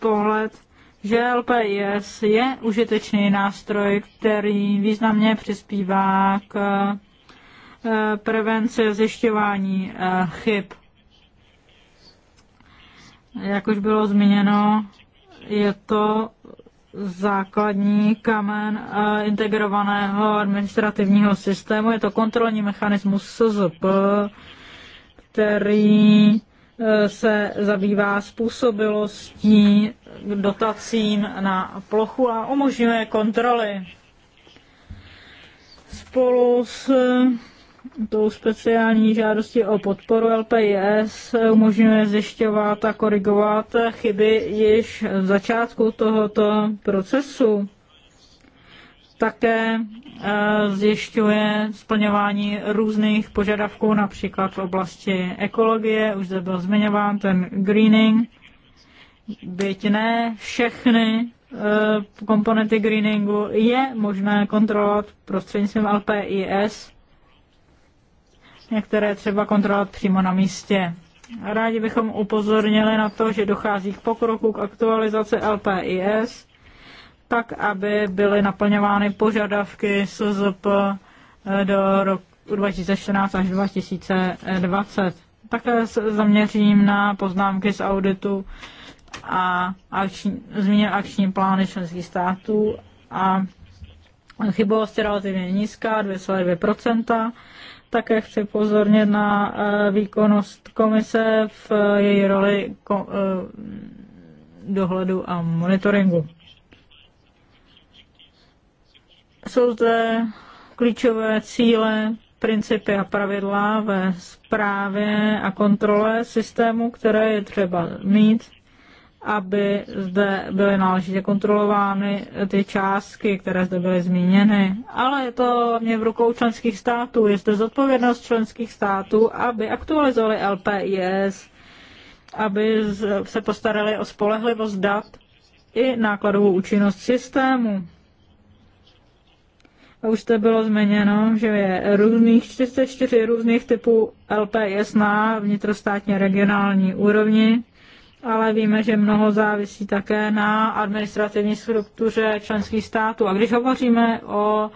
pohled, že LPIS je užitečný nástroj, který významně přispívá k eh, prevenci zjišťování chyb. Jak už bylo zmíněno, je to základní kamen eh, integrovaného administrativního systému. Je to kontrolní mechanismus SZP, který eh, se zabývá způsobilostí dotacím na plochu a umožňuje kontroly. Spolu s tou speciální žádosti o podporu LPIS umožňuje zjišťovat a korigovat chyby již v začátku tohoto procesu. Také eh, zjišťuje splňování různých požadavků, například v oblasti ekologie, už zde byl zmiňován ten greening, byť ne všechny eh, komponenty greeningu je možné kontrolovat prostřednictvím LPIS, některé třeba kontrolovat přímo na místě. Rádi bychom upozornili na to, že dochází k pokroku k aktualizaci LPIS, tak aby byly naplňovány požadavky SZP do roku 2014 až 2020. Také se zaměřím na poznámky z auditu a akční, zmíněn akční plány členských států a chybovost je relativně nízká, 2,2%. Také chci pozornit na eh, výkonnost komise v eh, její roli eh, dohledu a monitoringu. Jsou zde klíčové cíle, principy a pravidla ve správě a kontrole systému, které je třeba mít aby zde byly náležitě kontrolovány ty částky, které zde byly zmíněny. Ale je to hlavně v rukou členských států. Je zde zodpovědnost členských států, aby aktualizovali LPIS, aby se postarali o spolehlivost dat i nákladovou účinnost systému. A už to bylo změněno, že je různých 44 různých typů LPS na vnitrostátně regionální úrovni ale víme, že mnoho závisí také na administrativní struktuře členských států. A když hovoříme o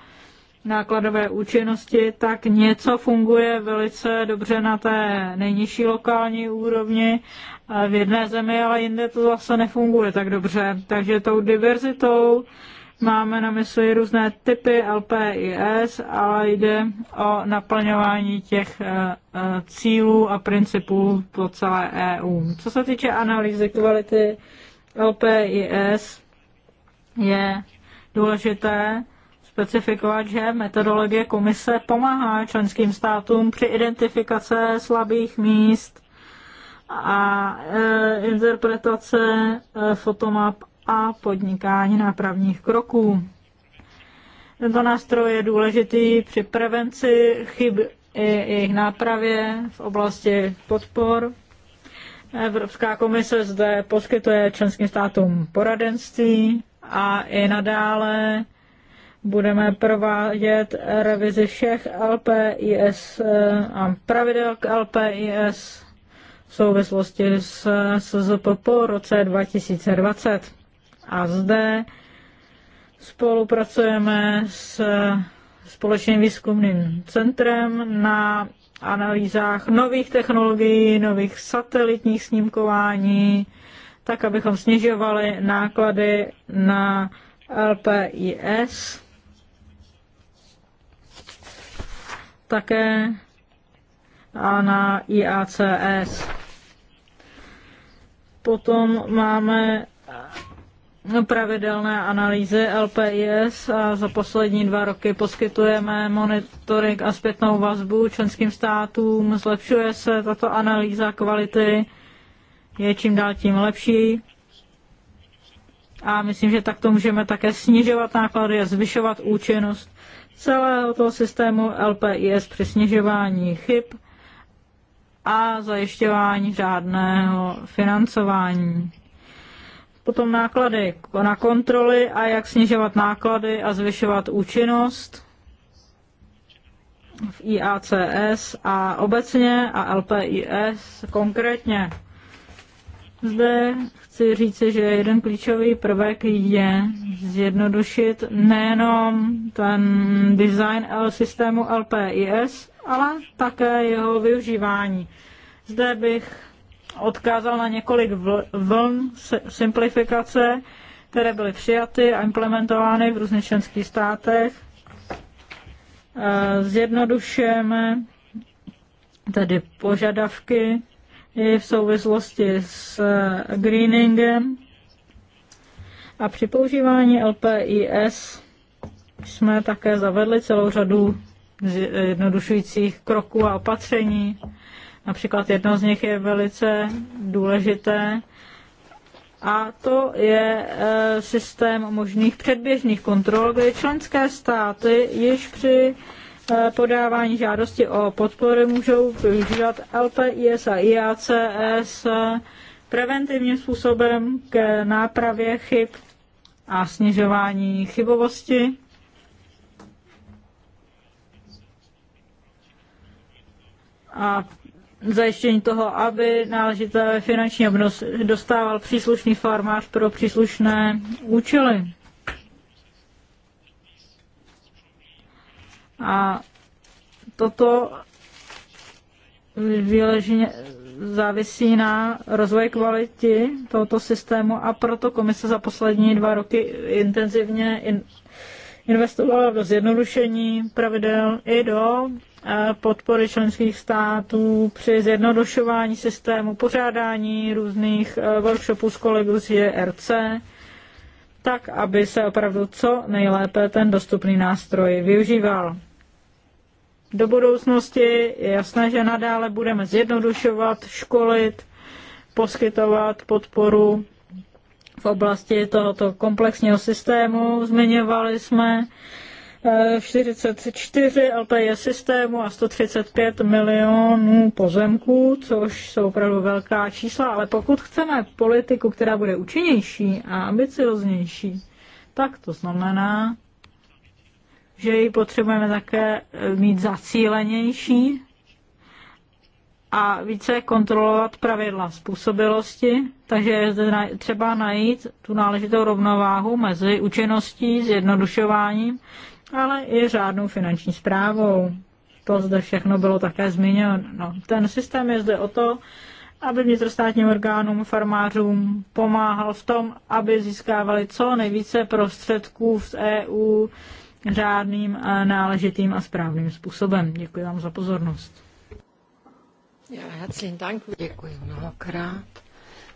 nákladové účinnosti, tak něco funguje velice dobře na té nejnižší lokální úrovni eh, v jedné zemi, ale jinde to zase nefunguje tak dobře. Takže tou diverzitou Máme na mysli různé typy LPIS, ale jde o naplňování těch eh, eh, cílů a principů po celé EU. Co se týče analýzy kvality LPIS, je důležité specifikovat, že metodologie komise pomáhá členským státům při identifikace slabých míst a eh, interpretace fotomap a podnikání nápravních kroků. Tento nástroj je důležitý při prevenci chyb i jejich nápravě v oblasti podpor. Evropská komise zde poskytuje členským státům poradenství a i nadále budeme provádět revizi všech LPIS eh, a pravidel k LPIS v souvislosti s SZPP po roce 2020. A zde spolupracujeme s společným výzkumným centrem na analýzách nových technologií, nových satelitních snímkování, tak abychom snižovali náklady na LPIS. Také a na IACS. Potom máme pravidelné analýzy LPIS a za poslední dva roky poskytujeme monitoring a zpětnou vazbu členským státům. Zlepšuje se tato analýza kvality, je čím dál tím lepší. A myslím, že takto můžeme také snižovat náklady a zvyšovat účinnost celého toho systému LPIS při snižování chyb a zajišťování řádného financování. Potom náklady na kontroly a jak snižovat náklady a zvyšovat účinnost v IACS a obecně a LPIS konkrétně. Zde chci říci, že jeden klíčový prvek je zjednodušit nejenom ten design L systému LPIS, ale také jeho využívání. Zde bych odkázal na několik vln simplifikace, které byly přijaty a implementovány v různých členských státech. Zjednodušujeme tedy požadavky i v souvislosti s eh, greeningem a při používání LPIS jsme také zavedli celou řadu jednodušujících kroků a opatření Například jedno z nich je velice důležité a to je e, systém možných předběžných kontrol, kde členské státy již při e, podávání žádosti o podpory můžou využívat LPIS a IACS preventivním způsobem k nápravě chyb a snižování chybovosti. A zajištění toho, aby náležité finanční obnos dostával příslušný farmář pro příslušné účely. A toto výležně závisí na rozvoji kvality tohoto systému a proto komise za poslední dva roky intenzivně in, investovala do zjednodušení pravidel i do eh, podpory členských států při zjednodušování systému pořádání různých eh, workshopů s kolegů z JRC, tak, aby se opravdu co nejlépe ten dostupný nástroj využíval. Do budoucnosti je jasné, že nadále budeme zjednodušovat, školit, poskytovat podporu v oblasti tohoto komplexního systému. Zmiňovali jsme 44 eh, LPI systému a 135 milionů pozemků, což jsou opravdu velká čísla, ale pokud chceme politiku, která bude účinnější a ambicioznější, tak to znamená, že ji potřebujeme také mít zacílenější a více kontrolovat pravidla způsobilosti, takže je zde třeba najít tu náležitou rovnováhu mezi účinností, zjednodušováním, ale i řádnou finanční zprávou. To zde všechno bylo také zmíněno. Ten systém je zde o to, aby vnitrostátním orgánům, farmářům pomáhal v tom, aby získávali co nejvíce prostředků v EU řádným, eh, náležitým a správným způsobem. Děkuji vám za pozornost. Děkuji mnohokrát.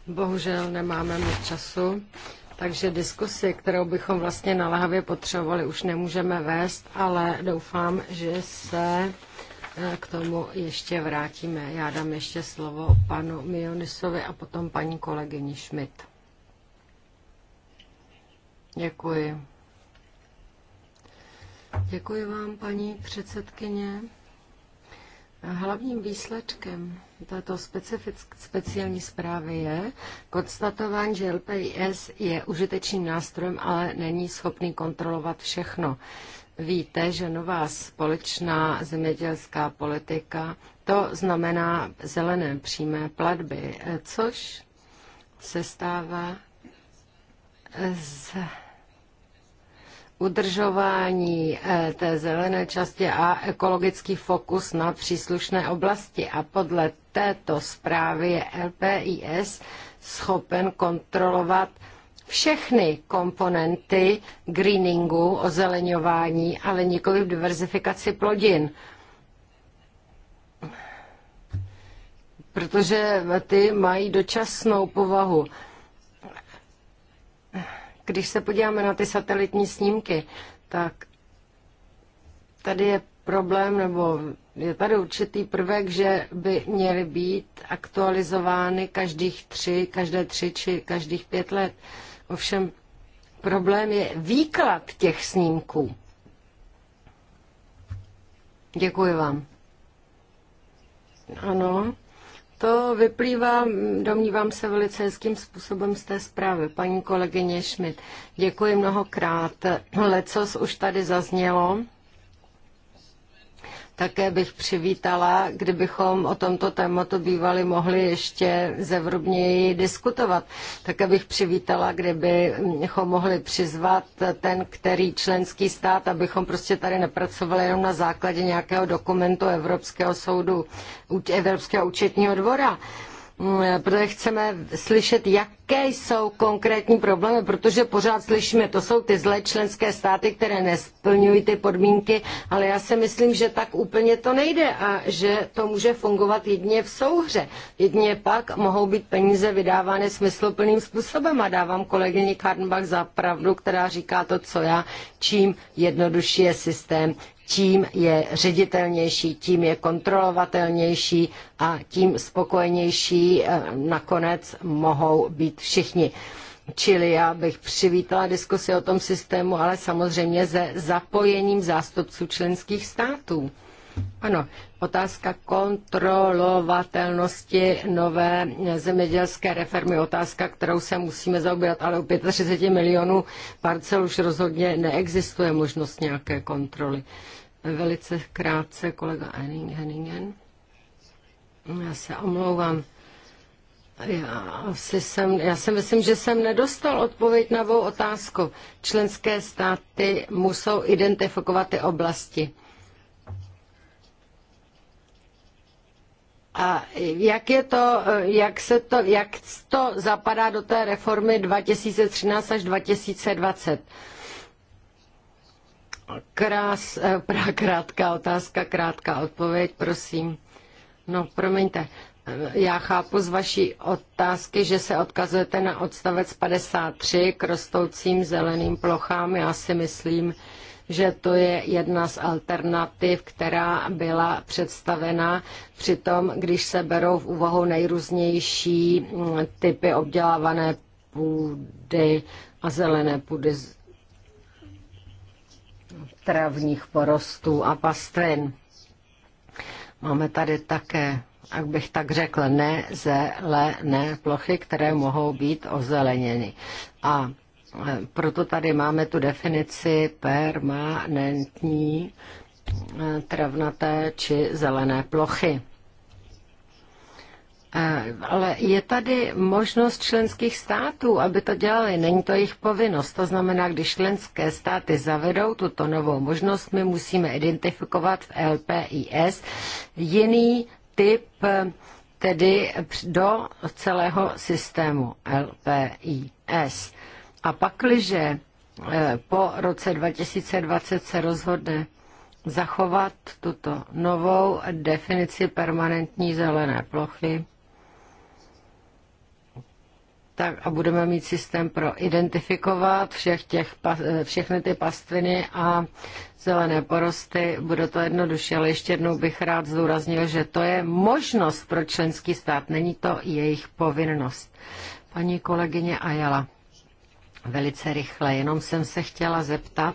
Bohužel nemáme moc času, takže diskusi, kterou bychom vlastně naléhavě potřebovali, už nemůžeme vést, ale doufám, že se eh, k tomu ještě vrátíme. Já dám ještě slovo panu Mionisovi a potom paní kolegyni Schmidt. Děkuji. Děkuji vám, paní předsedkyně. Hlavním výsledkem této speciální zprávy je konstatování, že LPIS je užitečným nástrojem, ale není schopný kontrolovat všechno. Víte, že nová společná zemědělská politika, to znamená zelené přímé platby, což se stává z udržování eh, té zelené části a ekologický fokus na příslušné oblasti. A podle této zprávy je LPIS schopen kontrolovat všechny komponenty greeningu, ozeleňování, ale nikoli v diverzifikaci plodin. Protože ty mají dočasnou povahu. Když se podíváme na ty satelitní snímky, tak tady je problém, nebo je tady určitý prvek, že by měly být aktualizovány každých tři, každé tři či každých pět let. Ovšem problém je výklad těch snímků. Děkuji vám. Ano. To vyplývá, domnívám se, velice hezkým způsobem z té zprávy. Paní kolegyně Šmit, děkuji mnohokrát. Lecos už tady zaznělo také bych přivítala, kdybychom o tomto tématu bývali mohli ještě zevrubněji diskutovat. Také bych přivítala, kdybychom mohli přizvat ten, který členský stát, abychom prostě tady nepracovali jenom na základě nějakého dokumentu Evropského soudu, Evropského účetního dvora Mm, protože chceme slyšet, jaké jsou konkrétní problémy, protože pořád slyšíme, to jsou ty zlé členské státy, které nesplňují ty podmínky, ale já si myslím, že tak úplně to nejde a že to může fungovat jedině v souhře. Jedině pak mohou být peníze vydávány smysluplným způsobem a dávám kolegyni Karnbach za pravdu, která říká to, co já, čím jednodušší je systém, tím je ředitelnější, tím je kontrolovatelnější a tím spokojenější eh, nakonec mohou být všichni. Čili já bych přivítala diskusi o tom systému, ale samozřejmě se zapojením zástupců členských států. Ano, otázka kontrolovatelnosti nové zemědělské reformy, otázka, kterou se musíme zaobírat, ale u 35 milionů parcel už rozhodně neexistuje možnost nějaké kontroly. Velice krátce kolega Henningen. Já se omlouvám. Já, si jsem, já si myslím, že jsem nedostal odpověď na mou otázku. Členské státy musou identifikovat ty oblasti A jak, je to, jak, se to, jak to zapadá do té reformy 2013 až 2020? Krás, eh, krátká otázka, krátká odpověď, prosím. No, promiňte. Já chápu z vaší otázky, že se odkazujete na odstavec 53 k rostoucím zeleným plochám. Já si myslím, že to je jedna z alternativ, která byla představena. Přitom, když se berou v úvahu nejrůznější mm, typy obdělávané půdy a zelené půdy travních porostů a pastvin. Máme tady také, jak bych tak řekl, nezelené plochy, které mohou být ozeleněny. A proto tady máme tu definici permanentní eh, travnaté či zelené plochy. Eh, ale je tady možnost členských států, aby to dělali. Není to jejich povinnost. To znamená, když členské státy zavedou tuto novou možnost, my musíme identifikovat v LPIS jiný typ tedy do celého systému LPIS. A pakliže eh, po roce 2020 se rozhodne zachovat tuto novou definici permanentní zelené plochy, tak a budeme mít systém pro identifikovat všech těch, eh, všechny ty pastviny a zelené porosty. Bude to jednoduše, ale ještě jednou bych rád zdůraznil, že to je možnost pro členský stát, není to jejich povinnost. Paní kolegyně Ajala velice rychle. Jenom jsem se chtěla zeptat,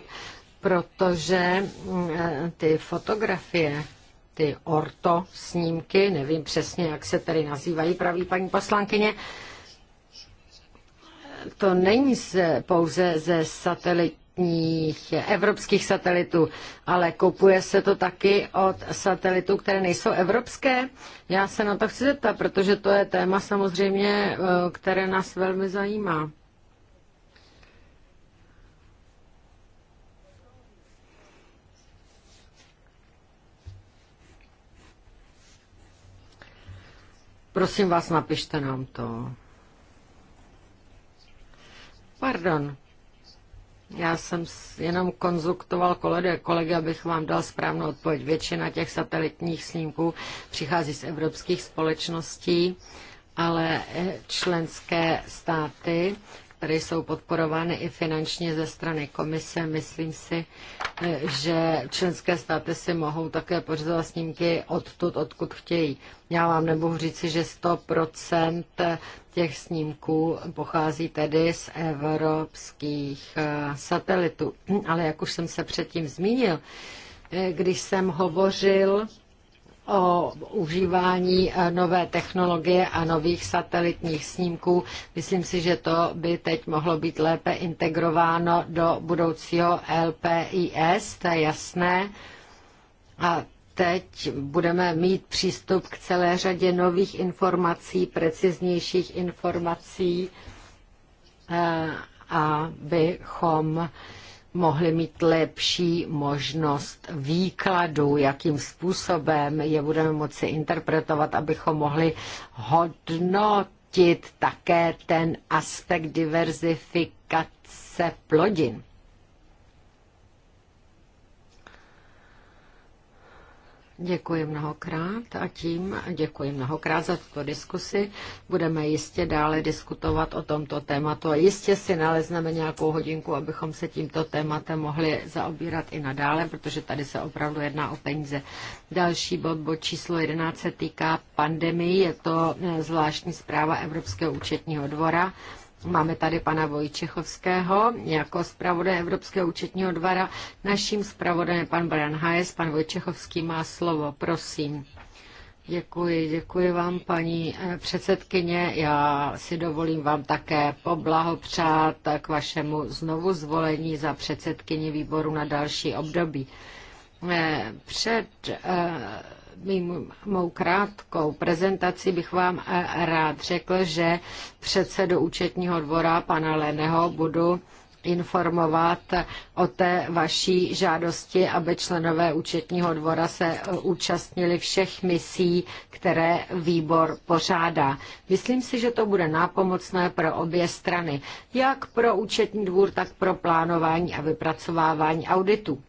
protože eh, ty fotografie, ty orto snímky, nevím přesně, jak se tady nazývají, praví paní poslankyně, to není se pouze ze satelitních evropských satelitů, ale kupuje se to taky od satelitů, které nejsou evropské. Já se na to chci zeptat, protože to je téma samozřejmě, eh, které nás velmi zajímá. Prosím vás, napište nám to. Pardon. Já jsem jenom konzultoval kolegy, abych vám dal správnou odpověď. Většina těch satelitních snímků přichází z evropských společností, ale e- členské státy které jsou podporovány i finančně ze strany komise. Myslím si, že členské státy si mohou také pořizovat snímky odtud, odkud chtějí. Já vám nemohu říci, že 100% těch snímků pochází tedy z evropských eh, satelitů. Ale jak už jsem se předtím zmínil, eh, když jsem hovořil o užívání eh, nové technologie a nových satelitních snímků. Myslím si, že to by teď mohlo být lépe integrováno do budoucího LPIS, to je jasné. A teď budeme mít přístup k celé řadě nových informací, preciznějších informací, eh, abychom mohli mít lepší možnost výkladu, jakým způsobem je budeme moci interpretovat, abychom mohli hodnotit také ten aspekt diverzifikace plodin. Děkuji mnohokrát a tím děkuji mnohokrát za tuto diskusi. Budeme jistě dále diskutovat o tomto tématu a jistě si nalezneme nějakou hodinku, abychom se tímto tématem mohli zaobírat i nadále, protože tady se opravdu jedná o peníze. Další bod, bod číslo 11 se týká pandemii, je to eh, zvláštní zpráva Evropského účetního dvora Máme tady pana Vojčechovského jako zpravodaj Evropského účetního dvora. Naším zpravodajem pan Brian Hayes. Pan Vojčechovský má slovo, prosím. Děkuji, děkuji vám, paní eh, předsedkyně. Já si dovolím vám také poblahopřát k vašemu znovu zvolení za předsedkyni výboru na další období. Eh, před eh, mým, mou krátkou prezentaci bych vám eh, rád řekl, že předsedu účetního dvora pana Leného budu informovat o té vaší žádosti, aby členové účetního dvora se eh, účastnili všech misí, které výbor pořádá. Myslím si, že to bude nápomocné pro obě strany, jak pro účetní dvůr, tak pro plánování a vypracovávání auditu.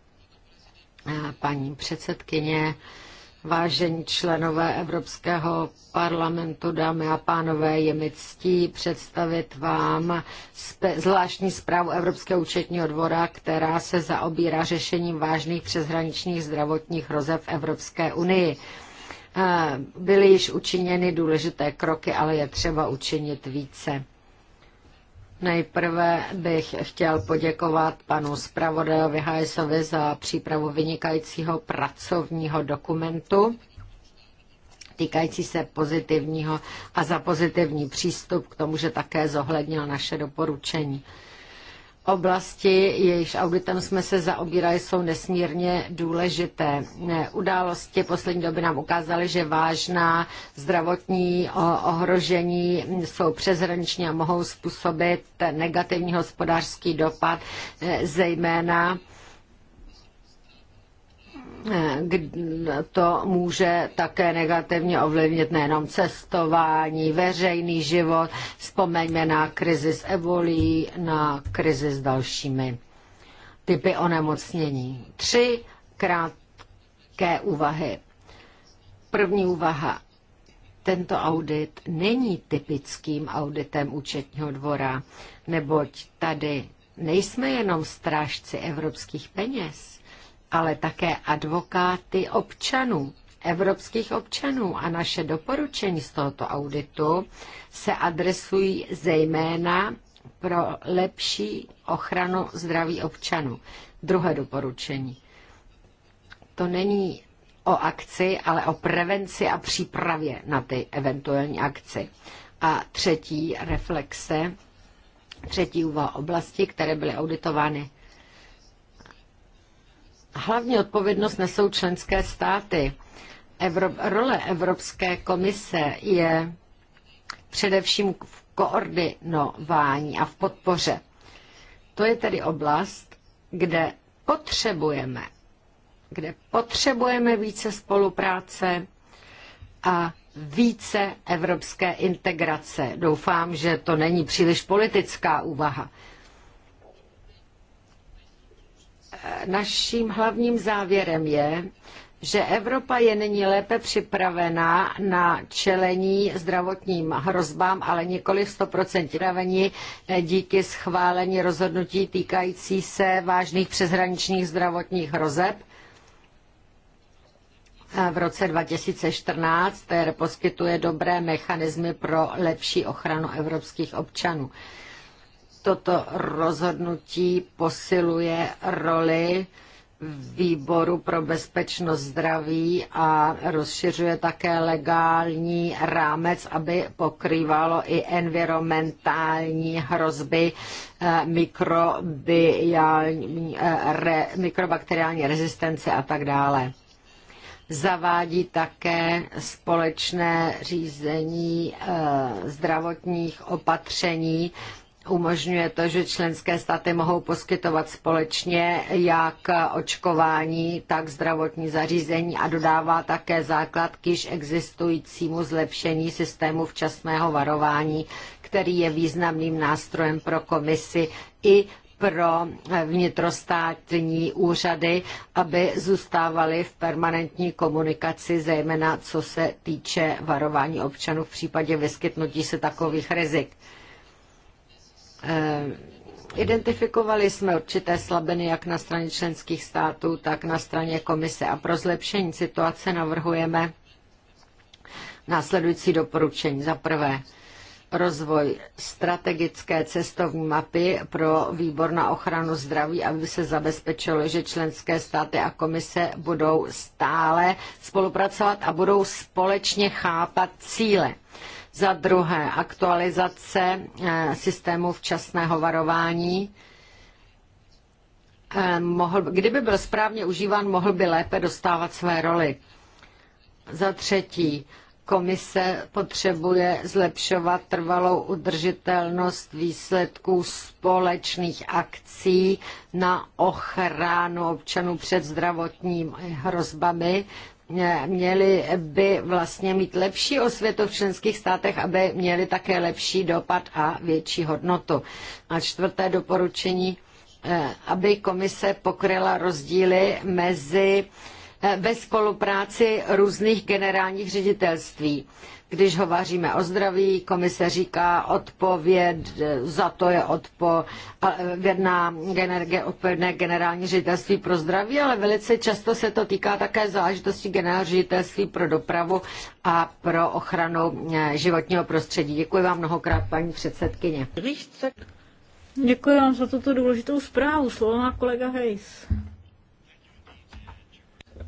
Eh, paní předsedkyně, Vážení členové Evropského parlamentu, dámy a pánové, je mi ctí představit vám zvláštní zprávu Evropského účetního dvora, která se zaobírá řešením vážných přeshraničních zdravotních rozev Evropské unii. Eh, byly již učiněny důležité kroky, ale je třeba učinit více. Nejprve bych chtěl poděkovat panu zpravodajovi Hajsovi za přípravu vynikajícího pracovního dokumentu týkající se pozitivního a za pozitivní přístup k tomu, že také zohlednil naše doporučení. Oblasti, jejichž auditem jsme se zaobírali, jsou nesmírně důležité. Události poslední doby nám ukázaly, že vážná zdravotní ohrožení jsou přeshraniční a mohou způsobit negativní hospodářský dopad, e, zejména Eh, to může také negativně ovlivnit nejenom cestování, veřejný život. Vzpomeňme na krizi s evolí, na krizi s dalšími typy onemocnění. Tři krátké úvahy. První úvaha. Tento audit není typickým auditem účetního dvora, neboť tady nejsme jenom strážci evropských peněz ale také advokáty občanů, evropských občanů a naše doporučení z tohoto auditu se adresují zejména pro lepší ochranu zdraví občanů. Druhé doporučení. To není o akci, ale o prevenci a přípravě na ty eventuální akci. A třetí reflexe, třetí úvaha oblasti, které byly auditovány Hlavní odpovědnost nesou členské státy. Evro- role Evropské komise je především v koordinování a v podpoře. To je tedy oblast, kde potřebujeme, kde potřebujeme více spolupráce a více evropské integrace. Doufám, že to není příliš politická úvaha. naším hlavním závěrem je, že Evropa je nyní lépe připravená na čelení zdravotním hrozbám, ale nikoli 100% připravení eh, díky schválení rozhodnutí týkající se vážných přeshraničních zdravotních hrozeb v roce 2014, které poskytuje dobré mechanismy pro lepší ochranu evropských občanů. Toto rozhodnutí posiluje roli výboru pro bezpečnost zdraví a rozšiřuje také legální rámec, aby pokrývalo i environmentální hrozby eh, eh, re, mikrobakteriální rezistence a tak dále. Zavádí také společné řízení eh, zdravotních opatření umožňuje to, že členské státy mohou poskytovat společně jak očkování, tak zdravotní zařízení a dodává také základ k již existujícímu zlepšení systému včasného varování, který je významným nástrojem pro komisi i pro vnitrostátní úřady, aby zůstávaly v permanentní komunikaci, zejména co se týče varování občanů v případě vyskytnutí se takových rizik. Eh, identifikovali jsme určité slabiny jak na straně členských států, tak na straně komise a pro zlepšení situace navrhujeme následující doporučení. Za prvé, rozvoj strategické cestovní mapy pro výbor na ochranu zdraví, aby se zabezpečilo, že členské státy a komise budou stále spolupracovat a budou společně chápat cíle. Za druhé, aktualizace eh, systému včasného varování. Eh, mohl, kdyby byl správně užíván, mohl by lépe dostávat své roli. Za třetí, komise potřebuje zlepšovat trvalou udržitelnost výsledků společných akcí na ochranu občanů před zdravotními hrozbami měli by vlastně mít lepší osvětu v členských státech, aby měli také lepší dopad a větší hodnotu. A čtvrté doporučení, eh, aby komise pokryla rozdíly mezi eh, ve spolupráci různých generálních ředitelství když hovoříme o zdraví, komise říká odpověd, za to je odpovědná odpovědné generální ředitelství pro zdraví, ale velice často se to týká také záležitosti generální ředitelství pro dopravu a pro ochranu eh, životního prostředí. Děkuji vám mnohokrát, paní předsedkyně. Děkuji vám za tuto důležitou zprávu. Slovo má kolega Hejs.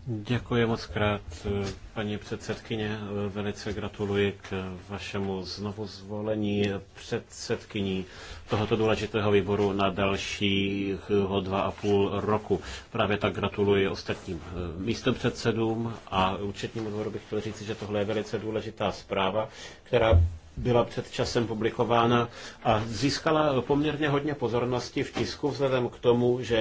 Děkuji moc krát, eh, Paní předsedkyně, velice gratuluji k vašemu znovuzvolení předsedkyní tohoto důležitého výboru na dalšího dva a půl roku. Právě tak gratuluji ostatním eh, místopředsedům a účetnímu dvoru bych chtěl říct, že tohle je velice důležitá zpráva, která byla před časem publikována a získala poměrně hodně pozornosti v tisku vzhledem k tomu, že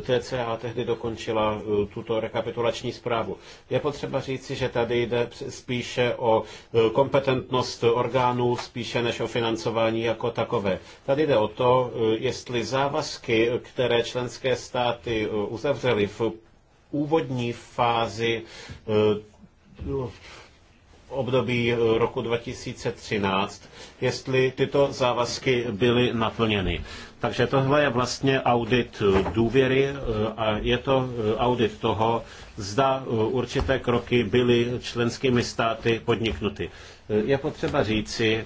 eh, TCA tehdy dokončila eh, tuto rekapitulační zprávu. Je potřeba říci, že tady jde spíše o eh, kompetentnost orgánů, spíše než o financování jako takové. Tady jde o to, jestli závazky, které členské státy uzavřely v úvodní fázi období eh, roku 2013, jestli tyto závazky byly naplněny. Takže tohle je vlastně audit eh, důvěry eh, a je to audit toho, zda určité kroky byly členskými státy podniknuty. Je potřeba říci,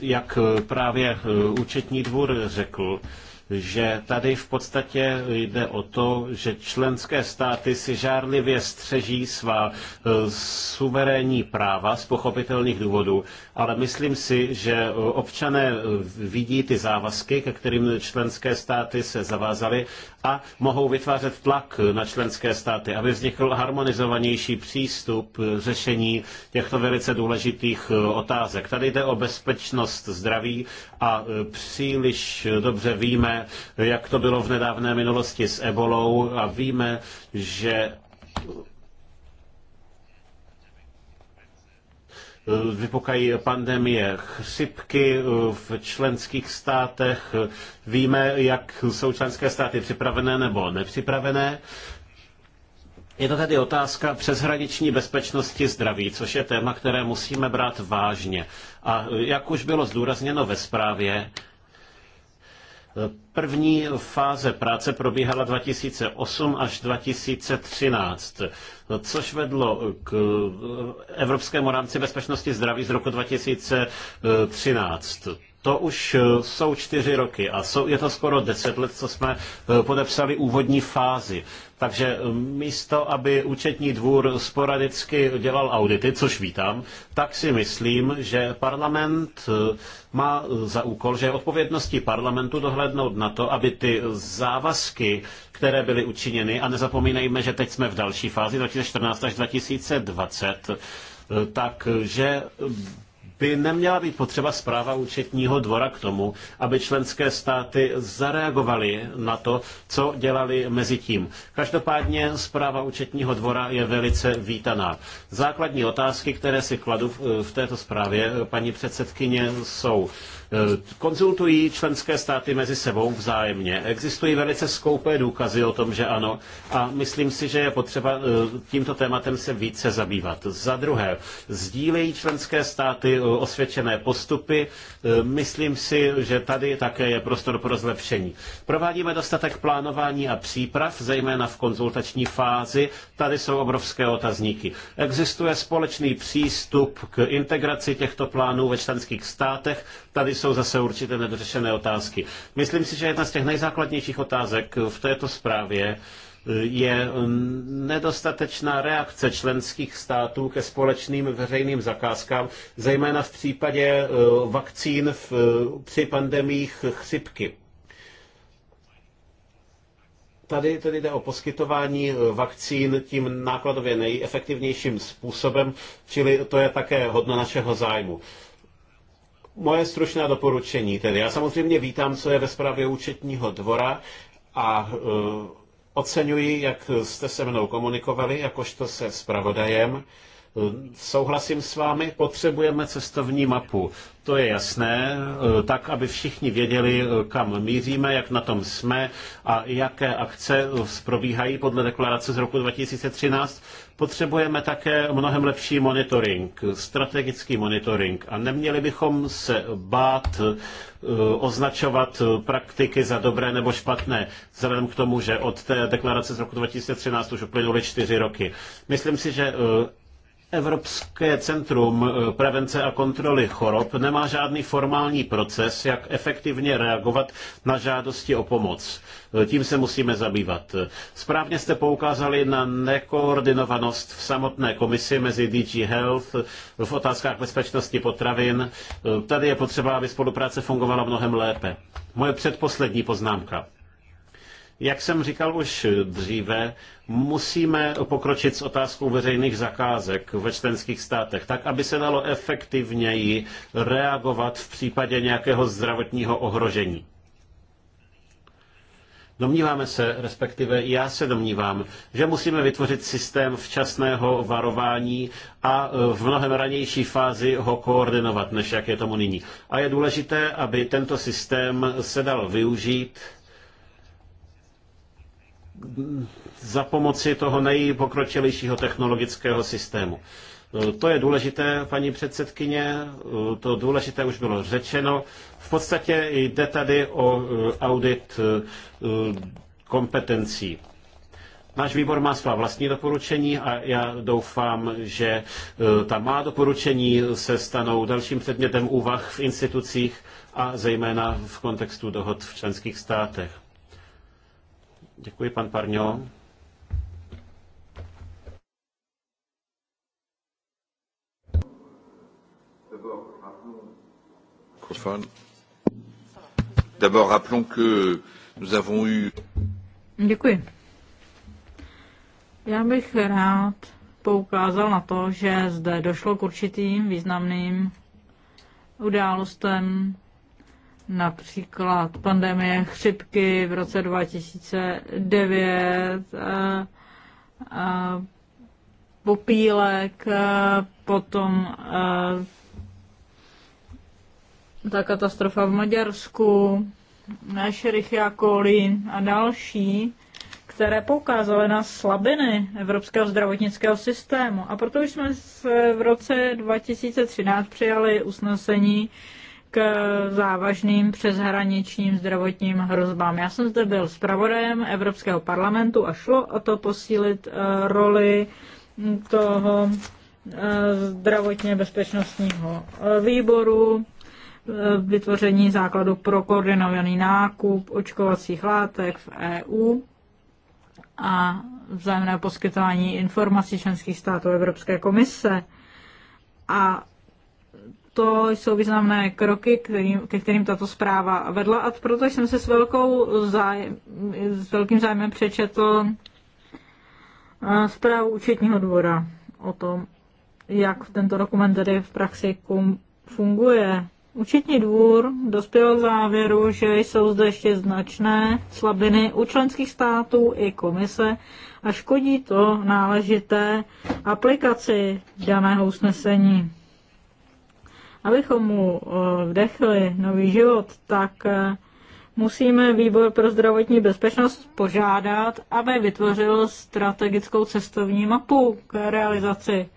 jak právě účetní dvůr řekl, že tady v podstatě jde o to, že členské státy si žárlivě střeží svá eh, suverénní práva z pochopitelných důvodů, ale myslím si, že občané eh, vidí ty závazky, ke kterým členské státy se zavázaly a mohou vytvářet tlak na členské státy, aby vznikl harmonizovanější přístup řešení těchto velice důležitých eh, otázek. Tady jde o bezpečnost zdraví a eh, příliš dobře víme, jak to bylo v nedávné minulosti s ebolou a víme, že vypukají pandemie chřipky eh, v členských státech. Víme, jak jsou členské státy připravené nebo nepřipravené. Je to tedy otázka přeshraniční bezpečnosti zdraví, což je téma, které musíme brát vážně. A jak už bylo zdůrazněno ve zprávě, První fáze práce probíhala 2008 až 2013, což vedlo k Evropskému rámci bezpečnosti zdraví z roku 2013. To už jsou čtyři roky a jsou, je to skoro deset let, co jsme podepsali úvodní fázi. Takže eh, místo, aby účetní dvůr sporadicky dělal audity, což vítám, tak si myslím, že parlament eh, má za úkol, že je odpovědností parlamentu dohlédnout na to, aby ty závazky, které byly učiněny, a nezapomínejme, že teď jsme v další fázi 2014 až 2020, eh, takže by neměla být potřeba zpráva účetního dvora k tomu, aby členské státy zareagovaly na to, co dělali mezi tím. Každopádně zpráva účetního dvora je velice vítaná. Základní otázky, které si kladu v této zprávě, paní předsedkyně, jsou Eh, konzultují členské státy mezi sebou vzájemně. Existují velice skoupé důkazy o tom, že ano. A myslím si, že je potřeba eh, tímto tématem se více zabývat. Za druhé, sdílejí členské státy eh, osvědčené postupy. Myslím si, že tady také je prostor pro zlepšení. Provádíme dostatek plánování a příprav, zejména v konzultační fázi. Tady jsou obrovské otazníky. Existuje společný přístup k integraci těchto plánů ve členských státech. Tady jsou zase určité nedořešené otázky. Myslím si, že jedna z těch nejzákladnějších otázek v této zprávě eh, je nedostatečná reakce členských států ke společným veřejným zakázkám, zejména v případě eh, vakcín v, eh, při pandemích chřipky. Tady tedy jde o poskytování vakcín tím nákladově nejefektivnějším způsobem, čili to je také hodno našeho zájmu. Moje stručná doporučení tedy. Já samozřejmě vítám, co je ve zprávě účetního dvora a e, oceňuji, jak jste se mnou komunikovali, jakožto se zpravodajem. Souhlasím s vámi, potřebujeme cestovní mapu. To je jasné, eh, tak, aby všichni věděli, eh, kam míříme, jak na tom jsme a jaké akce eh, probíhají podle deklarace z roku 2013. Potřebujeme také mnohem lepší monitoring, strategický monitoring a neměli bychom se bát označovat praktiky za dobré nebo špatné, vzhledem k tomu, že od té deklarace z roku 2013 už uplynuly čtyři roky. Myslím si, že Evropské centrum eh, prevence a kontroly chorob nemá žádný formální proces, jak efektivně reagovat na žádosti o pomoc. Eh, tím se musíme zabývat. Správně jste poukázali na nekoordinovanost v samotné komisi mezi DG Health eh, v otázkách bezpečnosti potravin. Tady je potřeba, aby spolupráce fungovala mnohem lépe. Moje předposlední poznámka. Jak jsem říkal už dříve, musíme pokročit s otázkou veřejných zakázek ve členských státech, tak aby se dalo efektivněji reagovat v případě nějakého zdravotního ohrožení. Domníváme se, respektive já se domnívám, že musíme vytvořit systém včasného varování a v mnohem ranější fázi ho koordinovat, než jak je tomu nyní. A je důležité, aby tento systém se dal využít za pomoci toho nejpokročilejšího technologického systému. E, to je důležité, paní předsedkyně, e, to důležité už bylo řečeno. V podstatě jde tady o e, audit kompetencí. Náš výbor má svá vlastní doporučení a já doufám, že ta má doporučení se stanou dalším předmětem úvah v institucích a zejména v kontextu dohod v členských státech. Děkuji, pan Parňo. D'abord, rappelons que nous avons eu. Děkuji. Já bych rád poukázal na to, že zde došlo k určitým významným událostem například pandemie chřipky v roce 2009, eh, eh, popílek, eh, potom ta katastrofa v Maďarsku, Šerich Jakolín a další, které poukázaly na slabiny evropského zdravotnického systému. A proto jsme v roce 2013 přijali usnesení, k závažným přeshraničním zdravotním hrozbám. Já jsem zde byl zpravodajem Evropského parlamentu a šlo o to posílit eh, roli toho eh, zdravotně bezpečnostního eh, výboru, vytvoření základu pro koordinovaný nákup očkovacích látek v EU a vzájemné poskytování informací členských států Evropské komise. A to jsou významné kroky, kterým, ke kterým tato zpráva vedla a proto jsem se s, velkou zájem, s velkým zájmem přečetl eh, zprávu účetního dvora o tom, jak tento dokument tedy v praxi funguje. Učetní dvůr dospěl k závěru, že jsou zde ještě značné slabiny u členských států i komise a škodí to náležité aplikaci daného usnesení. Abychom mu eh, vdechli nový život, tak eh, musíme výbor pro zdravotní bezpečnost požádat, aby vytvořil strategickou cestovní mapu k realizaci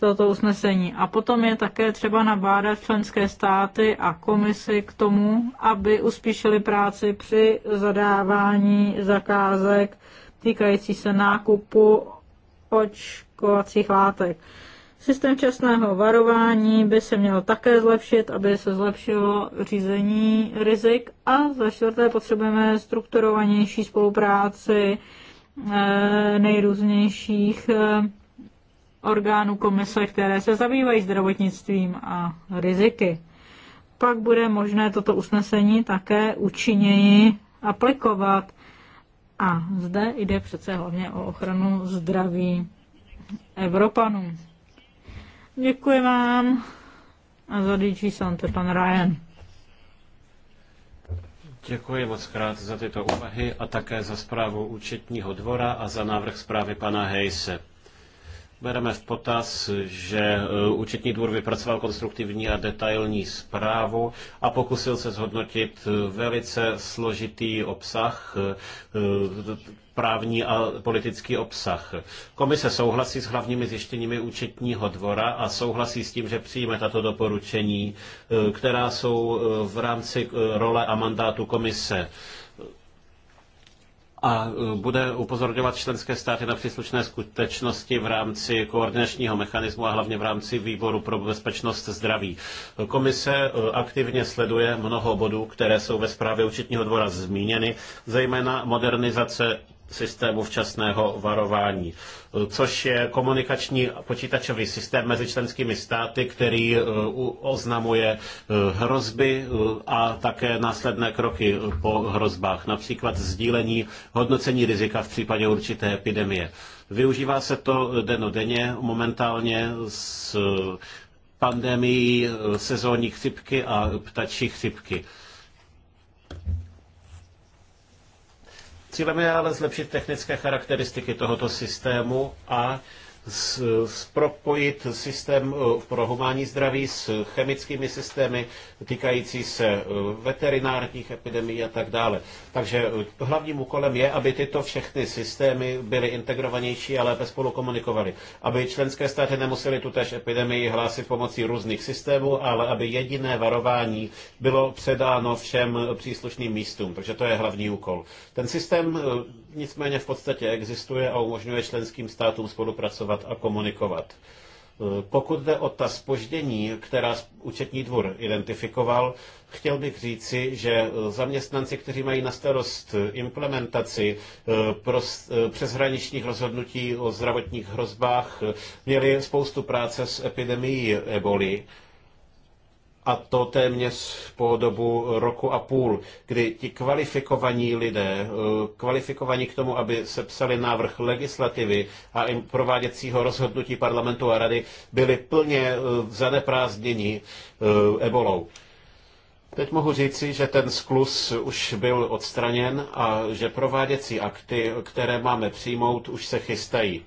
tohoto usnesení. A potom je také třeba nabádat členské státy a komisy k tomu, aby uspíšili práci při zadávání zakázek týkající se nákupu očkovacích látek. Systém časného varování by se měl také zlepšit, aby se zlepšilo řízení rizik. A za čtvrté potřebujeme strukturovanější spolupráci eh, nejrůznějších eh, orgánů komise, které se zabývají zdravotnictvím a riziky. Pak bude možné toto usnesení také účinněji aplikovat. A zde jde přece hlavně o ochranu zdraví Evropanů. Děkuji vám. A za DG Sante pan Ryan. Děkuji moc krát za tyto úvahy a také za zprávu účetního dvora a za návrh zprávy pana Hejse. Bereme v potaz, že eh, účetní dvůr vypracoval konstruktivní a detailní zprávu a pokusil se zhodnotit eh, velice složitý obsah eh, právní a politický obsah. Komise souhlasí s hlavními zjištěními účetního dvora a souhlasí s tím, že přijme tato doporučení, eh, která jsou eh, v rámci eh, role a mandátu komise a bude upozorňovat členské státy na příslušné skutečnosti v rámci koordinačního mechanismu a hlavně v rámci výboru pro bezpečnost zdraví. Komise aktivně sleduje mnoho bodů, které jsou ve zprávě účetního dvora zmíněny, zejména modernizace systému včasného varování, což je komunikační počítačový systém mezi členskými státy, který eh, oznamuje eh, hrozby eh, a také následné kroky po hrozbách, například sdílení hodnocení rizika v případě určité epidemie. Využívá se to denodenně, momentálně s pandemií sezónní chřipky a ptačí chřipky. Cílem je ale zlepšit technické charakteristiky tohoto systému a z, propojit systém eh, pro humánní zdraví s chemickými systémy týkající se eh, veterinárních epidemií a tak dále. Takže eh, hlavním úkolem je, aby tyto všechny systémy byly integrovanější a lépe spolu komunikovaly. Aby členské státy nemusely tutéž epidemii hlásit pomocí různých systémů, ale aby jediné varování bylo předáno všem příslušným místům. Takže to je hlavní úkol. Ten systém nicméně v podstatě existuje a umožňuje členským státům spolupracovat a komunikovat. E, pokud jde o ta spoždění, která účetní dvůr identifikoval, chtěl bych říci, že e, zaměstnanci, kteří mají na starost implementaci e, přeshraničních rozhodnutí o zdravotních hrozbách, měli spoustu práce s epidemií eboli a to téměř po dobu roku a půl, kdy ti kvalifikovaní lidé, eh, kvalifikovaní k tomu, aby sepsali návrh legislativy a prováděcího rozhodnutí parlamentu a rady, byli plně eh, zaneprázdněni eh, ebolou. Teď mohu říci, že ten sklus už byl odstraněn a že prováděcí akty, které máme přijmout, už se chystají.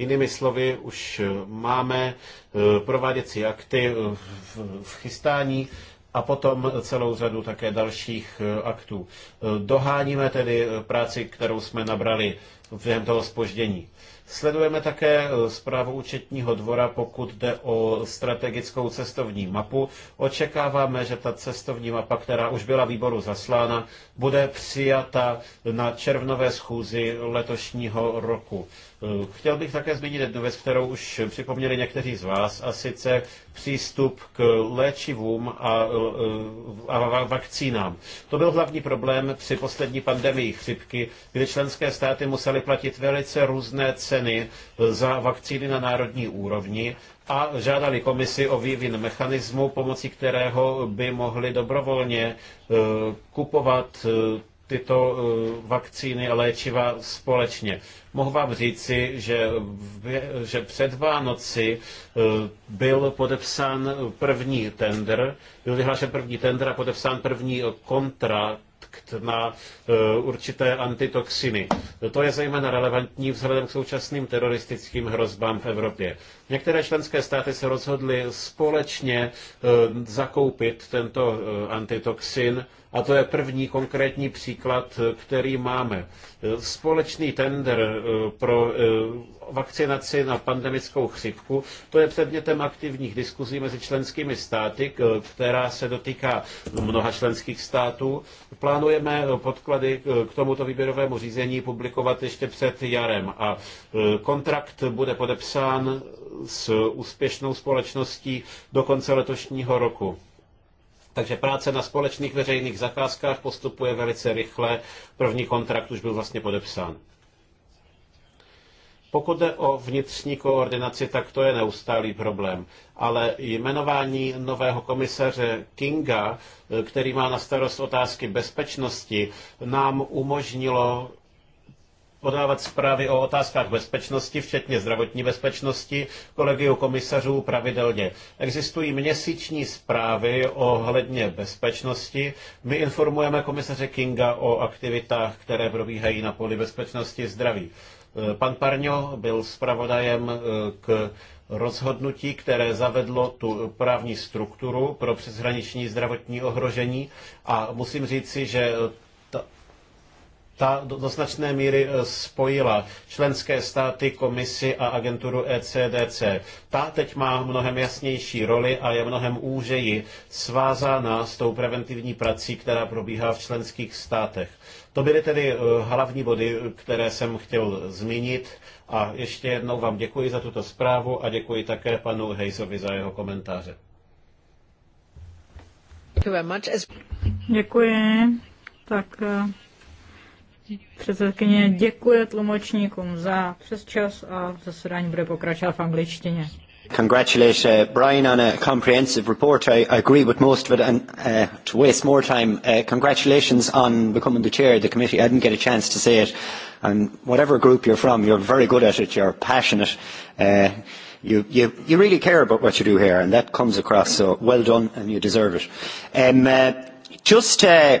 Jinými slovy, už eh, máme eh, prováděcí akty eh, v chystání a potom celou řadu také dalších aktů. Doháníme tedy práci, kterou jsme nabrali během toho spoždění. Sledujeme také zprávu účetního dvora, pokud jde o strategickou cestovní mapu. Očekáváme, že ta cestovní mapa, která už byla výboru zaslána, bude přijata na červnové schůzi letošního roku. Eh, chtěl bych také zmínit jednu věc, kterou už připomněli někteří z vás, a sice přístup k léčivům a, eh, a vakcínám. To byl hlavní problém při poslední pandemii chřipky, kdy členské státy musely platit velice různé ceny eh, za vakcíny na národní úrovni a žádali komisi o vývin mechanismu, pomocí kterého by mohli dobrovolně kupovat tyto eh, vakcíny a léčiva společně. Mohu vám říci, že, že před Vánoci eh, byl podepsán první tender, byl vyhlášen první tender a podepsán první kontrakt na eh, určité antitoxiny. To je zejména relevantní vzhledem k současným teroristickým hrozbám v Evropě. Některé členské státy se rozhodly společně e, zakoupit tento e, antitoxin a to je první konkrétní příklad, e, který máme. Společný tender pro vakcinaci na pandemickou chřipku, to je předmětem aktivních diskuzí mezi členskými státy, která se dotýká mnoha členských států. Plánujeme podklady k tomuto výběrovému řízení publikovat ještě před jarem a kontrakt bude podepsán s úspěšnou společností do konce letošního roku. Takže práce na společných veřejných zakázkách postupuje velice rychle. První kontrakt už byl vlastně podepsán. Pokud jde o vnitřní koordinaci, tak to je neustálý problém. Ale jmenování nového komisaře Kinga, eh, který má na starost otázky bezpečnosti, nám umožnilo podávat zprávy o otázkách bezpečnosti, včetně zdravotní bezpečnosti, kolegiu komisařů pravidelně. Existují měsíční zprávy ohledně bezpečnosti. My informujeme komisaře Kinga o aktivitách, které probíhají na poli bezpečnosti zdraví. E, pan Parňo byl zpravodajem e, k rozhodnutí, které zavedlo tu právní strukturu pro přeshraniční zdravotní ohrožení a musím říci, že ta do, do značné míry e, spojila členské státy, komisi a agenturu ECDC. Ta teď má mnohem jasnější roli a je mnohem úžeji svázána s tou preventivní prací, která probíhá v členských státech. To byly tedy e, hlavní body, které jsem chtěl zmínit. A ještě jednou vám děkuji za tuto zprávu a děkuji také panu Hejsovi za jeho komentáře. Děkuji. Tak e, Předsedkyně děkuje tlumočníkům za přesčas a zasedání bude pokračovat v angličtině. Congratulate uh, Brian on a comprehensive report. I, I agree with most of it, and uh, to waste more time, uh, congratulations on becoming the chair of the committee. I didn't get a chance to say it, and whatever group you're from, you're very good at it. You're passionate. Uh, you, you, you really care about what you do here, and that comes across. So well done, and you deserve it. Um, uh, just. Uh,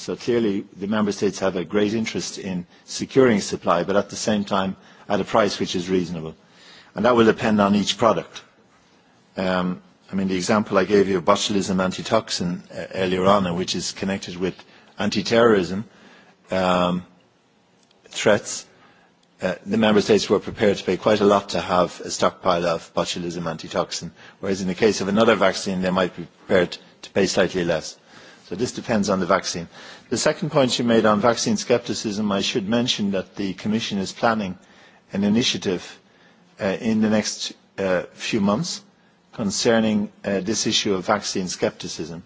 So clearly, the member states have a great interest in securing supply, but at the same time, at a price which is reasonable. And that will depend on each product. Um, I mean, the example I gave you of botulism antitoxin uh, earlier on, which is connected with anti-terrorism um, threats, uh, the member states were prepared to pay quite a lot to have a stockpile of botulism antitoxin, whereas in the case of another vaccine, they might be prepared to pay slightly less. So this depends on the vaccine. The second point you made on vaccine skepticism, I should mention that the Commission is planning an initiative uh, in the next uh, few months concerning uh, this issue of vaccine skepticism,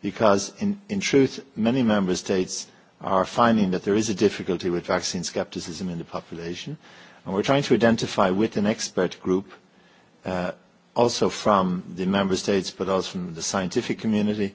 because in, in truth, many member states are finding that there is a difficulty with vaccine skepticism in the population. And we're trying to identify with an expert group, uh, also from the member states, but also from the scientific community,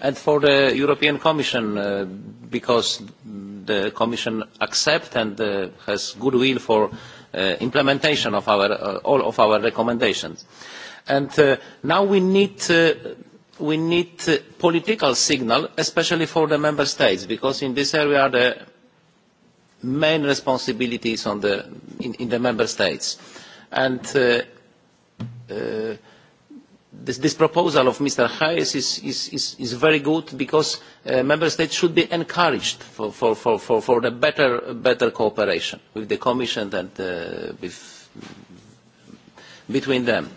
and for the European Commission, uh, because the Commission accepts and uh, has goodwill for uh, implementation of our, uh, all of our recommendations. And uh, now we need, uh, we need uh, political signal, especially for the Member States, because in this area the main responsibilities on the, in, in the Member States. And uh, uh, this, this proposal of Mr. Hayes is, is, is, is very good because uh, member states should be encouraged for, for, for, for, for the better, better cooperation with the Commission and uh, with, between them.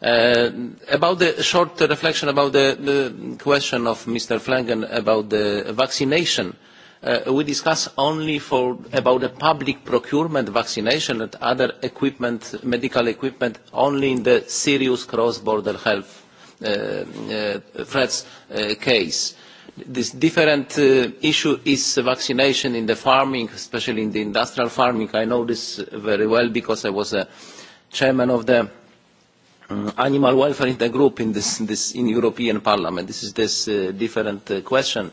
Uh, about the short reflection about the, the question of Mr. Flangen about the vaccination, uh, we discuss only for, about the public procurement, vaccination and other equipment, medical equipment, only in the serious cross-border health uh, uh, threats uh, case. This different uh, issue is vaccination in the farming, especially in the industrial farming. I know this very well because I was a chairman of the uh, animal welfare intergroup in, this, this, in European Parliament. This is this uh, different uh, question.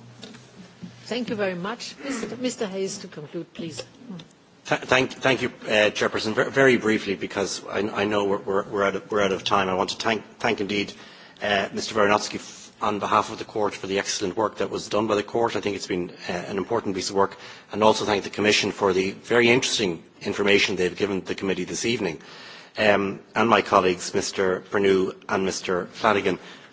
Thank you very much. Mr. Hayes, to conclude, please. thank, thank you, uh, Chairperson. Very, very briefly, because I, I know we're, we're, we're, out of, we're out of time, I want to thank, thank indeed uh, Mr. Varanotsky on behalf of the court for the excellent work that was done by the court. I think it's been uh, an important piece of work and also thank the Commission for the very interesting information they've given the committee this evening. Um, and my colleagues, Mr. Pernew and Mr. Flanagan,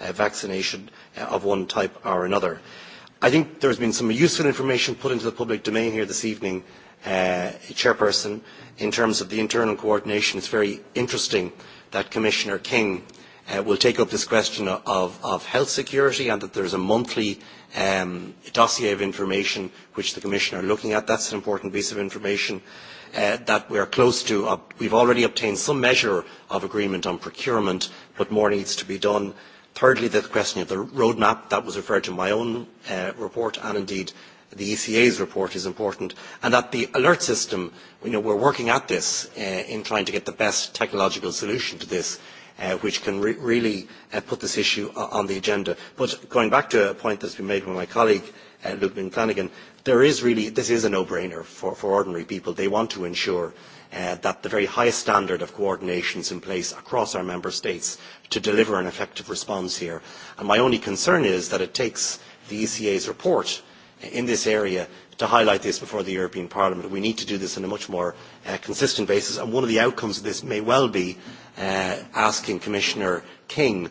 uh, vaccination uh, of one type or another. I think there's been some useful information put into the public domain here this evening, uh, Chairperson, in terms of the internal coordination. It's very interesting that Commissioner King uh, will take up this question of, of health security and that there's a monthly um, dossier of information which the Commissioner are looking at. That's an important piece of information uh, that we are close to. Uh, we've already obtained some measure of agreement on procurement, but more needs to be done. Thirdly, the question of the roadmap that was referred to in my own uh, report and indeed the ECA's report is important, and that the alert system, you know, we're working at this uh, in trying to get the best technological solution to this, uh, which can re- really uh, put this issue uh, on the agenda. But going back to a point that's been made by my colleague, uh, Luke Flanagan, there is really, this is a no-brainer for, for ordinary people. They want to ensure Uh, that the very highest standard of coordination is in place across our member states to deliver an effective response here. And my only concern is that it takes the ECA's report in this area to highlight this before the European Parliament. We need to do this on a much more uh, consistent basis, and one of the outcomes of this may well be uh, asking Commissioner King